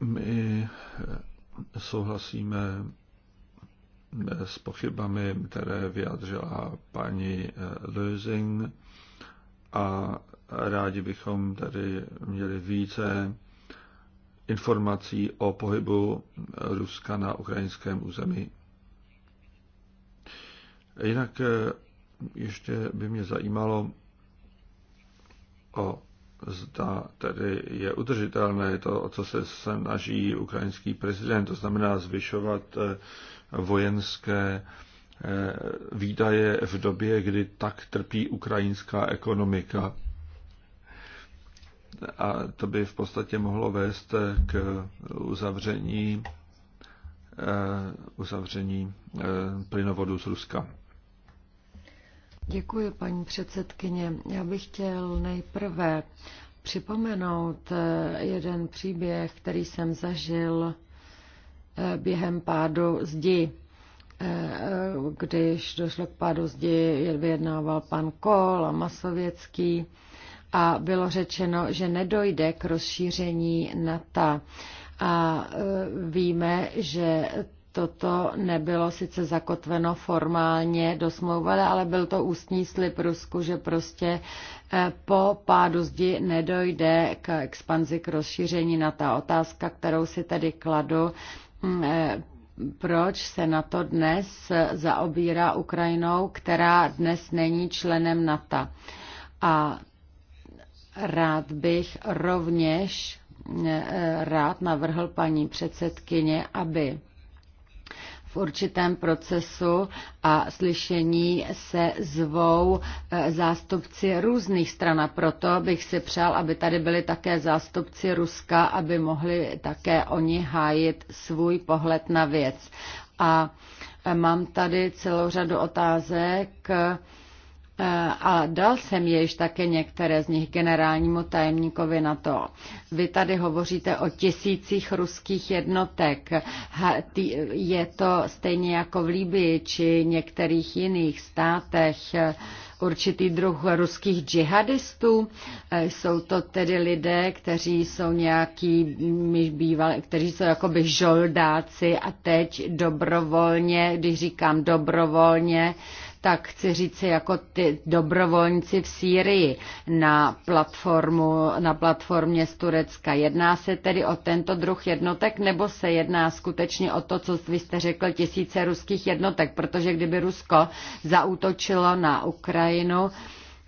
My eh, souhlasíme s pochybami, které vyjadřila paní eh, Lösing a rádi bychom tady měli více informací o pohybu Ruska na ukrajinském území. Jinak eh, ještě by mě zajímalo, o zda tedy je udržitelné to, o co se snaží ukrajinský prezident, to znamená zvyšovat eh, vojenské eh, výdaje v době, kdy tak trpí ukrajinská ekonomika. A to by v podstatě mohlo vést k uzavření, eh, uzavření eh, plynovodu z Ruska. Děkuji, paní předsedkyně. Já bych chtěl nejprve připomenout jeden příběh, který jsem zažil během pádu zdi. Když došlo k pádu zdi, vyjednával pan Kol a Masověcký a bylo řečeno, že nedojde k rozšíření NATO. A e, víme, že toto nebylo sice zakotveno formálně do smlouvy, ale byl to ústní slib Rusku, že prostě e, po pádu zdi nedojde k expanzi, k rozšíření na ta otázka, kterou si tedy kladu, Mm, eh, proč se na to dnes zaobírá Ukrajinou, která dnes není členem NATO. A rád bych rovněž eh, eh, rád navrhl paní předsedkyně, aby určitém procesu a slyšení se zvou eh, zástupci různých stran. A proto bych si přál, aby tady byli také zástupci Ruska, aby mohli také oni hájit svůj pohled na věc. A eh, mám tady celou řadu otázek, a dal jsem již také některé z nich generálnímu tajemníkovi na to. Vy tady hovoříte o tisících ruských jednotek. Je to stejně jako v Líbii či některých jiných státech určitý druh ruských džihadistů. Jsou to tedy lidé, kteří jsou nějaký, bývali, kteří jsou jakoby žoldáci a teď dobrovolně, když říkám dobrovolně, tak chci říci jako ty dobrovolníci v Sýrii na, platformu, na platformě z Turecka. Jedná se tedy o tento druh jednotek nebo se jedná skutečně o to, co vy jste řekl, tisíce ruských jednotek, protože kdyby Rusko zautočilo na Ukrajinu,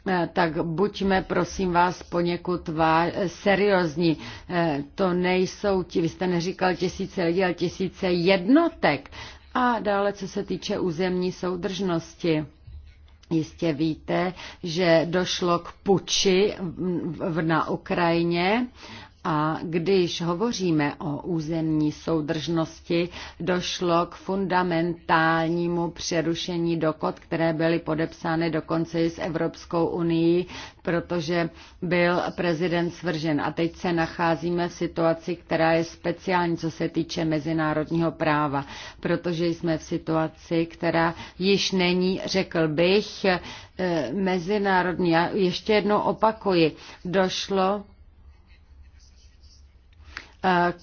eh, tak buďme, prosím vás, poněkud vá, seriózní. Eh, to nejsou ti, vy jste neříkal tisíce lidí, ale tisíce jednotek. A dále, co se týče územní soudržnosti. Jistě víte, že došlo k puči na Ukrajině a když hovoříme o územní soudržnosti, došlo k fundamentálnímu přerušení dokod, které byly podepsány dokonce i s Evropskou unii, protože byl prezident svržen. A teď se nacházíme v situaci, která je speciální, co se týče mezinárodního práva, protože jsme v situaci, která již není, řekl bych, eh, mezinárodní. Já ještě jednou opakuji, došlo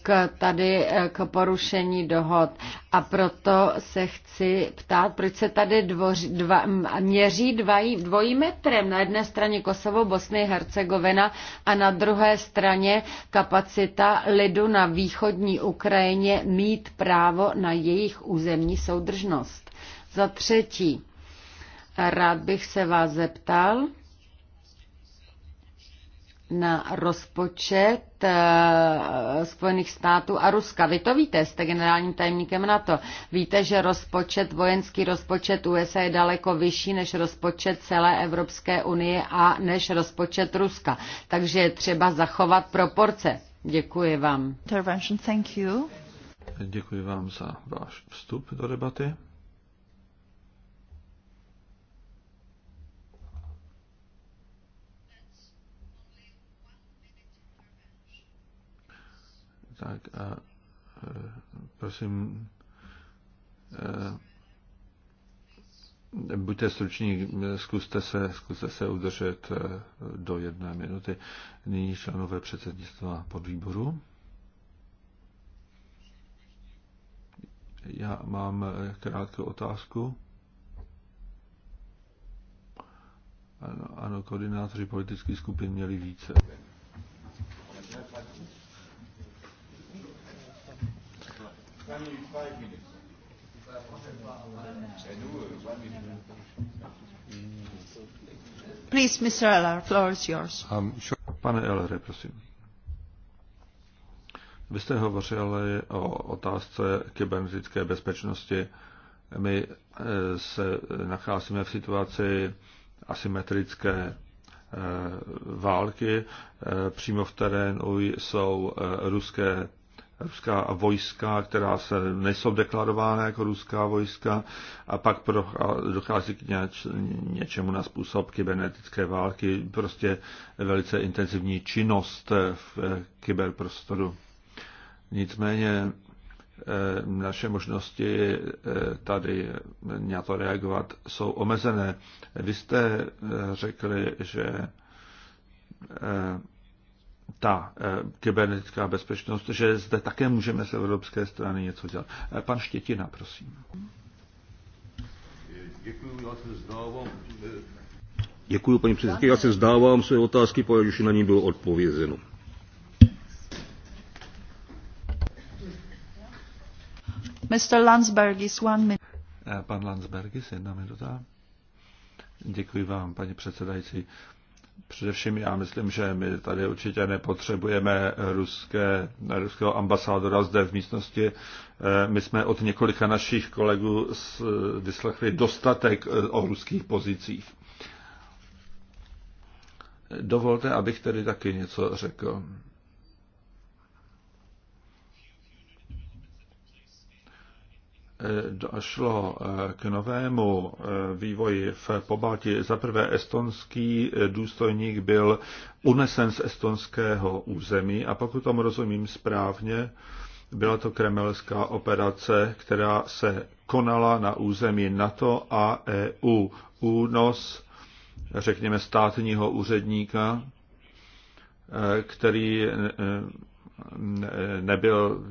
k, tady k porušení dohod. A proto se chci ptát, proč se tady dvoři, dva, měří dvají, dvojí metrem. Na jedné straně Kosovo, Bosny, Hercegovina a na druhé straně kapacita lidu na východní Ukrajině mít právo na jejich územní soudržnost. Za třetí, rád bych se vás zeptal, na rozpočet eh, Spojených států a Ruska. Vy to víte, jste generálním tajemníkem NATO. Víte, že rozpočet, vojenský rozpočet USA je daleko vyšší než rozpočet celé Evropské unie a než rozpočet Ruska. Takže je třeba zachovat proporce. Děkuji vám. Intervention, thank you. Děkuji vám za váš vstup do debaty. Tak a e, prosím, e, buďte struční, zkuste se, zkuste se udržet e, do jedné minuty. Nyní členové předsednictva podvýboru. Já mám krátkou otázku. Ano, ano koordinátoři politických skupin měli více. Please, Mr. Eller, floor is yours. Um, sure. Pane Eller, prosím. Vy jste hovořili o otázce kybernetické bezpečnosti. My eh, se nacházíme v situaci asymetrické eh, války. Eh, přímo v terénu jsou ruské ruská vojska, která se nejsou deklarována jako ruská vojska a pak dochází k něč, něčemu na způsob kybernetické války, prostě velice intenzivní činnost v eh, kyberprostoru. Nicméně eh, naše možnosti eh, tady na to reagovat jsou omezené. Vy jste řekli, že ta eh, kybernetická bezpečnost, že zde také můžeme z evropské strany něco dělat. Eh, pan Štětina, prosím. Děkuji, já se vzdávám. Děkuji, paní předsedkyně. Já se vzdávám své otázky, protože už na ní bylo odpovězeno. Mr. Landsbergis, one minute. Eh, pan Landsbergis, jedna minuta. Děkuji vám, paní předsedající. Především já myslím, že my tady určitě nepotřebujeme ruské, ruského ambasádora zde v místnosti. Eh, my jsme od několika našich kolegů vyslechli dostatek eh, o ruských pozicích. Dovolte, abych tedy taky něco řekl. došlo eh, k novému eh, vývoji v Pobalti. Za prvé estonský eh, důstojník byl unesen z estonského území a pokud tomu rozumím správně, byla to kremelská operace, která se konala na území NATO a EU. Únos, řekněme, státního úředníka, který nebyl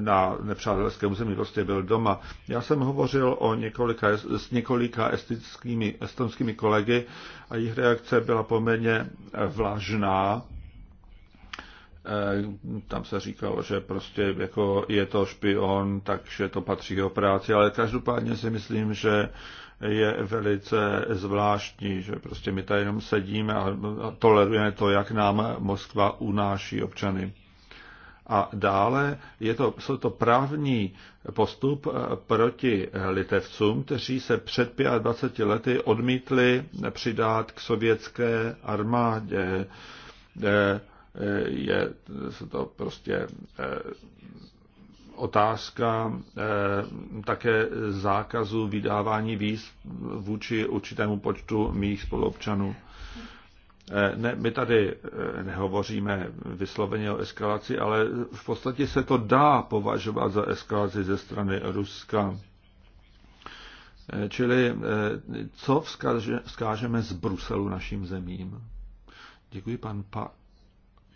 na nepřátelském území, prostě byl doma. Já jsem hovořil o několika, s několika estickými, estonskými kolegy a jejich reakce byla poměrně vlažná. Eh, tam se říkalo, že prostě jako je to špion, takže to patří jeho práci, ale každopádně si myslím, že je velice zvláštní, že prostě my tady jenom sedíme a tolerujeme to, jak nám Moskva unáší občany. A dále je to, jsou to právní postup eh, proti litevcům, kteří se před 25 lety odmítli přidat k sovětské armádě. Eh, eh, je to prostě otázka také zákazu vydávání víz vůči určitému počtu mých spoluobčanů. Eh, ne, my tady eh, nehovoříme vysloveně o eskalaci, ale v podstatě se to dá považovat za eskalaci ze strany Ruska. Eh, čili co vzkaže, vzkážeme z Bruselu našim zemím? Děkuji, pan pa,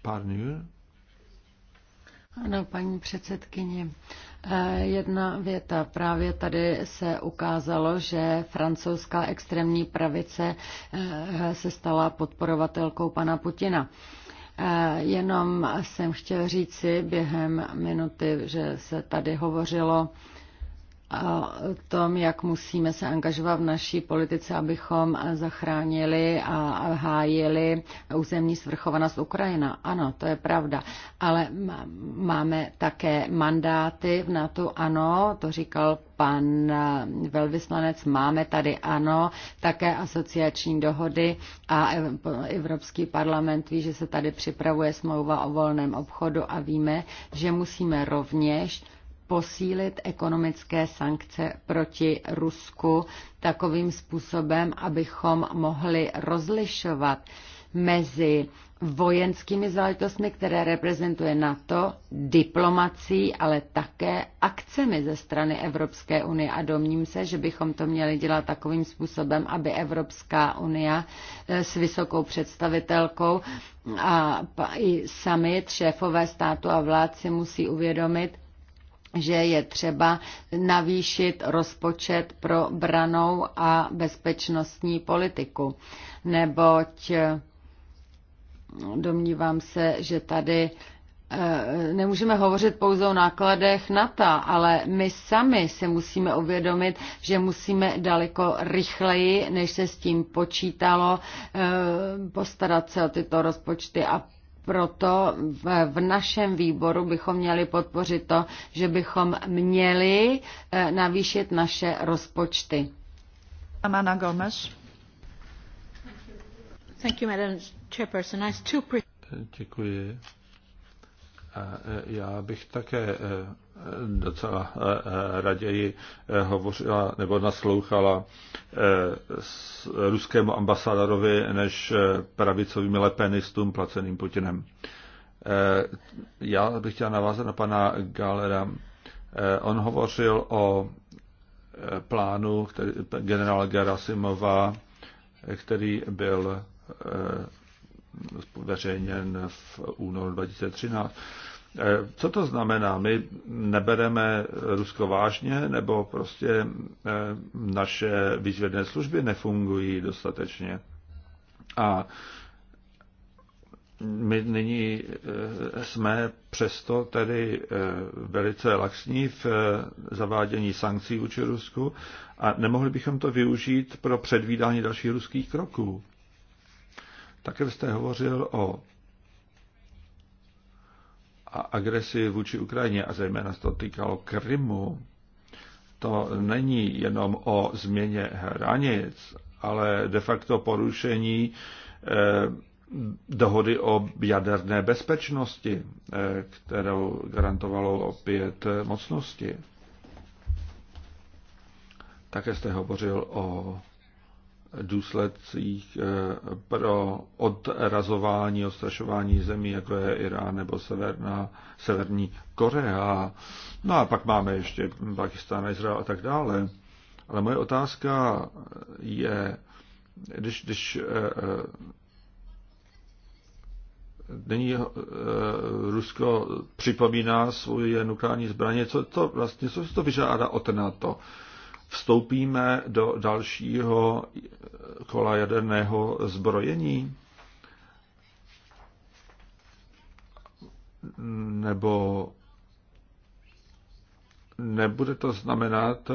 Parnier. Ano, paní předsedkyně. Eh, jedna věta. Právě tady se ukázalo, že francouzská extrémní pravice eh, se stala podporovatelkou pana Putina. Eh, jenom jsem chtěl říci během minuty, že se tady hovořilo o tom, jak musíme se angažovat v naší politice, abychom zachránili a hájili územní svrchovanost Ukrajina. Ano, to je pravda. Ale máme také mandáty v NATO, ano, to říkal pan e, velvyslanec, máme tady ano, také asociační dohody a e, Evropský parlament ví, že se tady připravuje smlouva o volném obchodu a víme, že musíme rovněž posílit ekonomické sankce proti Rusku takovým způsobem, abychom mohli rozlišovat mezi vojenskými záležitostmi, které reprezentuje NATO, diplomací, ale také akcemi ze strany Evropské unie. A domním se, že bychom to měli dělat takovým způsobem, aby Evropská unie eh, s vysokou představitelkou a i summit šéfové státu a vládci musí uvědomit, že je třeba navýšit rozpočet pro branou a bezpečnostní politiku, neboť eh, domnívám se, že tady eh, nemůžeme hovořit pouze o nákladech NATO, ale my sami si musíme uvědomit, že musíme daleko rychleji, než se s tím počítalo, eh, postarat se o tyto rozpočty a proto v našem výboru bychom měli podpořit to, že bychom měli eh, navýšit naše rozpočty. Amana Gomes. Thank you, Madam Chairperson. Nice to... Děkuji. Eh, já bych také eh, docela eh, eh, raději eh, hovořila nebo naslouchala s ruskému ambasadorovi než pravicovým lepenistům placeným Putinem. Já bych chtěl navázat na pana Galera. On hovořil o plánu který, generála Gerasimova, který byl veřejněn v únoru 2013. Eh, co to znamená? My nebereme Rusko vážně, nebo prostě eh, naše výzvědné služby nefungují dostatečně? A my nyní eh, jsme přesto tedy velice laxní v zavádění sankcí vůči Rusku a nemohli bychom to využít pro předvídání dalších ruských kroků. Také jste hovořil o a agresi vůči Ukrajině, a zejména se to týkalo Krymu, to není jenom o změně hranic, ale de facto porušení eh, dohody o jaderné bezpečnosti, eh, kterou garantovalo opět mocnosti. Také jste hovořil o důsledcích eh, pro odrazování, ostrašování zemí, jako je Irán nebo Severna, Severní Korea. No a pak máme ještě Pakistán, Izrael a tak dále. Ale moje otázka eh, je, když, když eh, nyní Rusko připomíná svoje nukleární zbraně, co to vlastně, co to vyžádá od NATO? vstoupíme do dalšího kola jaderného zbrojení? Nebo nebude to znamenat,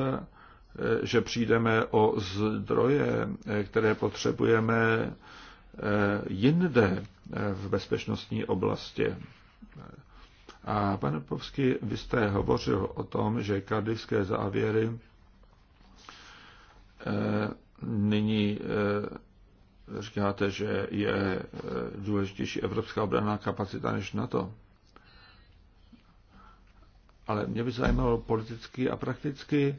že přijdeme o zdroje, které potřebujeme eh, jinde eh, v bezpečnostní oblasti. A pane Povsky, vy jste hovořil o tom, že kardivské závěry Eh, nyní eh, říkáte, že je eh, důležitější evropská obraná kapacita než NATO. Ale mě by zajímalo politicky a prakticky,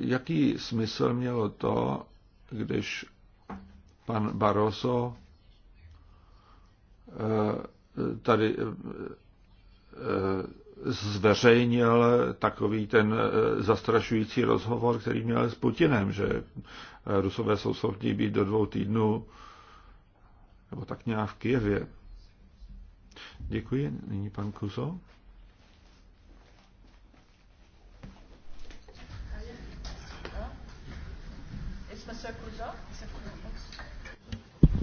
jaký smysl mělo to, když pan Barroso tady zveřejnil takový ten eh, zastrašující rozhovor, který měl s Putinem, že Rusové jsou schopni být do dvou týdnů nebo tak nějak v Kijevě. Děkuji. Nyní pan Kuzo.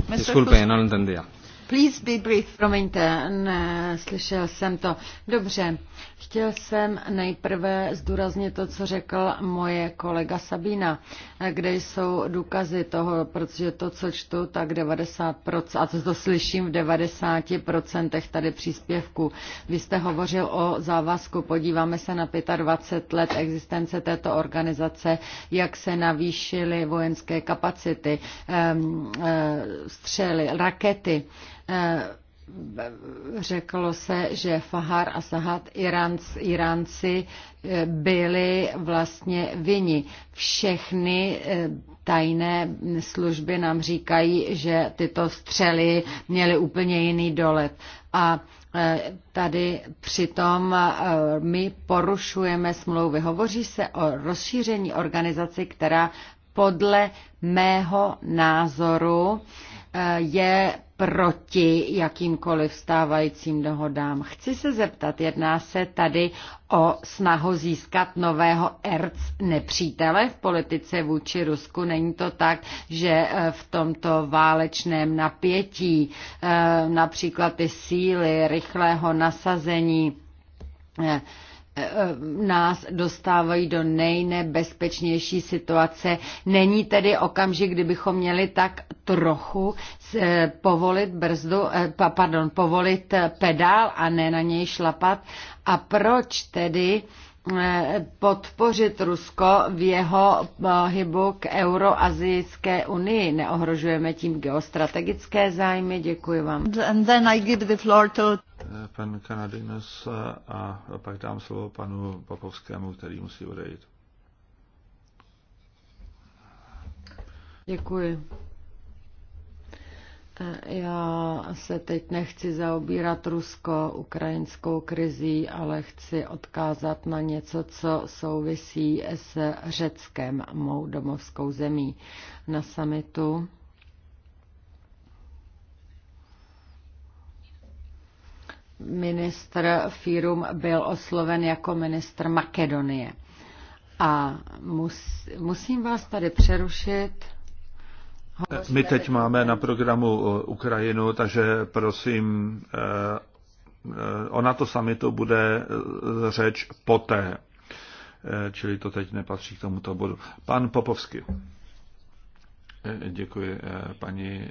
Disculpe, no lo entendía. Please be brief. Promiňte, neslyšel jsem to. Dobře, chtěl jsem nejprve zdůraznit to, co řekl moje kolega Sabína, kde jsou důkazy toho, protože to, co čtu, tak 90%, a to, to slyším v 90% tady příspěvku. Vy jste hovořil o závazku, podíváme se na 25 let existence této organizace, jak se navýšily vojenské kapacity, ehm, eh, střely, rakety. Eh, řeklo se, že Fahar a Sahat Iránc, Iránci eh, byli vlastně vini. Všechny eh, tajné služby nám říkají, že tyto střely měly úplně jiný dolet. A tady přitom my porušujeme smlouvy. Hovoří se o rozšíření organizaci, která podle mého názoru je proti jakýmkoliv stávajícím dohodám. Chci se zeptat, jedná se tady o snahu získat nového erc nepřítele v politice vůči Rusku. Není to tak, že eh, v tomto válečném napětí eh, například ty síly rychlého nasazení eh, Eh, nás dostávají do nejnebezpečnější situace. Není tedy okamžik, kdybychom měli tak trochu eh, povolit brzdu, eh, pardon, povolit pedál a ne na něj šlapat. A proč tedy podpořit Rusko v jeho hybu k Euroazijské unii. Neohrožujeme tím geostrategické zájmy. Děkuji vám. And then I give the floor to pan Kanadinus a pak dám slovo panu Popovskému, který musí odejít. Děkuji. Já se teď nechci zaobírat rusko-ukrajinskou krizí, ale chci odkázat na něco, co souvisí s Řeckem, mou domovskou zemí. Na samitu ministr Firum byl osloven jako ministr Makedonie. A mus, musím vás tady přerušit. My teď máme na programu eh, Ukrajinu, takže prosím, to sami to bude eh, řeč poté. Eh, čili to teď nepatří k tomuto bodu. Pan Popovský, Děkuji, paní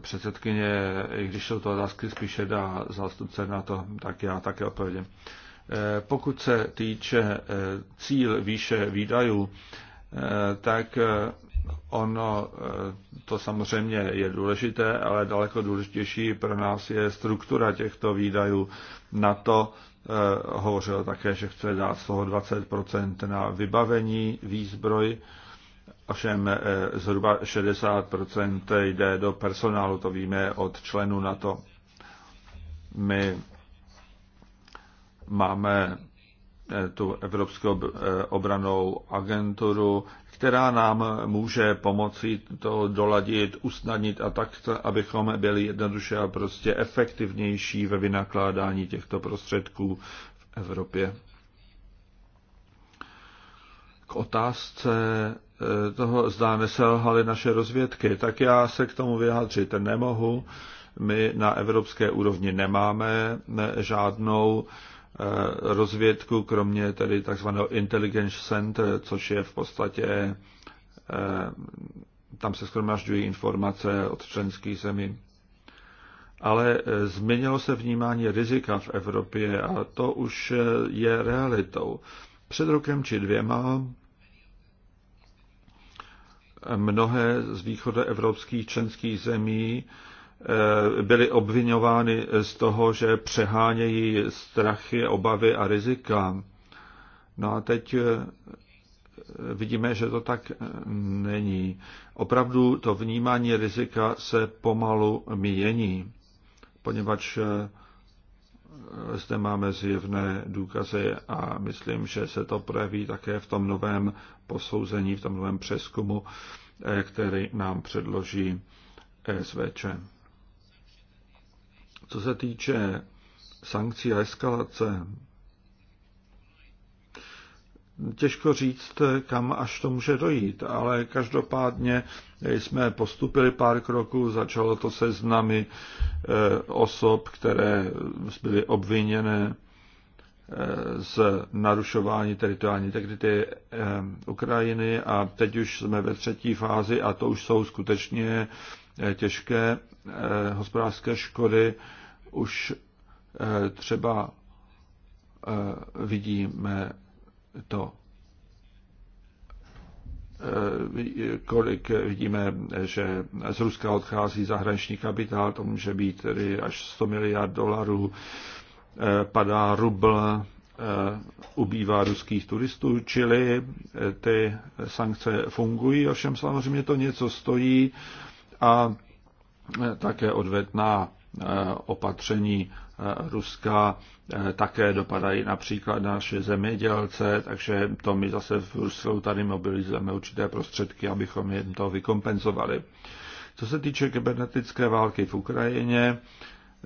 předsedkyně, i když jsou to otázky spíše dá zástupce na to, tak já také odpovědím. Eh, pokud se týče eh, cíl výše výdajů, eh, tak ono to samozřejmě je důležité, ale daleko důležitější pro nás je struktura těchto výdajů. Na to hovořil také, že chce dát z toho 20% na vybavení, výzbroj, Ovšem eh, zhruba 60% jde do personálu, to víme od členů NATO. My máme eh, tu Evropskou eh, obranou agenturu, která nám může pomoci to doladit, usnadnit a tak, abychom byli jednoduše a prostě efektivnější ve vynakládání těchto prostředků v Evropě. K otázce Eh, toho zdáme se naše rozvědky, tak já se k tomu vyjádřit nemohu. My na evropské úrovni nemáme žádnou eh, rozvědku, kromě tedy takzvaného Intelligence Center, což je v podstatě, eh, tam se skromažďují informace od členských zemí. Ale změnilo se vnímání rizika v Evropě a to už je realitou. Před rokem či dvěma mnohé z východoevropských členských zemí eh, byly obvinovány z toho, že přehánějí strachy, obavy a rizika. No a teď eh, vidíme, že to tak není. Opravdu to vnímání rizika se pomalu mění, poněvadž eh, zde máme zjevné důkazy a myslím, že se to projeví také v tom novém posouzení, v tom novém přeskumu, eh, který nám předloží SVČ. Co se týče sankcí a eskalace, těžko říct, kam až to může dojít, ale každopádně jsme postupili pár kroků, začalo to se znamy eh, osob, které byly obviněné eh, z narušování teritoriální integrity eh, Ukrajiny a teď už jsme ve třetí fázi a to už jsou skutečně těžké hospodářské škody. Už třeba vidíme to, eh, kolik vidíme, že z Ruska odchází zahraniční kapitál, to může být tedy až 100 miliard dolarů, eh, padá rubl, eh, ubývá ruských turistů, čili ty sankce fungují, ovšem samozřejmě to něco stojí a také odvetná opatření Ruska eh, také dopadají například na naše zemědělce, takže to my zase v Rusku tady mobilizujeme určité prostředky, abychom jim to vykompenzovali. Co se týče kybernetické války v Ukrajině,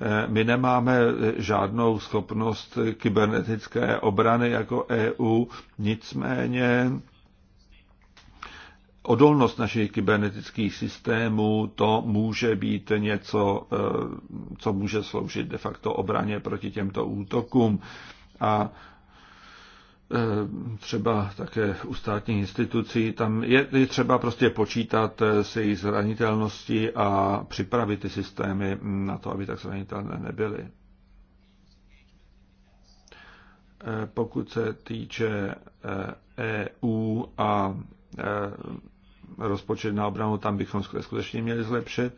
eh, my nemáme žádnou schopnost kybernetické obrany jako EU, nicméně odolnost našich kybernetických systémů, to může být něco, eh, co může sloužit de facto obraně proti těmto útokům. A eh, třeba také u státních institucí, tam je, je třeba prostě počítat eh, s jejich zranitelností a připravit ty systémy na to, aby tak zranitelné nebyly. Pokud se týče EU e a rozpočet na obranu, tam bychom skutečně měli zlepšit.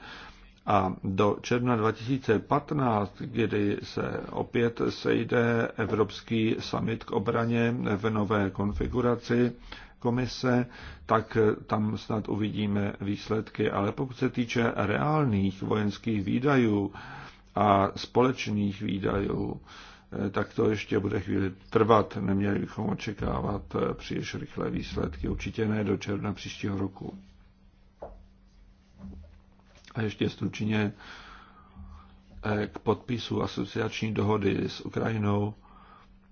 A do června 2015, kdy se opět sejde Evropský summit k obraně v nové konfiguraci komise, tak tam snad uvidíme výsledky. Ale pokud se týče reálných vojenských výdajů a společných výdajů, Eh, tak to ještě bude chvíli trvat. Neměli bychom očekávat eh, příliš rychlé výsledky, určitě ne do června příštího roku. A ještě stručně eh, k podpisu asociační dohody s Ukrajinou.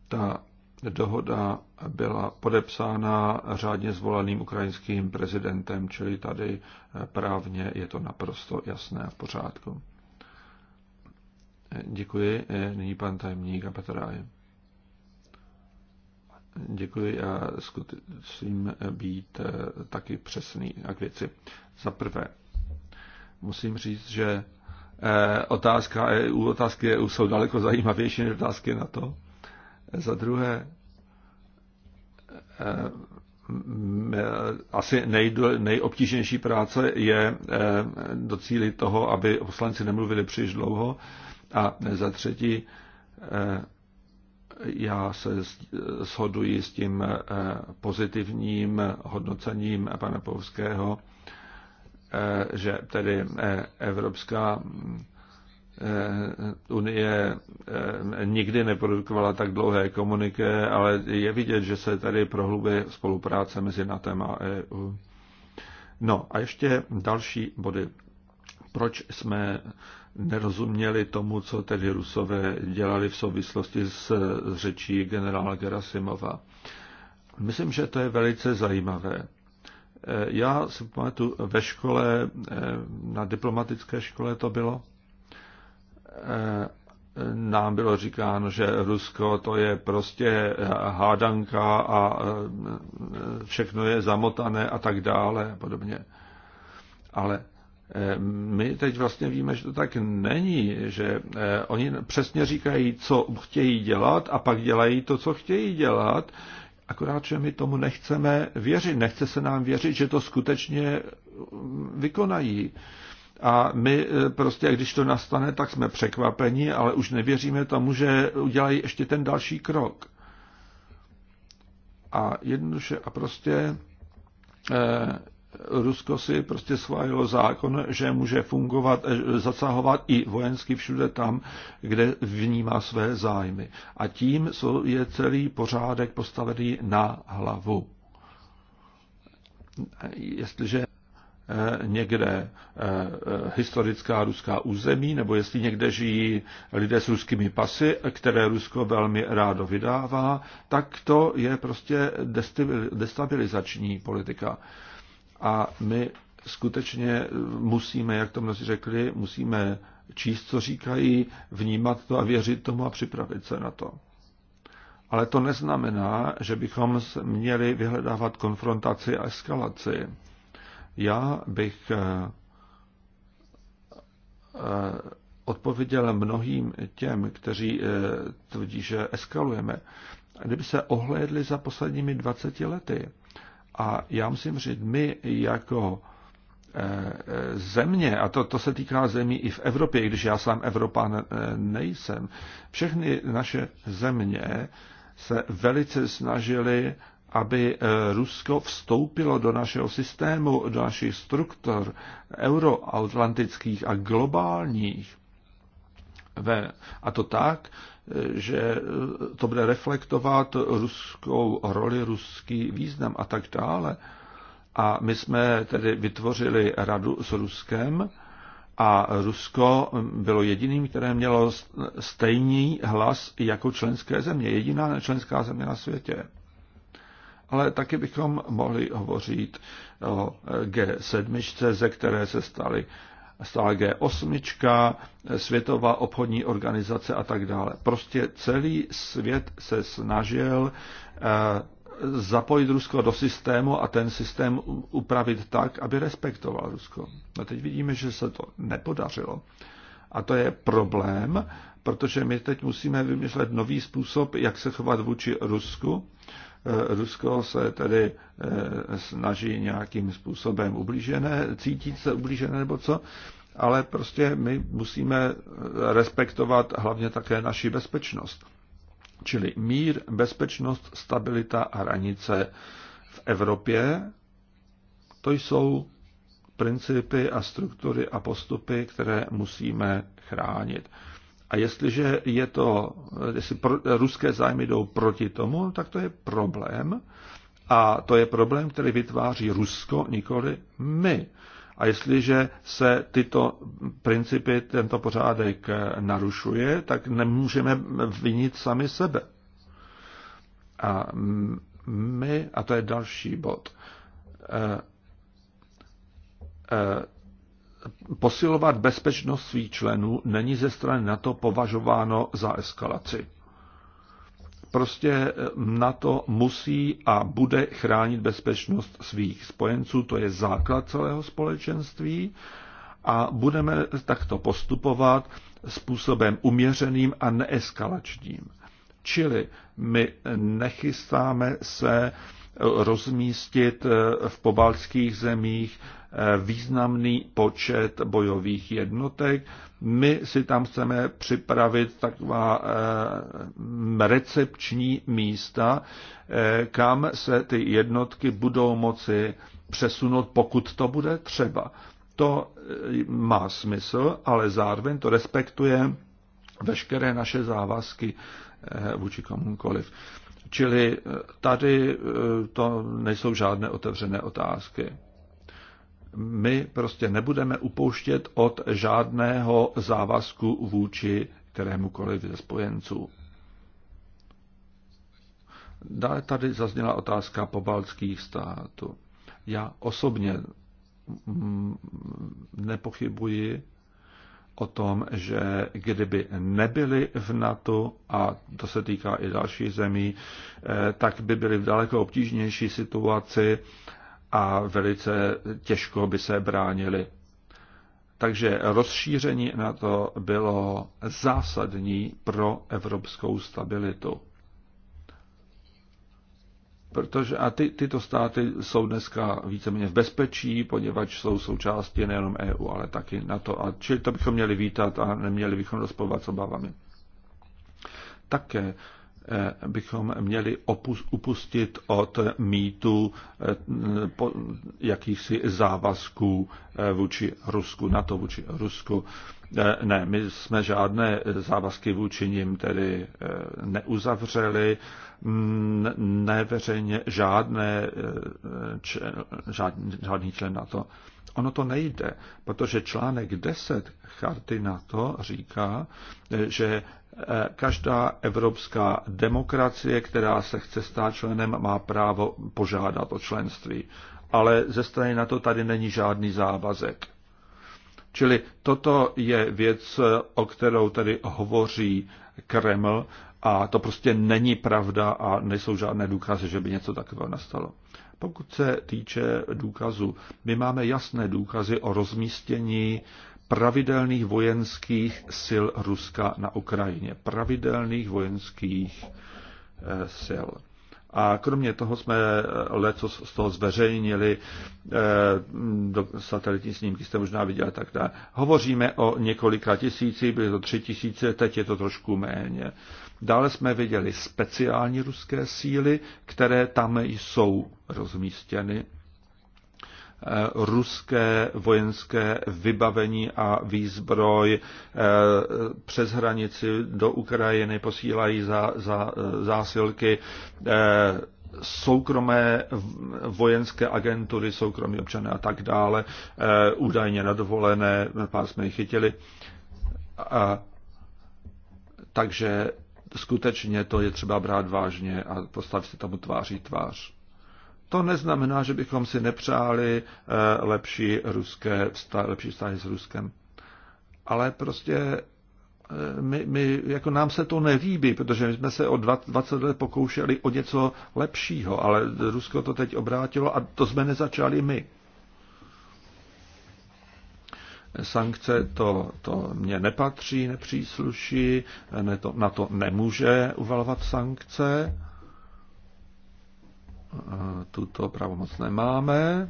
Ta dohoda byla podepsána řádně zvoleným ukrajinským prezidentem, čili tady právně je to naprosto jasné a v pořádku. Děkuji. E, nyní pan tajemník a Petráje. Děkuji a zkusím být e, taky přesný a k věci. Za prvé, musím říct, že e, otázka EU, otázky EU jsou daleko zajímavější než otázky na to. Za druhé, asi nejobtížnější práce je docílit toho, aby poslanci nemluvili příliš dlouho a za třetí, eh, já se shoduji s tím eh, pozitivním hodnocením pana Povského, eh, že tedy Evropská Unie nikdy neprodukovala tak dlouhé komuniké, ale je vidět, že se tady prohlubuje spolupráce mezi NATO a EU. No a ještě další body. Proč jsme nerozuměli tomu, co tedy Rusové dělali v souvislosti s řečí generála Gerasimova. Myslím, že to je velice zajímavé. Eh, já si pamatuju ve škole, eh, na diplomatické škole to bylo, eh, nám bylo říkáno, že Rusko to je prostě hádanka a všechno je zamotané a tak dále a podobně. Ale Eh, my teď vlastně víme, že to tak není, že eh, oni přesně říkají, co chtějí dělat a pak dělají to, co chtějí dělat, akorát, že my tomu nechceme věřit, nechce se nám věřit, že to skutečně mm, vykonají. A my eh, prostě, když to nastane, tak jsme překvapeni, ale už nevěříme tomu, že udělají ještě ten další krok. A jednoduše a prostě Rusko si prostě schválilo zákon, že může fungovat, eh, zasahovat i vojensky všude tam, kde vnímá své zájmy. A tím je celý pořádek postavený na hlavu. Jestliže eh, někde eh, historická ruská území, nebo jestli někde žijí lidé s ruskými pasy, které Rusko velmi rádo vydává, tak to je prostě destabilizační politika. A my skutečně musíme, jak to mnozí řekli, musíme číst, co říkají, vnímat to a věřit tomu a připravit se na to. Ale to neznamená, že bychom měli vyhledávat konfrontaci a eskalaci. Já bych eh, eh, odpověděl mnohým těm, kteří eh, tvrdí, že eskalujeme, kdyby se ohlédli za posledními 20 lety, a já musím říct, my jako eh, země, a to, to se týká zemí i v Evropě, i když já sám Evropan eh, nejsem, všechny naše země se velice snažily, aby eh, Rusko vstoupilo do našeho systému, do našich struktur euroatlantických a globálních. Ve, a to tak, že to bude reflektovat ruskou roli, ruský význam a tak dále. A my jsme tedy vytvořili radu s Ruskem a Rusko bylo jediným, které mělo stejný hlas jako členské země, jediná členská země na světě. Ale taky bychom mohli hovořit o G7, ze které se staly stále G8, Světová obchodní organizace a tak dále. Prostě celý svět se snažil eh, zapojit Rusko do systému a ten systém upravit tak, aby respektoval Rusko. A no, teď vidíme, že se to nepodařilo. A to je problém, protože my teď musíme vymyslet nový způsob, jak se chovat vůči Rusku Eh, Rusko se tedy eh, snaží nějakým způsobem ublížené, cítit se ublížené nebo co, ale prostě my musíme eh, respektovat hlavně také naši bezpečnost. Čili mír, bezpečnost, stabilita a hranice v Evropě, to jsou principy a struktury a postupy, které musíme chránit. A jestliže je to, jestli pro, ruské zájmy jdou proti tomu, tak to je problém. A to je problém, který vytváří Rusko, nikoli my. A jestliže se tyto principy, tento pořádek narušuje, tak nemůžeme vinit sami sebe. A my, a to je další bod, eh, eh, posilovat bezpečnost svých členů není ze strany NATO považováno za eskalaci. Prostě eh, NATO musí a bude chránit bezpečnost svých spojenců, to je základ celého společenství a budeme takto postupovat způsobem uměřeným a neeskalačním. Čili my nechystáme se rozmístit eh, v pobaltských zemích významný počet bojových jednotek. My si tam chceme připravit taková eh, recepční místa, eh, kam se ty jednotky budou moci přesunout, pokud to bude třeba. To eh, má smysl, ale zároveň to respektuje veškeré naše závazky vůči komukoliv. Čili tady to nejsou žádné otevřené otázky my prostě nebudeme upouštět od žádného závazku vůči kterémukoliv ze spojenců. Dále tady zazněla otázka po baltských států. Já osobně mm, nepochybuji o tom, že kdyby nebyli v NATO, a to se týká i dalších zemí, eh, tak by byli v daleko obtížnější situaci a velice těžko by se bránili. Takže rozšíření na to bylo zásadní pro evropskou stabilitu. Protože a ty, tyto státy jsou dneska víceméně v bezpečí, poněvadž jsou součástí nejenom EU, ale taky NATO. A čili to bychom měli vítat a neměli bychom rozpovat s obavami. Také Eh, bychom měli upustit od mýtu eh, jakýchsi závazků eh, vůči Rusku, NATO vůči Rusku. Ne, my jsme žádné závazky vůči nim tedy eh, neuzavřeli, mm, neveřejně žádné, eh, žádný, člen na to. Ono to nejde, protože článek 10 charty to říká, eh, že každá evropská demokracie, která se chce stát členem, má právo požádat o členství. Ale ze strany na to tady není žádný závazek. Čili toto je věc, o kterou tady hovoří Kreml a to prostě není pravda a nejsou žádné důkazy, že by něco takového nastalo. Pokud se týče důkazu, my máme jasné důkazy o rozmístění pravidelných vojenských sil Ruska na Ukrajině. Pravidelných vojenských eh, sil. A kromě toho jsme eh, leco z toho zveřejnili, eh, do satelitní snímky jste možná viděli tak dále. Hovoříme o několika tisíci, byly to tři tisíce, teď je to trošku méně. Dále jsme viděli speciální ruské síly, které tam jsou rozmístěny Eh, ruské vojenské vybavení a výzbroj eh, přes hranici do Ukrajiny, posílají za, za eh, zásilky soukromé vojenské agentury, soukromí občané a tak dále, údajně nadovolené, pár jsme je chytili. A, takže skutečně to je třeba brát vážně a postavit se tomu tváří tvář. To neznamená, že bychom si nepřáli eh, lepší, ruské, lepší vztahy s Ruskem. Ale prostě eh, my, my, jako nám se to nelíbí, protože my jsme se o 20 let pokoušeli o něco lepšího, ale Rusko to teď obrátilo a to jsme nezačali my. Sankce to, to mě nepatří, nepřísluší, ne to, na to nemůže uvalovat sankce. Eh, tuto pravomoc nemáme.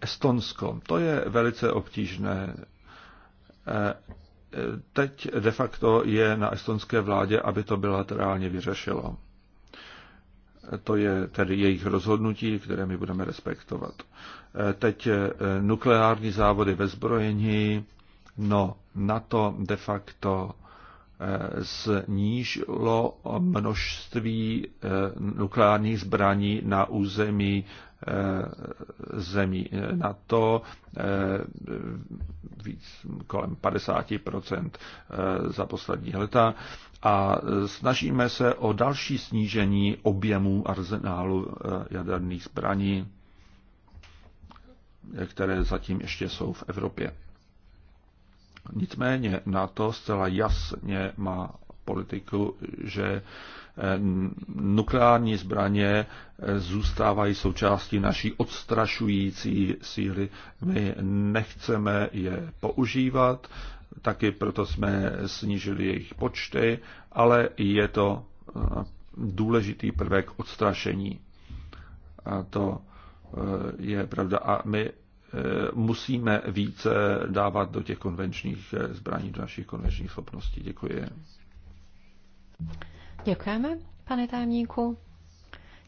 Estonsko, to je velice obtížné. Eh, eh, teď de facto je na estonské vládě, aby to bilaterálně vyřešilo. To je tedy jejich rozhodnutí, které my budeme respektovat. Teď nukleární závody ve zbrojení, no na to de facto snížilo množství eh, nukleárních zbraní na území eh, zemí na to eh, víc, kolem 50% za poslední leta a snažíme se o další snížení objemu arzenálu jaderných zbraní, které zatím ještě jsou v Evropě. Nicméně NATO zcela jasně má politiku, že eh, nukleární zbraně eh, zůstávají součástí naší odstrašující síly. My nechceme je používat, taky proto jsme snížili jejich počty, ale je to eh, důležitý prvek odstrašení. A to je pravda. A my musíme více dávat do těch konvenčních eh, zbraní, do našich konvenčních schopností. Děkuji. Děkujeme, pane tajemníku.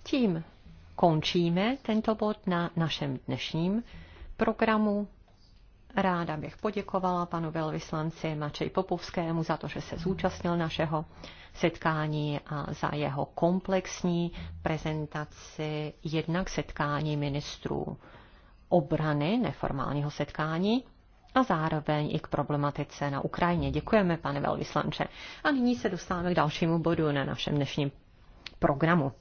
Tím končíme tento bod na našem dnešním programu. Ráda bych poděkovala panu velvyslanci Mačej Popovskému za to, že se zúčastnil našeho setkání a za jeho komplexní prezentaci jednak setkání ministrů obrany neformálního setkání a zároveň i k problematice na Ukrajině. Děkujeme, pane velvyslanče. A nyní se dostáváme k dalšímu bodu na našem dnešním programu.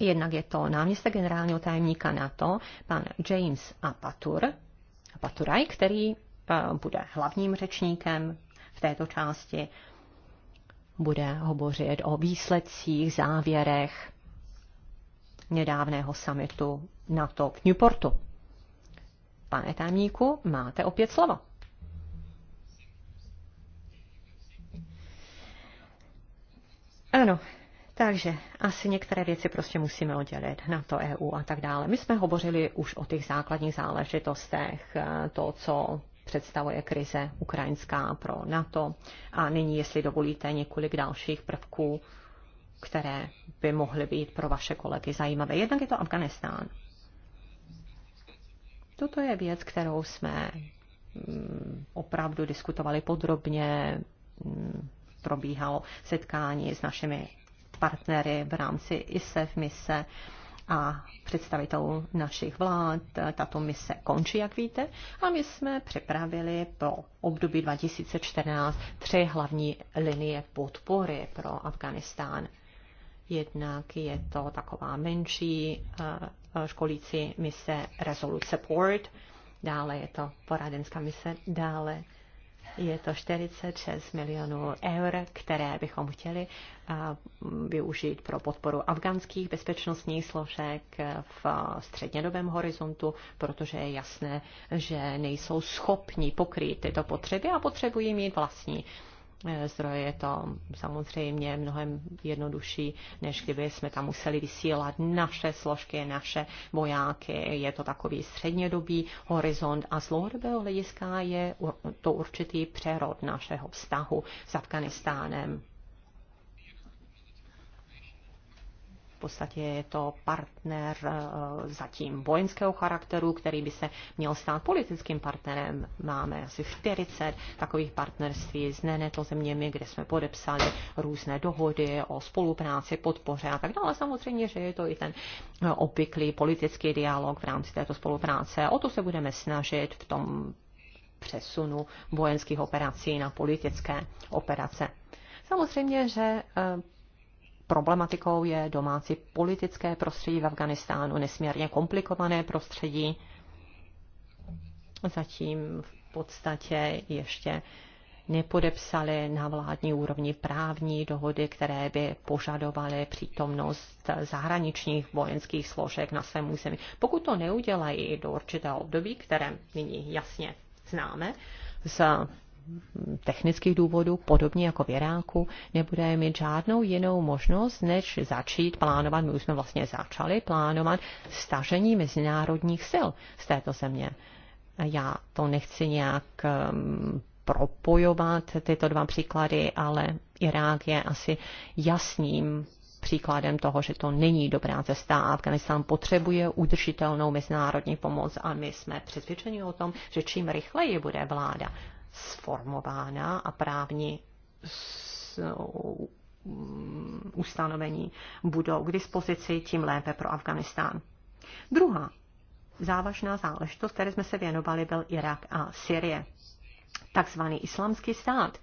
Jednak je to náměstek generálního tajemníka NATO, pan James Apatur, Apaturaj, který eh, bude hlavním řečníkem v této části. Bude hovořit o výsledcích, závěrech nedávného samitu to k Newportu. Pane tajemníku, máte opět slovo. Ano, takže asi některé věci prostě musíme oddělit na to EU a tak dále. My jsme hovořili už o těch základních záležitostech, eh, to, co představuje krize ukrajinská pro NATO. A nyní, jestli dovolíte, několik dalších prvků, které by mohly být pro vaše kolegy zajímavé. Jednak je to Afganistán. Toto je věc, kterou jsme mm, opravdu diskutovali podrobně, mm, probíhalo setkání s našimi partnery v rámci ISEF mise a představitelů našich vlád. Tato mise končí, jak víte, a my jsme připravili pro období 2014 tři hlavní linie podpory pro Afganistán. Jednak je to taková menší eh, Eh, školící mise Resolute Support, dále je to poradenská mise, dále je to 46 milionů eur, které bychom chtěli eh, využít pro podporu afgánských bezpečnostních složek eh, v střednědobém horizontu, protože je jasné, že nejsou schopni pokrýt tyto potřeby a potřebují mít vlastní Eh, zdroje je to samozřejmě mnohem jednodušší, než kdyby jsme tam museli vysílat naše složky, naše vojáky. Je to takový střednědobý horizont a z dlouhodobého hlediska je to určitý přerod našeho vztahu s Afganistánem. V podstatě je to partner eh, zatím vojenského charakteru, který by se měl stát politickým partnerem. Máme asi 40 takových partnerství s to zeměmi, kde jsme podepsali různé dohody o spolupráci, podpoře a tak dále. Samozřejmě, že je to i ten eh, obvyklý politický dialog v rámci této spolupráce. O to se budeme snažit v tom přesunu vojenských operací na politické operace. Samozřejmě, že eh, problematikou je domácí politické prostředí v Afganistánu, nesmírně komplikované prostředí. Zatím v podstatě ještě nepodepsali na vládní úrovni právní dohody, které by požadovaly přítomnost zahraničních vojenských složek na svém území. Pokud to neudělají do určitého období, které nyní jasně známe z technických důvodů, podobně jako v Iráku, nebudeme mít žádnou jinou možnost, než začít plánovat, my už jsme vlastně začali plánovat stažení mezinárodních sil z této země. Já to nechci nějak um, propojovat tyto dva příklady, ale Irák je asi jasným příkladem toho, že to není dobrá cesta a Afganistán potřebuje udržitelnou mezinárodní pomoc a my jsme přesvědčeni o tom, že čím rychleji bude vláda sformována a právní ustanovení budou k dispozici, tím lépe pro Afganistán. Druhá závažná záležitost, které jsme se věnovali, byl Irak a Syrie. Takzvaný islamský stát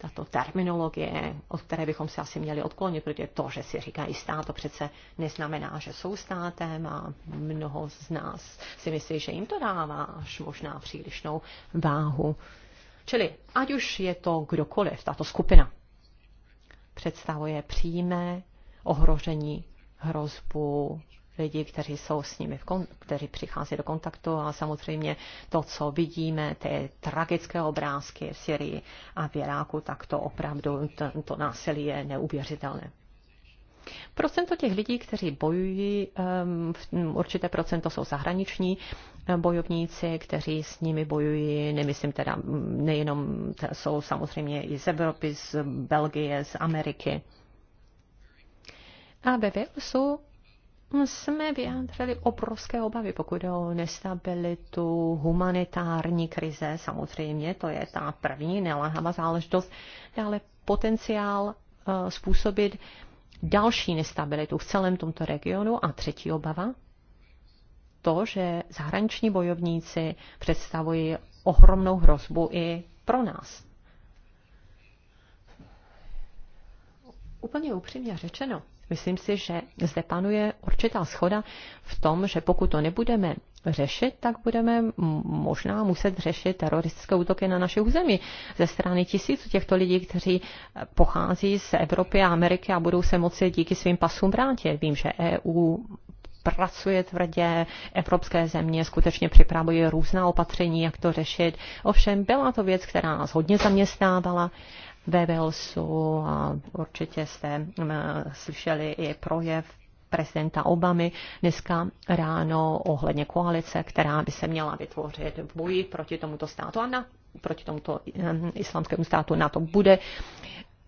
tato terminologie, od které bychom se asi měli odklonit, protože to, že si říkají stát, to přece neznamená, že jsou státem a mnoho z nás si myslí, že jim to dává až možná přílišnou váhu. Čili ať už je to kdokoliv, tato skupina představuje přímé ohrožení hrozbu lidi, kteří jsou s nimi, v kon- kteří přichází do kontaktu a samozřejmě to, co vidíme, ty tragické obrázky v Syrii a v Iráku, tak to opravdu, to, to násilí je neuvěřitelné. Procento těch lidí, kteří bojují, um, určité procento jsou zahraniční ehm, bojovníci, kteří s nimi bojují, nemyslím teda, nejenom jsou samozřejmě i z Evropy, z Belgie, z Ameriky. A ve Walesu jsme vyjádřili obrovské obavy, pokud jde o nestabilitu, humanitární krize, samozřejmě, to je ta první neláhavá záležitost, ale potenciál eh, způsobit další nestabilitu v celém tomto regionu. A třetí obava, to, že zahraniční bojovníci představují ohromnou hrozbu i pro nás. Úplně upřímně řečeno, Myslím si, že zde panuje určitá schoda v tom, že pokud to nebudeme řešit, tak budeme možná muset řešit teroristické útoky na naše území ze strany tisíců těchto lidí, kteří eh, pochází z Evropy a Ameriky a budou se moci díky svým pasům vrátit. Vím, že EU pracuje tvrdě, evropské země skutečně připravují různá opatření, jak to řešit. Ovšem byla to věc, která nás hodně zaměstnávala ve Walesu a určitě jste slyšeli i projev prezidenta Obamy dneska ráno ohledně koalice, která by se měla vytvořit v boji proti tomuto státu a na, proti tomuto eh, islamskému státu. Na to bude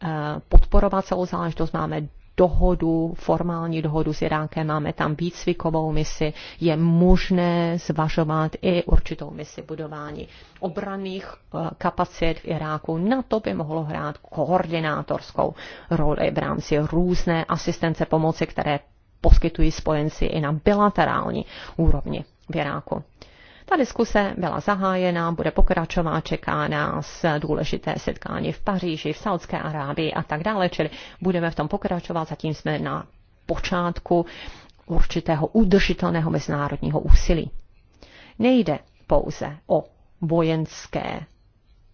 eh, podporovat celou záležitost. Máme dohodu, formální dohodu s Irákem, máme tam výcvikovou misi, je možné zvažovat i určitou misi budování obraných eh, kapacit v Iráku. Na to by mohlo hrát koordinátorskou roli v rámci různé asistence pomoci, které poskytují spojenci i na bilaterální úrovni v Iráku. Ta diskuse byla zahájena, bude pokračovat, čeká nás důležité setkání v Paříži, v Saudské Arábii a tak dále, čili budeme v tom pokračovat, zatím jsme na počátku určitého udržitelného mezinárodního úsilí. Nejde pouze o vojenské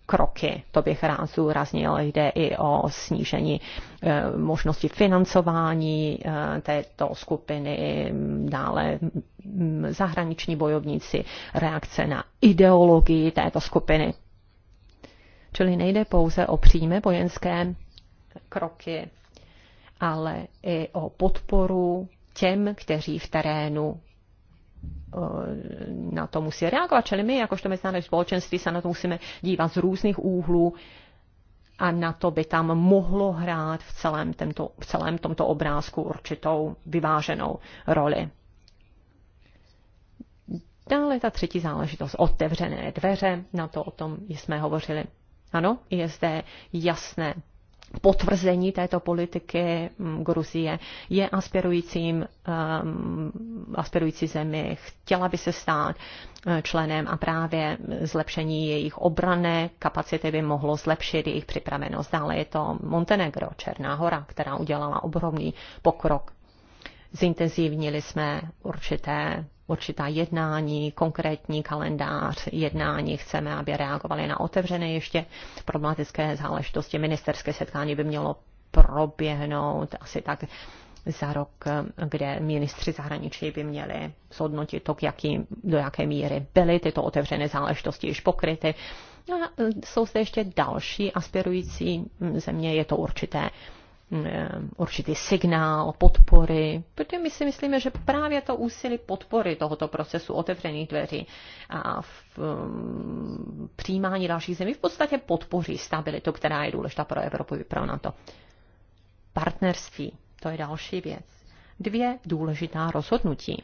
kroky, to bych rád zúraznil, jde i o snížení eh, možnosti financování eh, této skupiny, dále hm, zahraniční bojovníci, reakce na ideologii této skupiny. Čili nejde pouze o přímé vojenské kroky, ale i o podporu těm, kteří v terénu Eh, na to musí reagovat. Čili my, jakožto mezinárodní společenství, se na to musíme dívat z různých úhlů a na to by tam mohlo hrát v celém, tento, v celém tomto obrázku určitou vyváženou roli. Dále ta třetí záležitost, otevřené dveře, na to o tom jsme hovořili. Ano, je zde jasné potvrzení této politiky mm, Gruzie je aspirujícím, ehm, aspirující zemi, chtěla by se stát eh, členem a právě zlepšení jejich obrané kapacity by mohlo zlepšit jejich připravenost. Dále je to Montenegro, Černá hora, která udělala obrovný pokrok Zintenzivnili jsme určité, určitá jednání, konkrétní kalendář jednání. Chceme, aby reagovali na otevřené ještě problematické záležitosti. Ministerské setkání by mělo proběhnout asi tak za rok, kde ministři zahraničí by měli zhodnotit to, k jaký, do jaké míry byly tyto otevřené záležitosti již pokryty. A jsou zde ještě další aspirující země, je to určité Mm, eh, určitý signál podpory, protože my si myslíme, že právě to úsilí podpory tohoto procesu otevřených dveří a v, um, přijímání dalších zemí v podstatě podpoří stabilitu, která je důležitá pro Evropu i pro NATO. Partnerství, to je další věc. Dvě důležitá rozhodnutí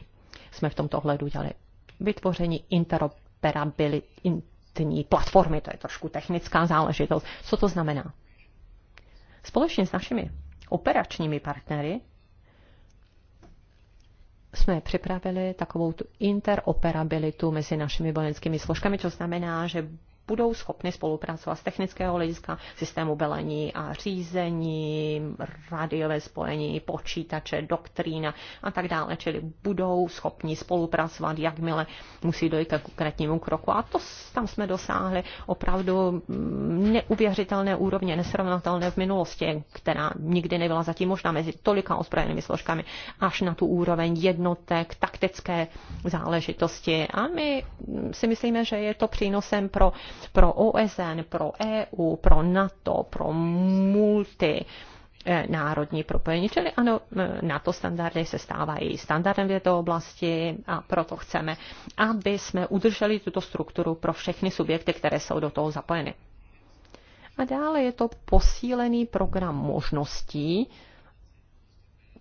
jsme v tomto ohledu dělali. Vytvoření interoperability platformy, to je trošku technická záležitost. Co to znamená? Společně s našimi operačními partnery jsme připravili takovou tu interoperabilitu mezi našimi vojenskými složkami, co znamená, že budou schopny spolupracovat z technického hlediska systému belení a řízení, radiové spojení, počítače, doktrína a tak dále, čili budou schopni spolupracovat, jakmile musí dojít k konkrétnímu kroku. A to tam jsme dosáhli opravdu mm, neuvěřitelné úrovně, nesrovnatelné v minulosti, která nikdy nebyla zatím možná mezi tolika ozbrojenými složkami, až na tu úroveň jednotek, taktické záležitosti. A my mm, si myslíme, že je to přínosem pro pro OSN, pro EU, pro NATO, pro multi eh, národní propojení. Čili ano, eh, NATO standardy se stávají standardem v této oblasti a proto chceme, aby jsme udrželi tuto strukturu pro všechny subjekty, které jsou do toho zapojeny. A dále je to posílený program možností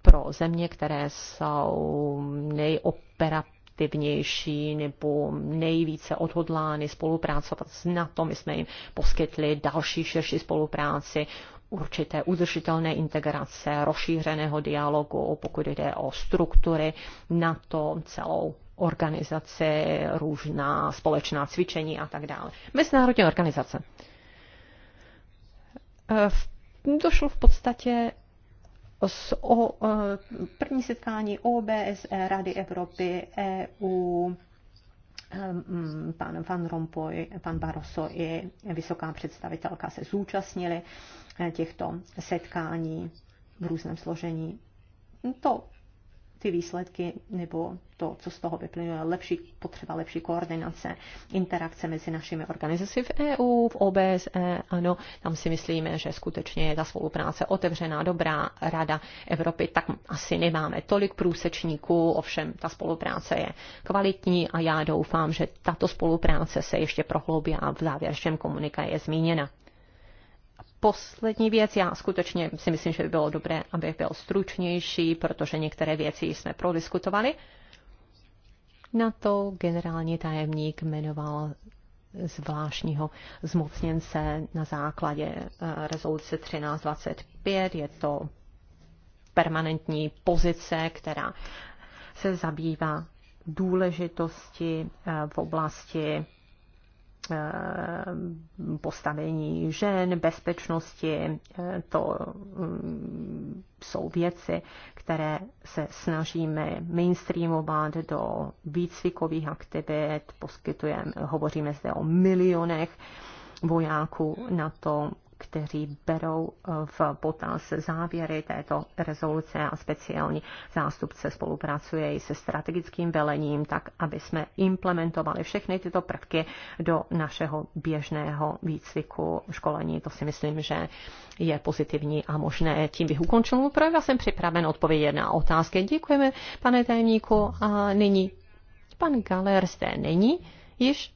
pro země, které jsou nejoperativnější aktivnější nebo nejvíce odhodlány spolupracovat s NATO. My jsme jim poskytli další širší spolupráci určité udržitelné integrace, rozšířeného dialogu, pokud jde o struktury NATO, celou organizace, různá společná cvičení a tak dále. Mezinárodní organizace. Eh, došlo v podstatě s o, e, první setkání OBSE Rady Evropy, EU, e, pan Van Rompuy, pan Barroso i vysoká představitelka se zúčastnili e, těchto setkání v různém složení. To ty výsledky nebo to, co z toho vyplňuje, lepší potřeba lepší koordinace, interakce mezi našimi organizacemi v EU, v OBSE, ano, tam si myslíme, že skutečně je ta spolupráce otevřená, dobrá rada Evropy, tak asi nemáme tolik průsečníků, ovšem ta spolupráce je kvalitní a já doufám, že tato spolupráce se ještě prohloubí a v závěrečném komunika je zmíněna poslední věc, já skutečně si myslím, že by bylo dobré, abych byl stručnější, protože některé věci jsme prodiskutovali. Na to generální tajemník jmenoval zvláštního zmocněnce na základě eh, rezoluce 1325. Je to permanentní pozice, která se zabývá důležitosti eh, v oblasti Eh, postavení žen, bezpečnosti, eh, to mm, jsou věci, které se snažíme mainstreamovat do výcvikových aktivit, poskytujeme, hovoříme zde o milionech vojáků na to, kteří berou eh, v potaz závěry této rezoluce a speciální zástupce spolupracuje i se strategickým velením, tak aby jsme implementovali všechny tyto prvky do našeho běžného výcviku, školení. To si myslím, že je pozitivní a možné. Tím bych ukončil můj projev a jsem připraven odpovědět na otázky. Děkujeme, pane tajemníku. A nyní pan Galer zde není již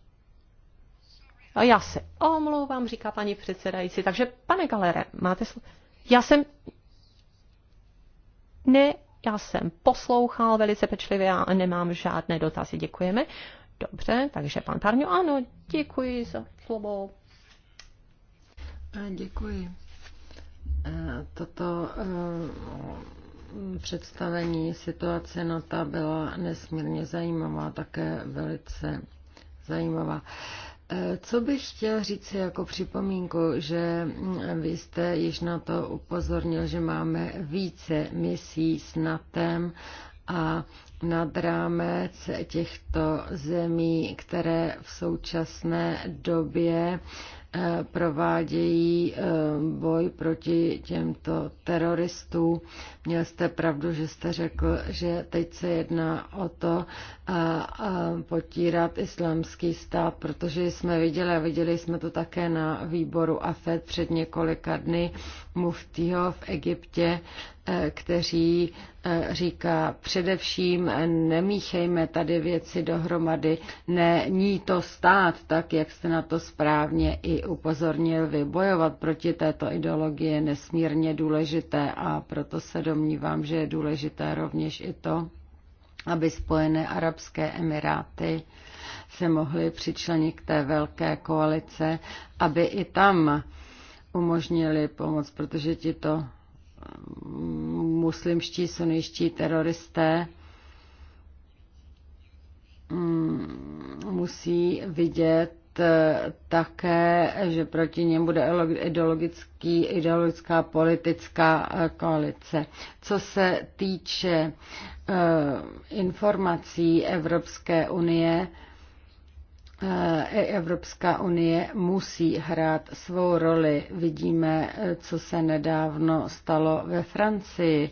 já se omlouvám, říká paní předsedající. Takže, pane Galere, máte slovo. Já jsem... Ne, já jsem poslouchal velice pečlivě a nemám žádné dotazy. Děkujeme. Dobře, takže pan Parňo, ano, děkuji za slovo. Eh, děkuji. Eh, toto eh, představení situace Nota byla nesmírně zajímavá, také velice zajímavá. Co bych chtěl říct jako připomínku, že vy jste již na to upozornil, že máme více misí s NATEM a nad rámec těchto zemí, které v současné době Eh, provádějí eh, boj proti těmto teroristům. Měl jste pravdu, že jste řekl, že teď se jedná o to a, eh, a potírat islámský stát, protože jsme viděli a viděli jsme to také na výboru AFED před několika dny muftího v Egyptě, Eh, kteří eh, říká především eh, nemíchejme tady věci dohromady, není to stát, tak jak jste na to správně i upozornil vy. Bojovat proti této ideologii je nesmírně důležité a proto se domnívám, že je důležité rovněž i to, aby Spojené arabské emiráty se mohly přičlenit k té velké koalice, aby i tam umožnili pomoc, protože ti to muslimští sunniští teroristé mm, musí vidět eh, také, že proti něm bude ideologický, ideologická politická eh, koalice. Co se týče eh, informací Evropské unie, Eh, Evropská unie musí hrát svou roli. Vidíme, eh, co se nedávno stalo ve Francii.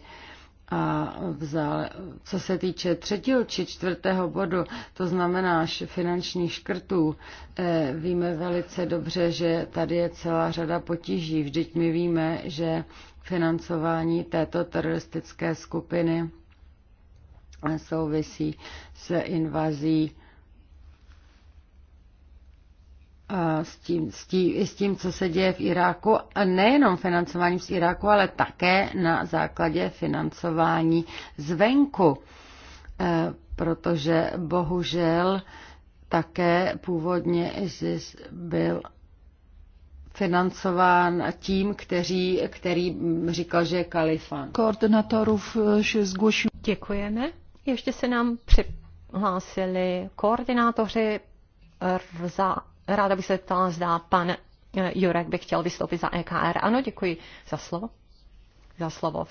A vzal, co se týče třetího či čtvrtého bodu, to znamená finančních škrtů, eh, víme velice dobře, že tady je celá řada potíží. Vždyť my víme, že financování této teroristické skupiny souvisí s invazí s tím, s, tím, s tím, co se děje v Iráku, a nejenom financováním z Iráku, ale také na základě financování zvenku, e, protože bohužel také původně ISIS byl financován tím, kteří, který říkal, že je kalifán. Koordinátorů zgłosił. Děkujeme. Ještě se nám přihlásili koordinátoři za Ráda bych se ptala, zda pan eh, Jurek by chtěl vystoupit za EKR. Ano, děkuji za slovo. Za slovo.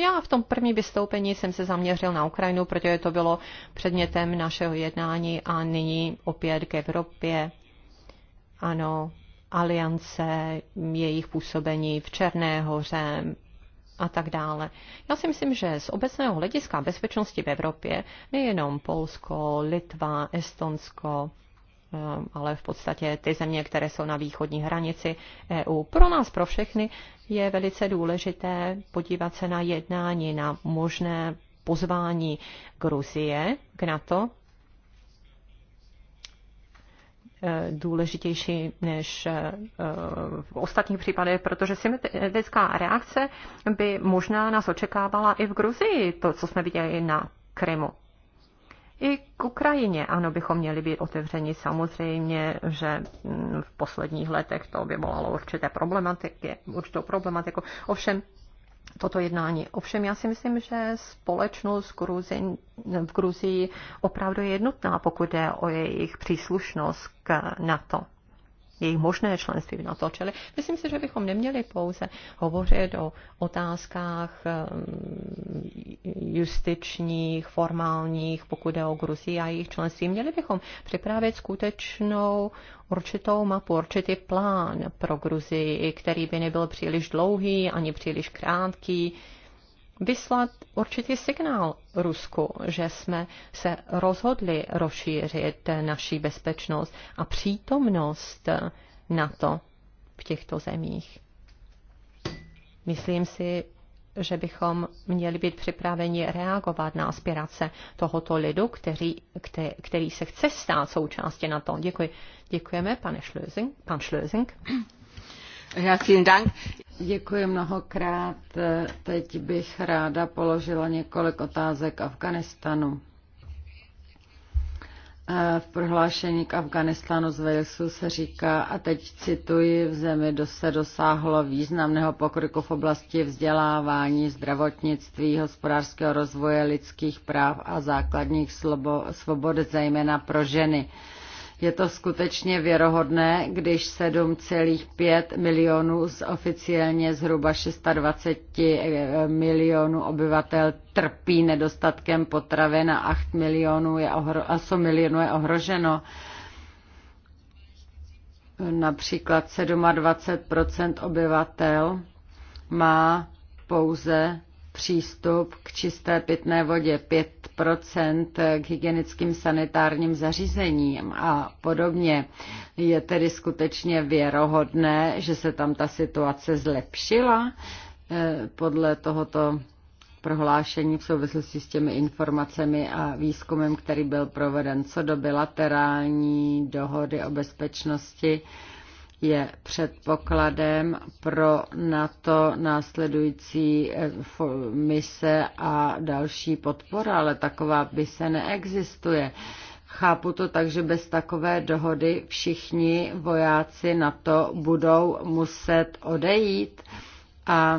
já v tom prvním vystoupení jsem se zaměřil na Ukrajinu, protože to bylo předmětem našeho jednání a nyní opět k Evropě. Ano, aliance, jejich působení v Černé hoře a tak dále. Já si myslím, že z obecného hlediska bezpečnosti v Evropě nejenom Polsko, Litva, Estonsko, Ehm, ale v podstatě ty země, které jsou na východní hranici EU. Pro nás, pro všechny, je velice důležité podívat se na jednání, na možné pozvání Gruzie k NATO. Ehm, důležitější než ehm, v ostatních případech, protože symetrická reakce by možná nás očekávala i v Gruzii, to, co jsme viděli na Krymu. I k Ukrajině, ano, bychom měli být otevřeni samozřejmě, že mm, v posledních letech to vyvolalo určité problematiky, určitou problematiku. Ovšem, toto jednání. Ovšem já si myslím, že společnost Gruzi, v Gruzii opravdu je jednotná, pokud jde o jejich příslušnost k NATO jejich možné členství v NATO. Čili myslím si, že bychom neměli pouze hovořit o otázkách mm, justičních, formálních, pokud jde o Gruzii a jejich členství. Měli bychom připravit skutečnou určitou mapu, určitý plán pro Gruzii, který by nebyl příliš dlouhý ani příliš krátký, vyslat určitý signál Rusku, že jsme se rozhodli rozšířit naší bezpečnost a přítomnost NATO v těchto zemích. Myslím si, že bychom měli být připraveni reagovat na aspirace tohoto lidu, který, který, který se chce stát součástí NATO. Děkuji. Děkujeme, pane Schlösing, pan Schlösing. Děkuji mnohokrát. Teď bych ráda položila několik otázek Afganistanu. Eh, v prohlášení k Afganistánu z Walesu se říká, a teď cituji, v zemi se dosáhlo významného pokroku v oblasti vzdělávání, zdravotnictví, hospodářského rozvoje lidských práv a základních svobod, zejména pro ženy. Je to skutečně věrohodné, když 7,5 milionů z oficiálně zhruba 620 eh, milionů obyvatel trpí nedostatkem potravin a 8 milionů je, ohro, 8 milionů je ohroženo. Například 27 obyvatel má pouze přístup k čisté pitné vodě 5%, k hygienickým sanitárním zařízením a podobně. Je tedy skutečně věrohodné, že se tam ta situace zlepšila eh, podle tohoto prohlášení v souvislosti s těmi informacemi a výzkumem, který byl proveden co do bilaterální dohody o bezpečnosti je předpokladem pro NATO následující eh, mise a další podpora, ale taková by se neexistuje. Chápu to tak, že bez takové dohody všichni vojáci NATO budou muset odejít a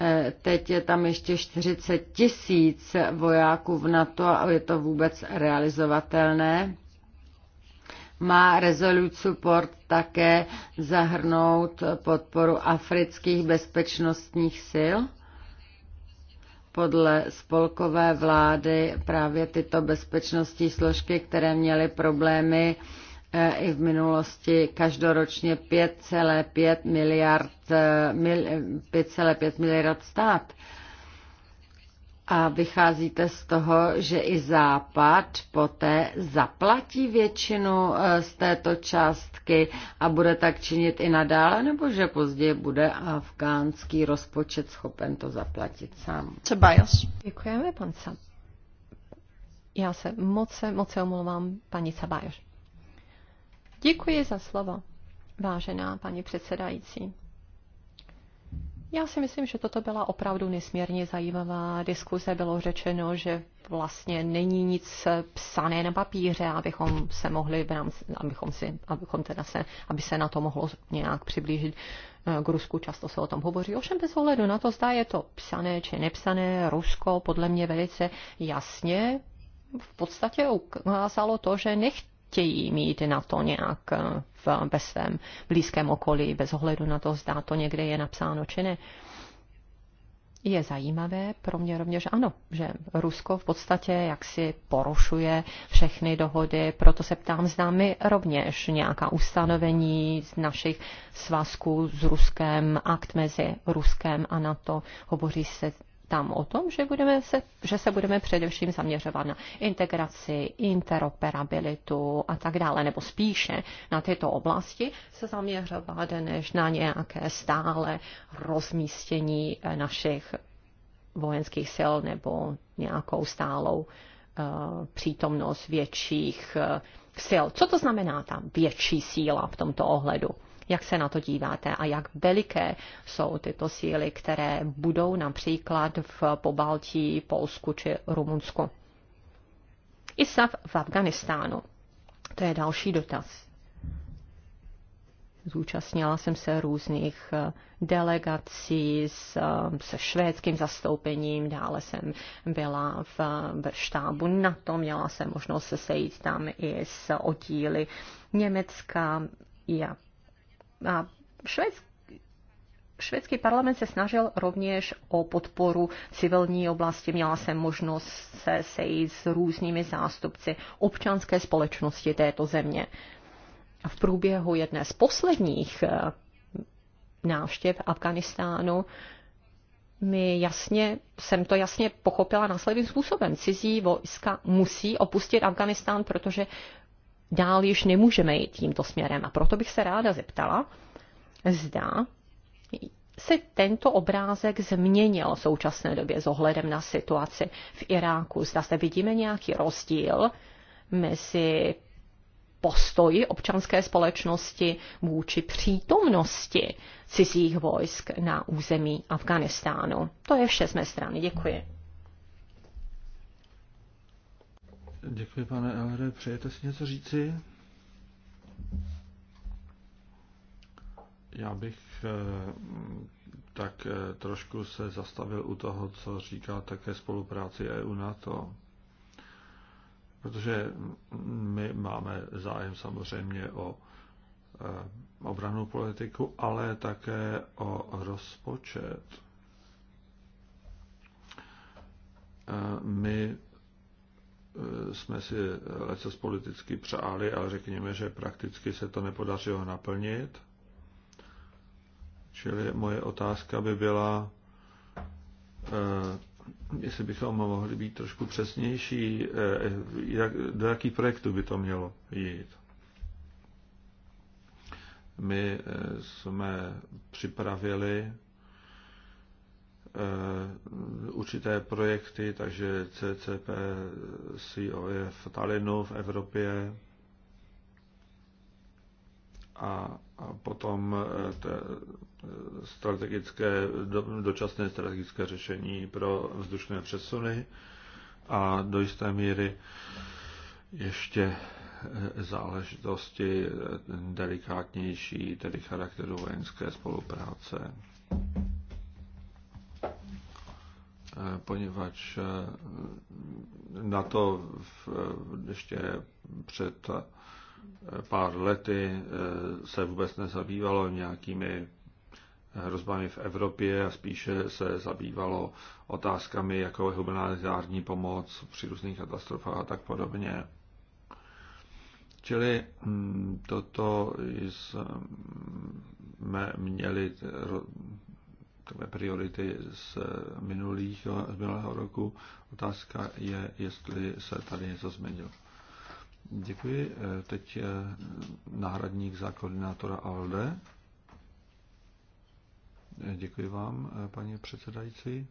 eh, Teď je tam ještě 40 tisíc vojáků v NATO a je to vůbec realizovatelné má Resolute Support také zahrnout podporu afrických bezpečnostních sil? Podle spolkové vlády právě tyto bezpečnostní složky, které měly problémy eh, i v minulosti, každoročně 5,5 miliard, 5,5 eh, miliard stát a vycházíte z toho, že i Západ poté zaplatí většinu eh, z této částky a bude tak činit i nadále, nebo že později bude afgánský rozpočet schopen to zaplatit sám? Ceballos. Děkujeme, pan Sam. Já se moc, moc omlouvám, paní Ceballos. Děkuji za slovo, vážená paní předsedající. Já si myslím, že toto byla opravdu nesmírně zajímavá diskuse. Bylo řečeno, že vlastně není nic psané na papíře, abychom se mohli abychom si, abychom teda se, aby se na to mohlo nějak přiblížit eh, k Rusku. Často se o tom hovoří. Ovšem bez ohledu na to, zda je to psané či nepsané, Rusko podle mě velice jasně v podstatě ukázalo to, že nech, chtějí mít na to nějak eh, v, ve svém blízkém okolí, bez ohledu na to, zda to někde je napsáno či ne. Je zajímavé pro mě rovněž ano, že Rusko v podstatě jaksi porušuje všechny dohody, proto se ptám, zda my rovněž nějaká ustanovení z našich svazků s Ruskem, akt mezi Ruskem a NATO, hovoří se tam o tom, že, budeme se, že se budeme především zaměřovat na integraci, interoperabilitu a tak dále, nebo spíše na tyto oblasti se zaměřovat, než na nějaké stále rozmístění eh, našich vojenských sil nebo nějakou stálou eh, přítomnost větších eh, sil. Co to znamená ta větší síla v tomto ohledu? Jak se na to díváte a jak veliké jsou tyto síly, které budou například v Pobaltí, Polsku či Rumunsku? ISAF v Afganistánu. To je další dotaz. Zúčastnila jsem se různých eh, delegací s, eh, se švédským zastoupením, dále jsem byla v, v štábu NATO, měla jsem možnost se sejít tam i s oddíly Německa, jak a švédský Švédský parlament se snažil rovněž o podporu civilní oblasti. Měla jsem možnost se sejít s různými zástupci občanské společnosti této země. V průběhu jedné z posledních eh, návštěv Afganistánu mi jasně, jsem to jasně pochopila následným způsobem. Cizí vojska musí opustit Afganistán, protože dál již nemůžeme jít tímto směrem. A proto bych se ráda zeptala, zda se tento obrázek změnil v současné době s ohledem na situaci v Iráku. Zda se vidíme nějaký rozdíl mezi postoji občanské společnosti vůči přítomnosti cizích vojsk na území Afganistánu. To je vše z mé strany. Děkuji. Děkuji, pane Elhre, Přejete si něco říci? Já bych eh, tak eh, trošku se zastavil u toho, co říká také spolupráci EU-NATO. Protože my máme zájem samozřejmě o eh, obranou politiku, ale také o rozpočet. My Eh, jsme si lece politicky přáli, ale řekněme, že prakticky se to nepodařilo naplnit. Čili moje otázka by byla, eh, jestli bychom mohli být trošku přesnější, eh, jak, do jakých projektů by to mělo jít. My jsme připravili Eh, určité projekty, takže CCP, COE v Talinu v Evropě a, a potom eh, eh, strategické, dočasné strategické řešení pro vzdušné přesuny a do jisté míry ještě záležitosti delikátnější, tedy charakteru vojenské spolupráce. Eh, poněvadž eh, na to eh, ještě před pár lety se vůbec nezabývalo nějakými hrozbami v Evropě a spíše se zabývalo otázkami jako humanitární pomoc při různých katastrofách a tak podobně. Čili hm, toto jsme měli takové priority z, minulých, z minulého roku. Otázka je, jestli se tady něco změnilo. Děkuji. Teď náhradník za koordinátora ALDE. Děkuji vám, paní předsedající.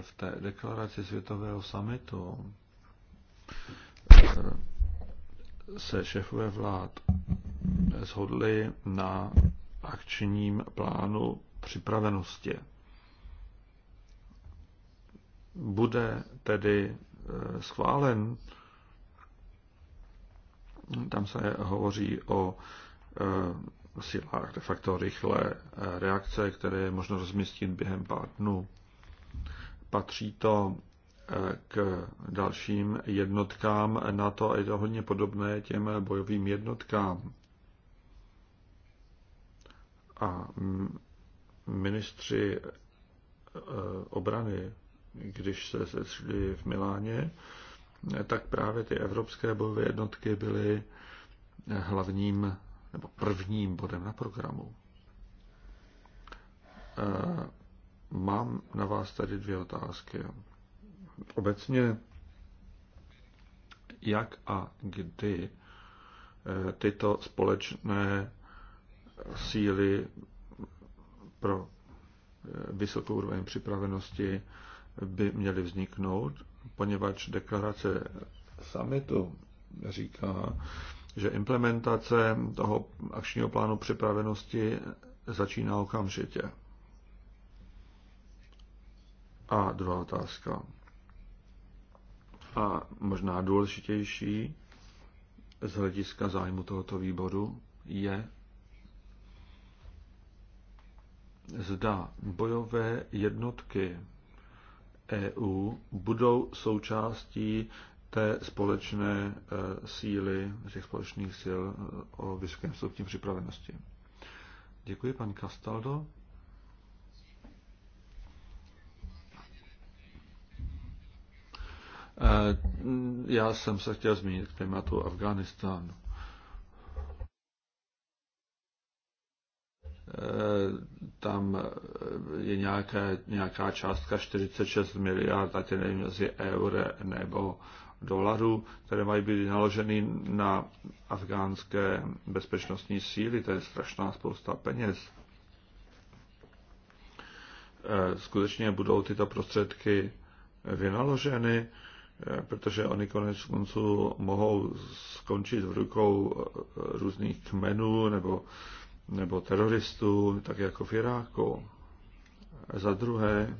V té deklaraci Světového samitu se šefové vlád shodli na akčním plánu připravenosti. Bude tedy eh, schválen, tam se hovoří o eh, silách de facto rychlé eh, reakce, které je možno rozmístit během pár dnů. Patří to k dalším jednotkám NATO a je to hodně podobné těm bojovým jednotkám. A ministři e, obrany, když se sešli v Miláně, tak právě ty evropské bojové jednotky byly e, hlavním nebo prvním bodem na programu. E, mám na vás tady dvě otázky. Obecně, jak a kdy tyto společné síly pro eh, vysokou úroveň připravenosti by měly vzniknout, poněvadž deklarace summitu říká, že implementace toho akčního plánu připravenosti začíná okamžitě. A druhá otázka. A možná důležitější z hlediska zájmu tohoto výboru je, zda bojové jednotky EU budou součástí té společné e, síly, těch společných sil e, o vysokém stupni připravenosti. Děkuji, pan Castaldo. E, já jsem se chtěl zmínit k tématu Afghánistánu. Eh, tam eh, je nějaké, nějaká částka 46 miliard, a nevím, jestli eur nebo dolarů, které mají být naloženy na afgánské bezpečnostní síly. To je strašná spousta peněz. Eh, skutečně budou tyto prostředky vynaloženy, protože oni konec konců mohou skončit v rukou různých kmenů nebo nebo teroristů, tak jako v Iráku. Za druhé,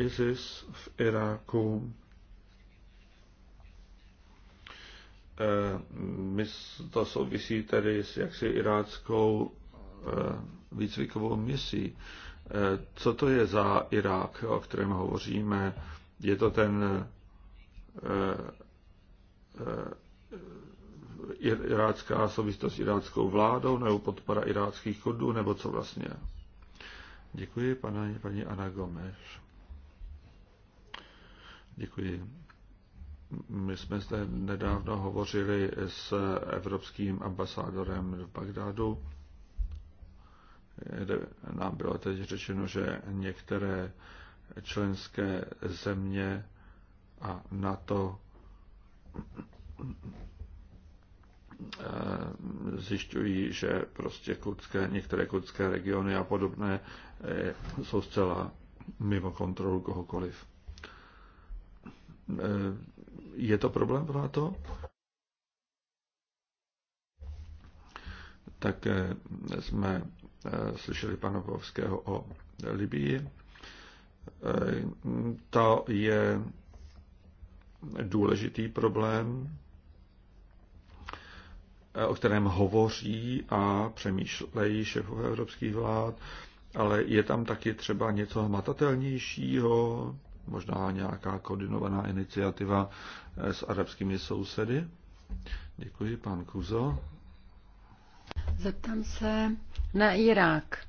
ISIS v Iráku eh, to souvisí tedy s jaksi iráckou eh, výcvikovou misí. Eh, co to je za Irák, o kterém hovoříme? Je to ten irácká souvislost s iráckou vládou nebo podpora iráckých kurdů, nebo co vlastně. Děkuji, pana, paní Ana Gomes. Děkuji. My jsme zde nedávno hovořili s evropským ambasádorem v Bagdádu, kde nám bylo teď řečeno, že některé členské země a NATO Eh, zjišťují, že prostě kurdské, některé kurdské regiony a podobné eh, jsou zcela mimo kontrolu kohokoliv. Eh, je to problém pro NATO? Tak jsme slyšeli pana Bovského o Libii. To je důležitý problém, o kterém hovoří a přemýšlejí šéfové evropských vlád, ale je tam taky třeba něco hmatatelnějšího, možná nějaká koordinovaná iniciativa eh, s arabskými sousedy. Děkuji, pan Kuzo. Zeptám se na Irák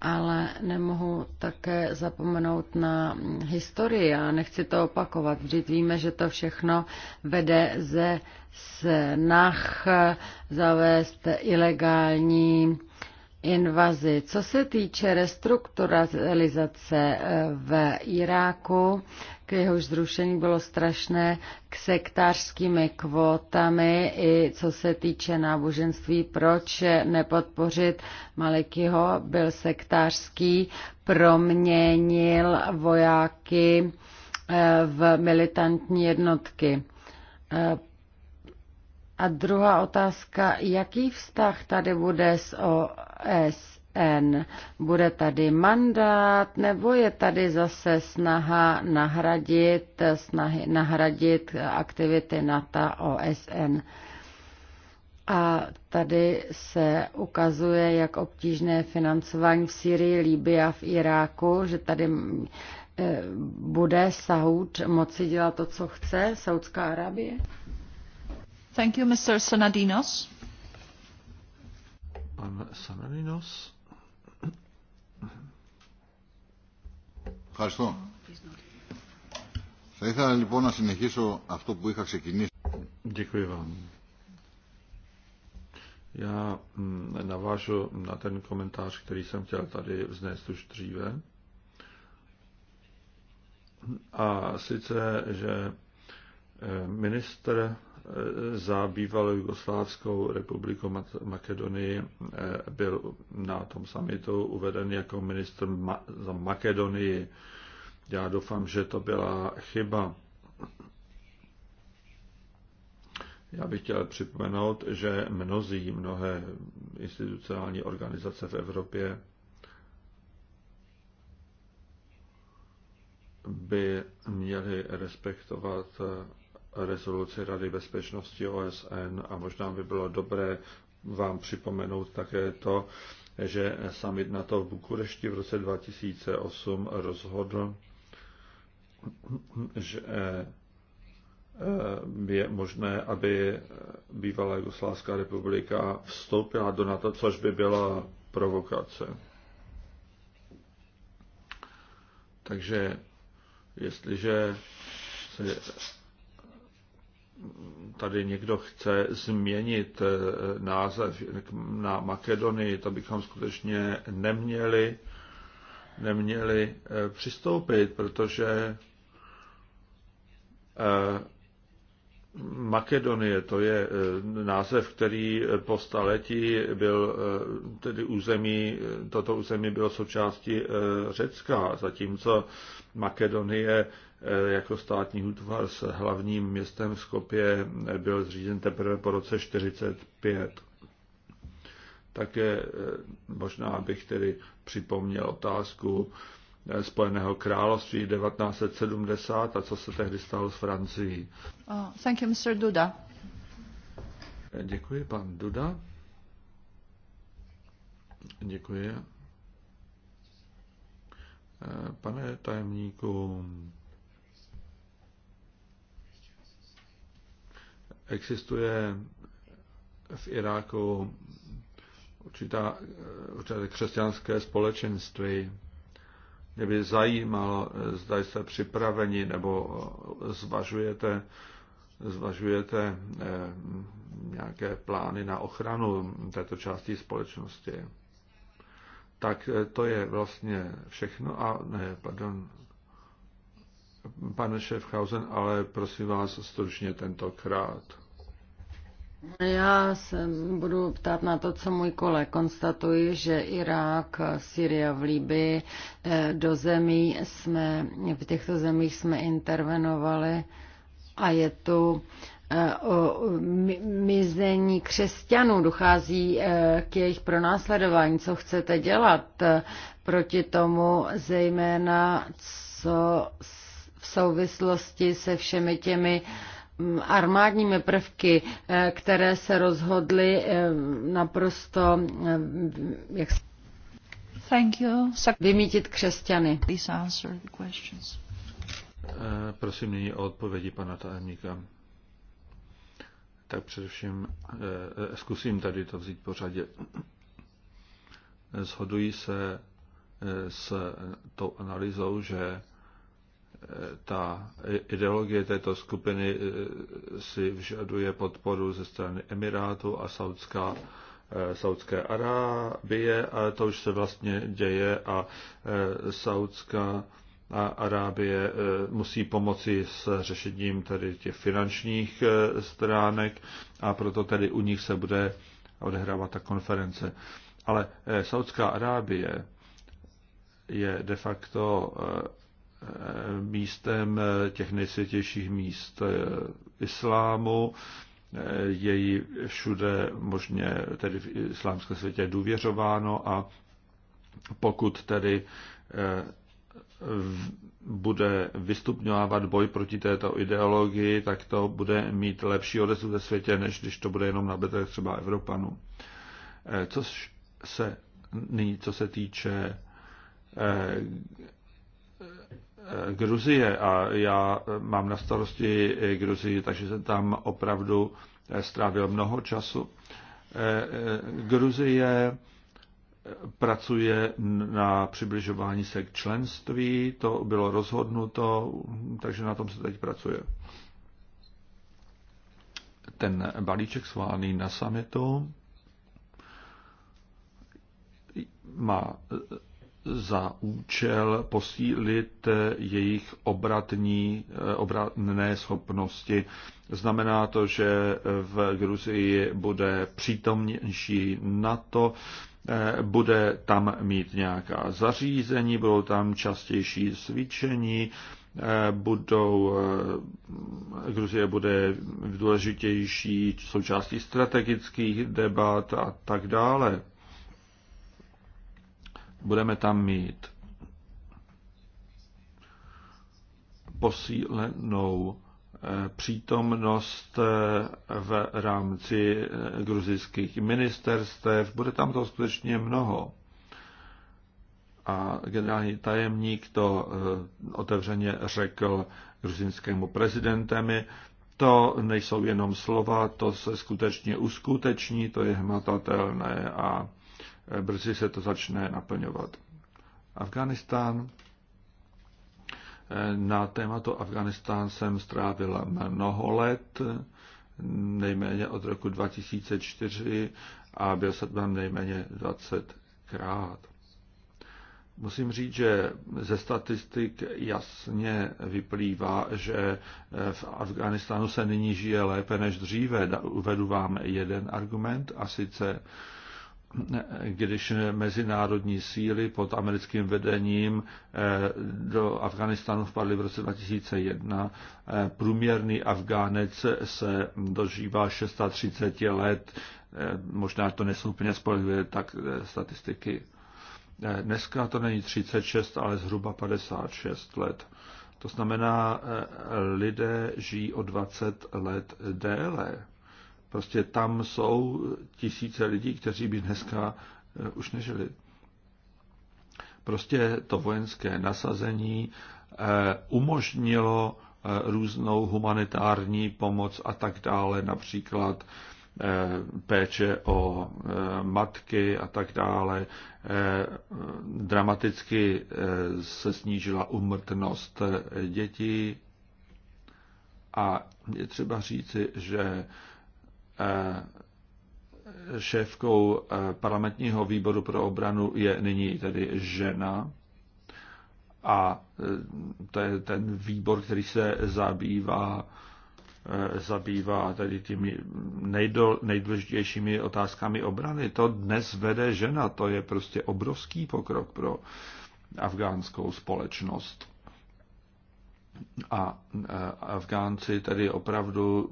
ale nemohu také zapomenout na historii. Já nechci to opakovat. Vždyť víme, že to všechno vede ze snah zavést ilegální invazi. Co se týče restrukturalizace eh, v Iráku, k jehož zrušení bylo strašné, k sektářskými kvótami i co se týče náboženství, proč nepodpořit Malikyho, byl sektářský, proměnil vojáky eh, v militantní jednotky eh, a druhá otázka, jaký vztah tady bude s OSN? Bude tady mandát nebo je tady zase snaha nahradit, snahy, nahradit aktivity NATO OSN? A tady se ukazuje, jak obtížné financování v Syrii, Líbii a v Iráku, že tady e, bude Saud moci dělat to, co chce, Saudská Arábie? Sanadinos. Sanadinos. Ευχαριστώ. Θα ήθελα λοιπόν να συνεχίσω αυτό που είχα ξεκινήσει. Děkuji vám. Já mm, navážu na ten komentář, který jsem chtěl tady vznést už dříve. A sice, že eh, minister za bývalou Jugoslávskou republikou Makedonii eh, byl na tom samitu uveden jako ministr Ma- za Makedonii. Já doufám, že to byla chyba. Já bych chtěl připomenout, že mnozí, mnohé institucionální organizace v Evropě by měly respektovat rezoluci Rady bezpečnosti OSN a možná by bylo dobré vám připomenout také to, že summit NATO v Bukurešti v roce 2008 rozhodl, že eh, je možné, aby bývalá Jugoslávská republika vstoupila do NATO, což by byla provokace. Takže jestliže se tady někdo chce změnit eh, název na Makedonii, to bychom skutečně neměli, neměli eh, přistoupit, protože eh, Makedonie, to je název, který po staletí byl tedy území, toto území bylo součástí Řecka, zatímco Makedonie Eh, jako státní útvar s hlavním městem Skopje eh, byl zřízen teprve po roce 45. Také eh, možná bych tedy připomněl otázku Spojeného království 1970 a co se tehdy stalo s Francií. Oh, thank you, Mr. Duda. Děkuji, pan Duda. Děkuji. Pane tajemníku, Existuje v Iráku určitá, určité křesťanské společenství. Mě by zajímalo, zda jste připraveni nebo zvažujete, zvažujete eh, nějaké plány na ochranu této části společnosti. Tak eh, to je vlastně všechno. A ne, pardon, pane Schaffhausen, ale prosím vás stručně tentokrát. Já se budu ptát na to, co můj kole konstatuje, že Irák, Syria v Líbii, eh, do zemí jsme, v těchto zemích jsme intervenovali a je tu eh, o mizení křesťanů, dochází eh, k jejich pronásledování. Co chcete dělat proti tomu, zejména co v souvislosti se všemi těmi uh, armádními prvky, eh, které se rozhodly eh, naprosto eh, jak Thank you. vymítit křesťany. Prosím nyní o odpovědi pana tajemníka. Tak především zkusím tady to vzít pořadě. Shodují se s tou analýzou, že ta ideologie této skupiny eh, si vyžaduje podporu ze strany Emirátu a Saudská, eh, Saudské Arábie a to už se vlastně děje a eh, Saudská a Arábie musí pomoci s řešením tedy těch finančních stránek a proto tedy u nich se bude odehrávat ta konference. Ale Saudská Arábie je de facto místem těch nejsvětějších míst islámu, je jí všude možně tedy v islámském světě důvěřováno a pokud tedy eh, bude vystupňovat boj proti této ideologii, tak to bude mít lepší odezvu ve světě, než když to bude jenom na třeba Evropanů. Eh, což se nyní, co se týče eh, Gruzie a já mám na starosti Gruzii, takže jsem tam opravdu eh, strávil mnoho času. Eh, eh, Gruzie pracuje na přibližování se k členství, to bylo rozhodnuto, takže na tom se teď pracuje. Ten balíček schválený na summitu má za účel posílit jejich obratní, obratné schopnosti. Znamená to, že v Gruzii bude přítomnější NATO, bude tam mít nějaká zařízení, budou tam častější cvičení, budou, Gruzie bude v důležitější součástí strategických debat a tak dále budeme tam mít posílenou eh, přítomnost eh, v rámci eh, gruzijských ministerstev. Bude tam to skutečně mnoho. A generální tajemník to otevřeně řekl gruzinskému prezidentemi. To nejsou jenom slova, to se skutečně uskuteční, to je hmatatelné a Eh, brzy se to začne naplňovat. Afganistán. Eh, na tématu Afganistán jsem strávila mnoho let, nejméně od roku 2004 a byl jsem nejméně 20krát. Musím říct, že ze statistik jasně vyplývá, že eh, v Afganistánu se nyní žije lépe než dříve. Uvedu vám jeden argument a sice když mezinárodní síly pod americkým vedením eh, do Afganistánu vpadly v roce 2001. Eh, průměrný Afgánec se dožívá 630 let, eh, možná to nejsou úplně spolehlivé tak statistiky. Dneska to není 36, ale zhruba 56 let. To znamená, lidé žijí o 20 let déle. Prostě tam jsou tisíce lidí, kteří by dneska eh, už nežili. Prostě to vojenské nasazení eh, umožnilo eh, různou humanitární pomoc a tak dále, například péče o matky a tak dále. Dramaticky se snížila umrtnost dětí a je třeba říci, že Eh, šéfkou eh, parlamentního výboru pro obranu je nyní tedy žena a eh, to je ten výbor, který se zabývá zabývá tady těmi nejdol, nejdůležitějšími otázkami obrany. To dnes vede žena, to je prostě obrovský pokrok pro afgánskou společnost. A Afgánci tedy opravdu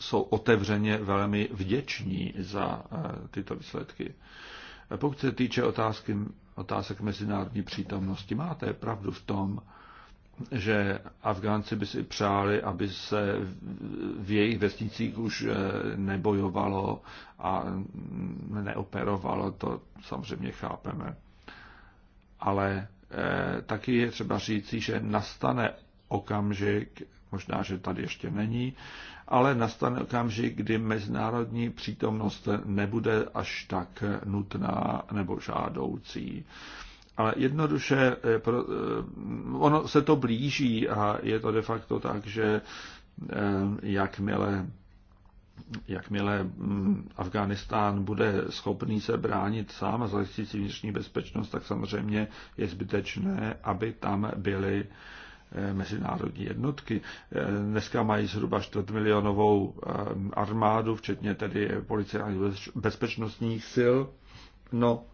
jsou otevřeně velmi vděční za eh, tyto výsledky. Pokud se týče otázky, otázek mezinárodní přítomnosti, máte pravdu v tom, že Afgánci by si přáli, aby se v jejich vesnicích už eh, nebojovalo a neoperovalo, to samozřejmě chápeme. Ale eh, taky je třeba říci, že nastane okamžik, možná, že tady ještě není, ale nastane okamžik, kdy mezinárodní přítomnost nebude až tak nutná nebo žádoucí. Ale jednoduše, eh, eh, ono se to blíží a je to de facto tak, že eh, jakmile jakmile mm, Afghánistán bude schopný se bránit sám a zajistit si vnitřní bezpečnost, tak samozřejmě je zbytečné, aby tam byly Eh, mezinárodní jednotky. Eh, dneska mají zhruba čtvrtmilionovou eh, armádu, včetně tedy policiálních bezpečnostních sil. No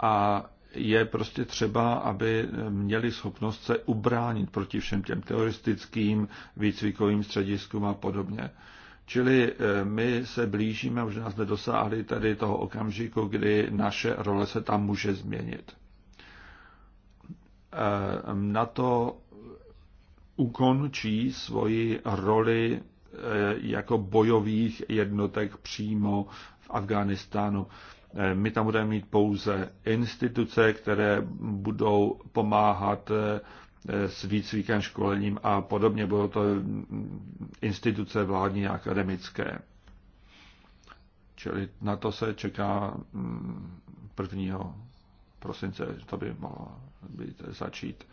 a je prostě třeba, aby měli schopnost se ubránit proti všem těm teoristickým výcvikovým střediskům a podobně. Čili my se blížíme, už nás nedosáhli tady toho okamžiku, kdy naše role se tam může změnit. Ehm, NATO ukončí svoji roli eh, jako bojových jednotek přímo v Afghánistánu. Ehm, my tam budeme mít pouze instituce, které budou pomáhat eh, s výcvikem, školením a podobně. Budou to mm, instituce vládní a akademické. Čili na to se čeká 1. Mm, prosince, to by mohlo být začít,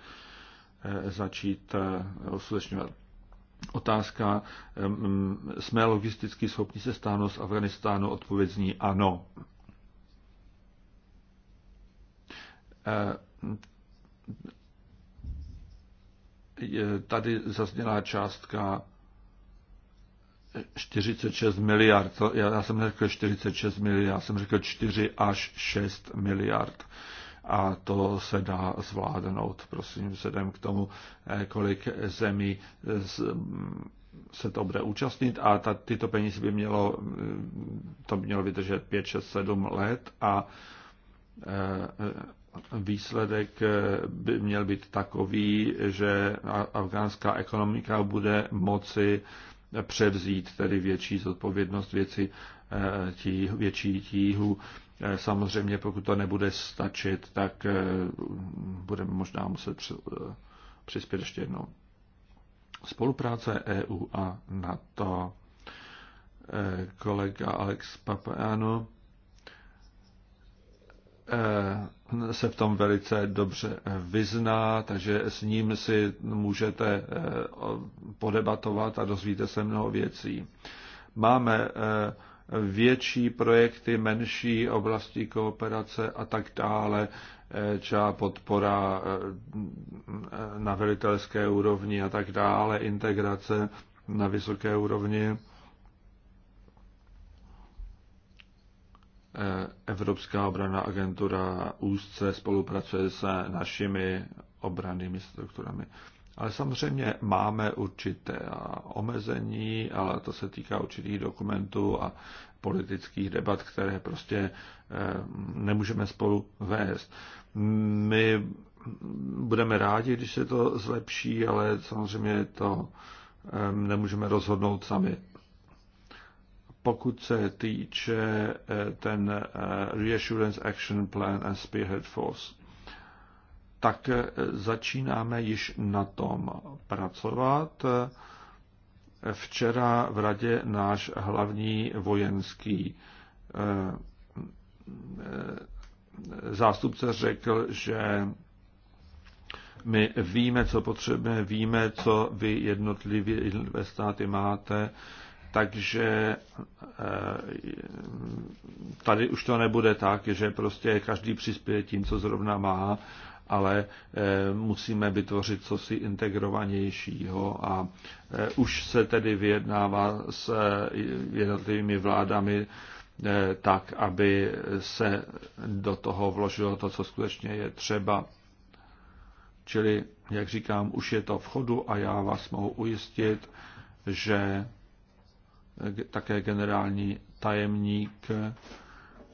eh, začít eh, uslušňovat. Otázka, eh, jsme logisticky schopni se stáhnout z Afganistánu? Odpověď zní ano. Tady zazněla částka 46 miliard. Já jsem neřekl 46 miliard, já jsem řekl 4 až 6 miliard a to se dá zvládnout, prosím, vzhledem k tomu, eh, kolik zemí eh, mm, se to bude účastnit a ta, tyto peníze by mělo, mm, to by mělo vydržet 5, 6, 7 let a eh, výsledek by měl být takový, že afgánská ekonomika bude moci převzít tedy větší zodpovědnost věci tí, větší tíhu Eh, samozřejmě, pokud to nebude stačit, tak eh, budeme možná muset eh, přispět ještě jednou. Spolupráce EU a NATO. Kolega Alex Papiano se v tom velice dobře vyzná, takže s ním si můžete podebatovat a dozvíte se mnoho věcí. Máme větší projekty, menší oblasti kooperace a tak dále, eh, třeba podpora eh, na velitelské úrovni a tak dále, integrace na vysoké úrovni. Eh, Evropská obrana agentura úzce spolupracuje se našimi obrannými strukturami. Ale samozřejmě máme určité omezení, ale to se týká určitých dokumentů a politických debat, které prostě eh, nemůžeme spolu vést. My budeme rádi, když se to zlepší, ale samozřejmě to eh, nemůžeme rozhodnout sami. Pokud se týče eh, ten Reassurance Action Plan and Spearhead Force, tak eh, začínáme již na tom pracovat. Včera v radě náš hlavní vojenský eh, eh, zástupce řekl, že my víme, co potřebujeme, víme, co vy jednotlivé státy máte, takže tady už to nebude tak, že prostě každý přispěje tím, co zrovna má ale eh, musíme vytvořit cosi integrovanějšího a eh, už se tedy vyjednává s eh, jednotlivými vládami tak, aby se do toho vložilo to, co skutečně je třeba. Čili, jak říkám, už je to v chodu a já vás mohu ujistit, že také generální tajemník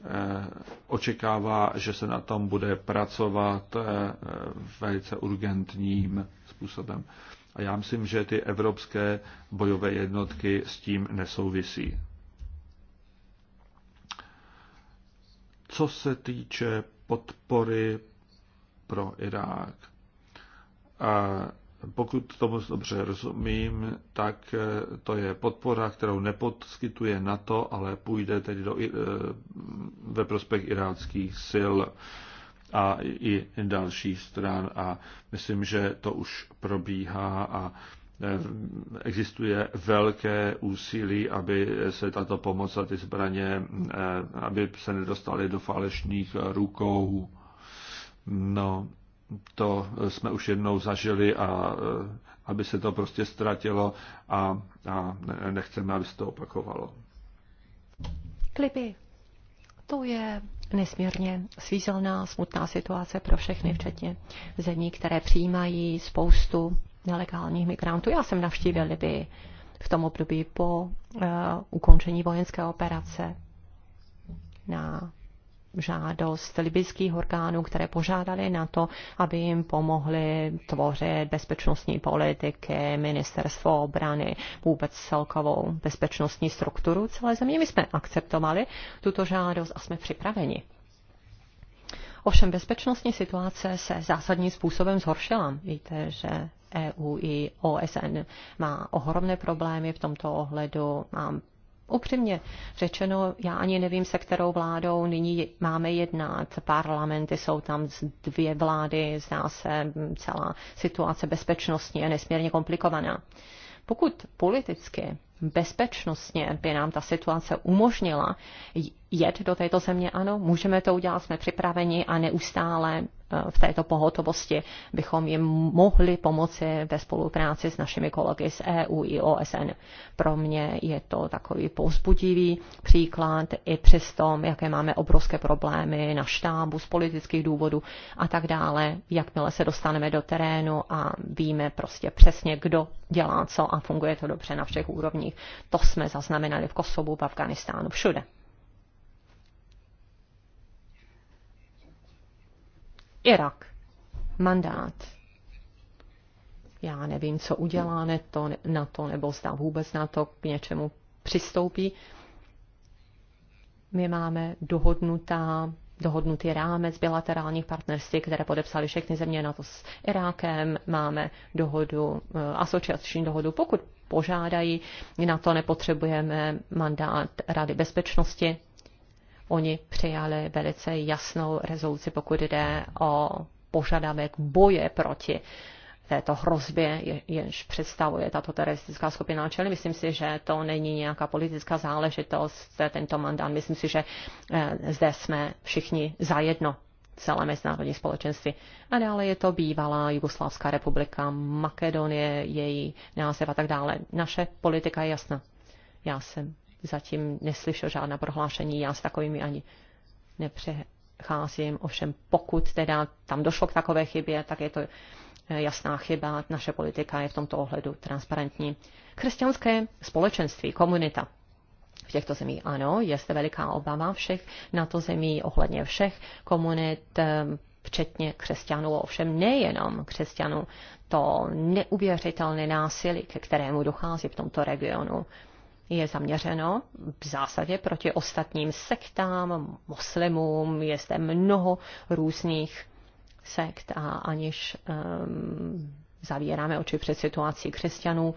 Eh, očekává, že se na tom bude pracovat eh, velice urgentním způsobem. A já myslím, že ty evropské bojové jednotky s tím nesouvisí. Co se týče podpory pro Irák, eh, pokud tomu dobře rozumím, tak eh, to je podpora, kterou nepodskytuje NATO, ale půjde tedy do, eh, ve prospěch iráckých sil a i dalších stran. A myslím, že to už probíhá a eh, existuje velké úsilí, aby se tato pomoc a ty zbraně, aby se nedostaly do falešných rukou. No, to eh, jsme už jednou zažili a eh, aby se to prostě ztratilo a, a nechceme, aby se to opakovalo. Klipy. To je nesmírně svízelná, smutná situace pro všechny, včetně zemí, které přijímají spoustu nelegálních migrantů. Já jsem navštívil by v tom období po uh, ukončení vojenské operace na žádost libyských orgánů, které požádali na to, aby jim pomohli tvořit bezpečnostní politiky, ministerstvo obrany, vůbec celkovou bezpečnostní strukturu celé země. My jsme akceptovali tuto žádost a jsme připraveni. Ovšem bezpečnostní situace se zásadním způsobem zhoršila. Víte, že EU i OSN má ohromné problémy v tomto ohledu. Mám Upřímně řečeno, já ani nevím, se kterou vládou nyní máme jednat. Parlamenty jsou tam z dvě vlády, zdá se celá situace bezpečnostně je nesmírně komplikovaná. Pokud politicky bezpečnostně by nám ta situace umožnila jet do této země, ano, můžeme to udělat, jsme připraveni a neustále eh, v této pohotovosti bychom jim mohli pomoci ve spolupráci s našimi kolegy z EU i OSN. Pro mě je to takový povzbudivý příklad i přes tom, jaké máme obrovské problémy na štábu z politických důvodů a tak dále, jakmile se dostaneme do terénu a víme prostě přesně, kdo dělá co a funguje to dobře na všech úrovních. To jsme zaznamenali v Kosovu, v Afganistánu, všude. Irak. Mandát. Já nevím, co udělá to, na to, nebo zda vůbec na to k něčemu přistoupí. My máme dohodnutá, dohodnutý rámec bilaterálních partnerství, které podepsali všechny země na to s Irákem. Máme dohodu, eh, asociační dohodu. Pokud požádají, na to nepotřebujeme mandát Rady bezpečnosti. Oni přijali velice jasnou rezoluci, pokud jde o požadavek boje proti této hrozbě, jenž představuje tato teroristická skupina. Čili myslím si, že to není nějaká politická záležitost, tento mandát. Myslím si, že eh, zde jsme všichni zajedno celé mezinárodní společenství. A dále je to bývalá Jugoslávská republika, Makedonie, její název a tak dále. Naše politika je jasná. Já jsem zatím neslyšel žádná prohlášení, já s takovými ani nepřecházím. Ovšem, pokud teda tam došlo k takové chybě, tak je to eh, jasná chyba. Naše politika je v tomto ohledu transparentní. Křesťanské společenství, komunita. V těchto zemích ano, je zde veliká obava všech na to zemí ohledně všech komunit, eh, včetně křesťanů, ovšem nejenom křesťanů, to neuvěřitelné násilí, ke kterému dochází v tomto regionu je zaměřeno v zásadě proti ostatním sektám, muslimům, je zde mnoho různých sekt a aniž um, zavíráme oči před situací křesťanů,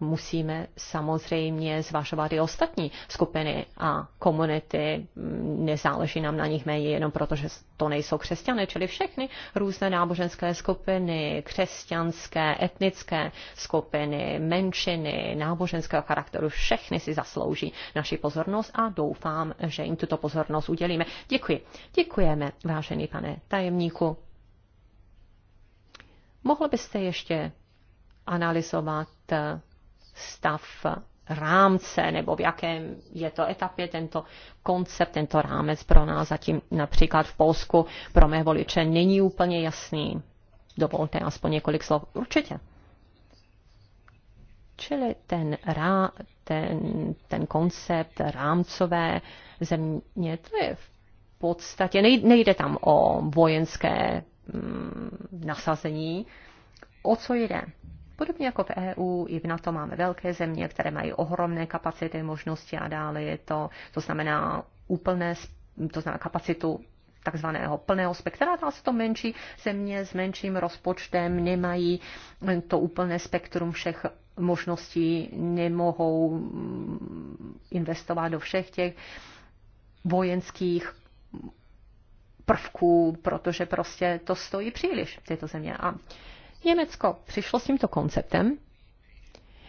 musíme samozřejmě zvažovat i ostatní skupiny a komunity. Nezáleží nám na nich méně jenom proto, že to nejsou křesťané, čili všechny různé náboženské skupiny, křesťanské, etnické skupiny, menšiny, náboženského charakteru, všechny si zaslouží naši pozornost a doufám, že jim tuto pozornost udělíme. Děkuji. Děkujeme, vážený pane tajemníku. Mohl byste ještě analyzovat stav rámce nebo v jakém je to etapě tento koncept, tento rámec pro nás zatím například v Polsku pro mé voliče není úplně jasný. Dovolte aspoň několik slov. Určitě. Čili ten, rá, ten, ten koncept rámcové země, to je v podstatě, nejde tam o vojenské mm, nasazení. O co jde? Podobně jako v EU, i v NATO máme velké země, které mají ohromné kapacity, možnosti a dále je to, to znamená úplné, to znamená kapacitu takzvaného plného spektra, dá se to menší země s menším rozpočtem, nemají to úplné spektrum všech možností, nemohou mm, investovat do všech těch vojenských prvků, protože prostě to stojí příliš této země. A Německo přišlo s tímto konceptem,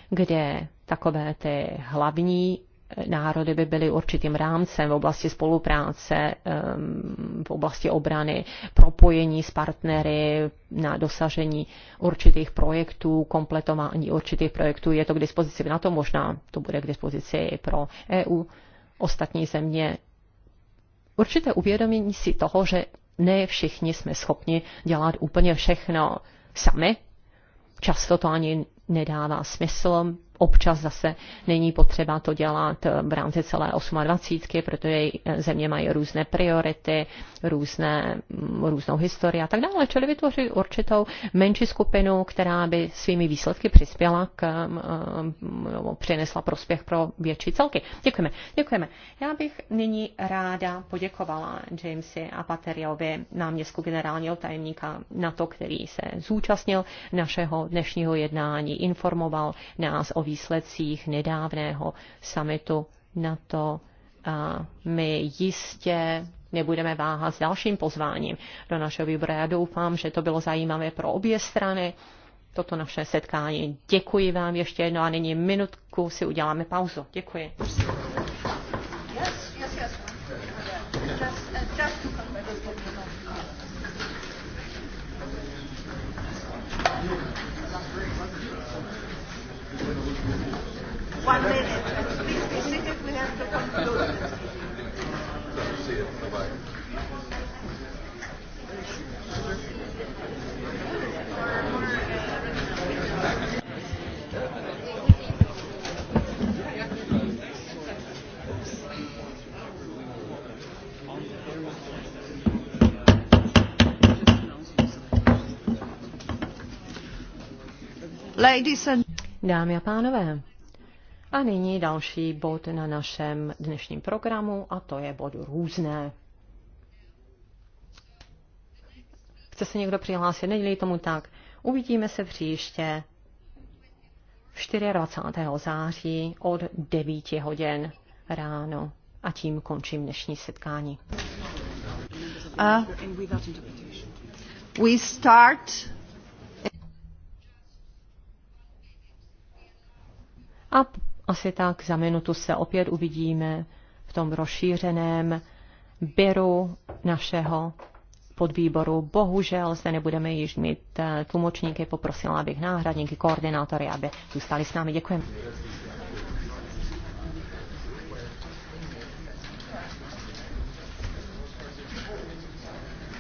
kde takové ty hlavní eh, národy by byly určitým rámcem v oblasti spolupráce, ehm, v oblasti obrany, propojení s partnery na dosažení určitých projektů, kompletování určitých projektů. Je to k dispozici na to, možná to bude k dispozici pro EU. Ostatní země určité uvědomění si toho, že ne všichni jsme schopni dělat úplně všechno sami. Často to ani nedává smysl občas zase není potřeba to dělat eh, v rámci celé 28, protože eh, země mají různé priority, různé, mm, různou historii a tak dále. Čili vytvořit určitou menší skupinu, která by svými výsledky přispěla k, mm, mm, přinesla prospěch pro větší celky. Děkujeme. Děkujeme. Já bych nyní ráda poděkovala Jamesi a Pateriovi, náměstku generálního tajemníka na to, který se zúčastnil našeho dnešního jednání, informoval nás o výsledcích nedávného samitu NATO. A my jistě nebudeme váhat s dalším pozváním do našeho výboru. Já doufám, že to bylo zajímavé pro obě strany, toto naše setkání. Děkuji vám ještě jednou a nyní minutku si uděláme pauzu. Děkuji. one minute. have to conclude. Ladies and Dámy a pánové, a nyní další bod na našem dnešním programu a to je bod různé. Chce se někdo přihlásit? Nedělí tomu tak. Uvidíme se příště 24. září od 9 hodin ráno. A tím končím dnešní setkání. Uh, we start a asi tak za minutu se opět uvidíme v tom rozšířeném běru našeho podvýboru. Bohužel se nebudeme již mít eh, tlumočníky, poprosila bych náhradníky, koordinátory, aby zůstali s námi. Děkujeme.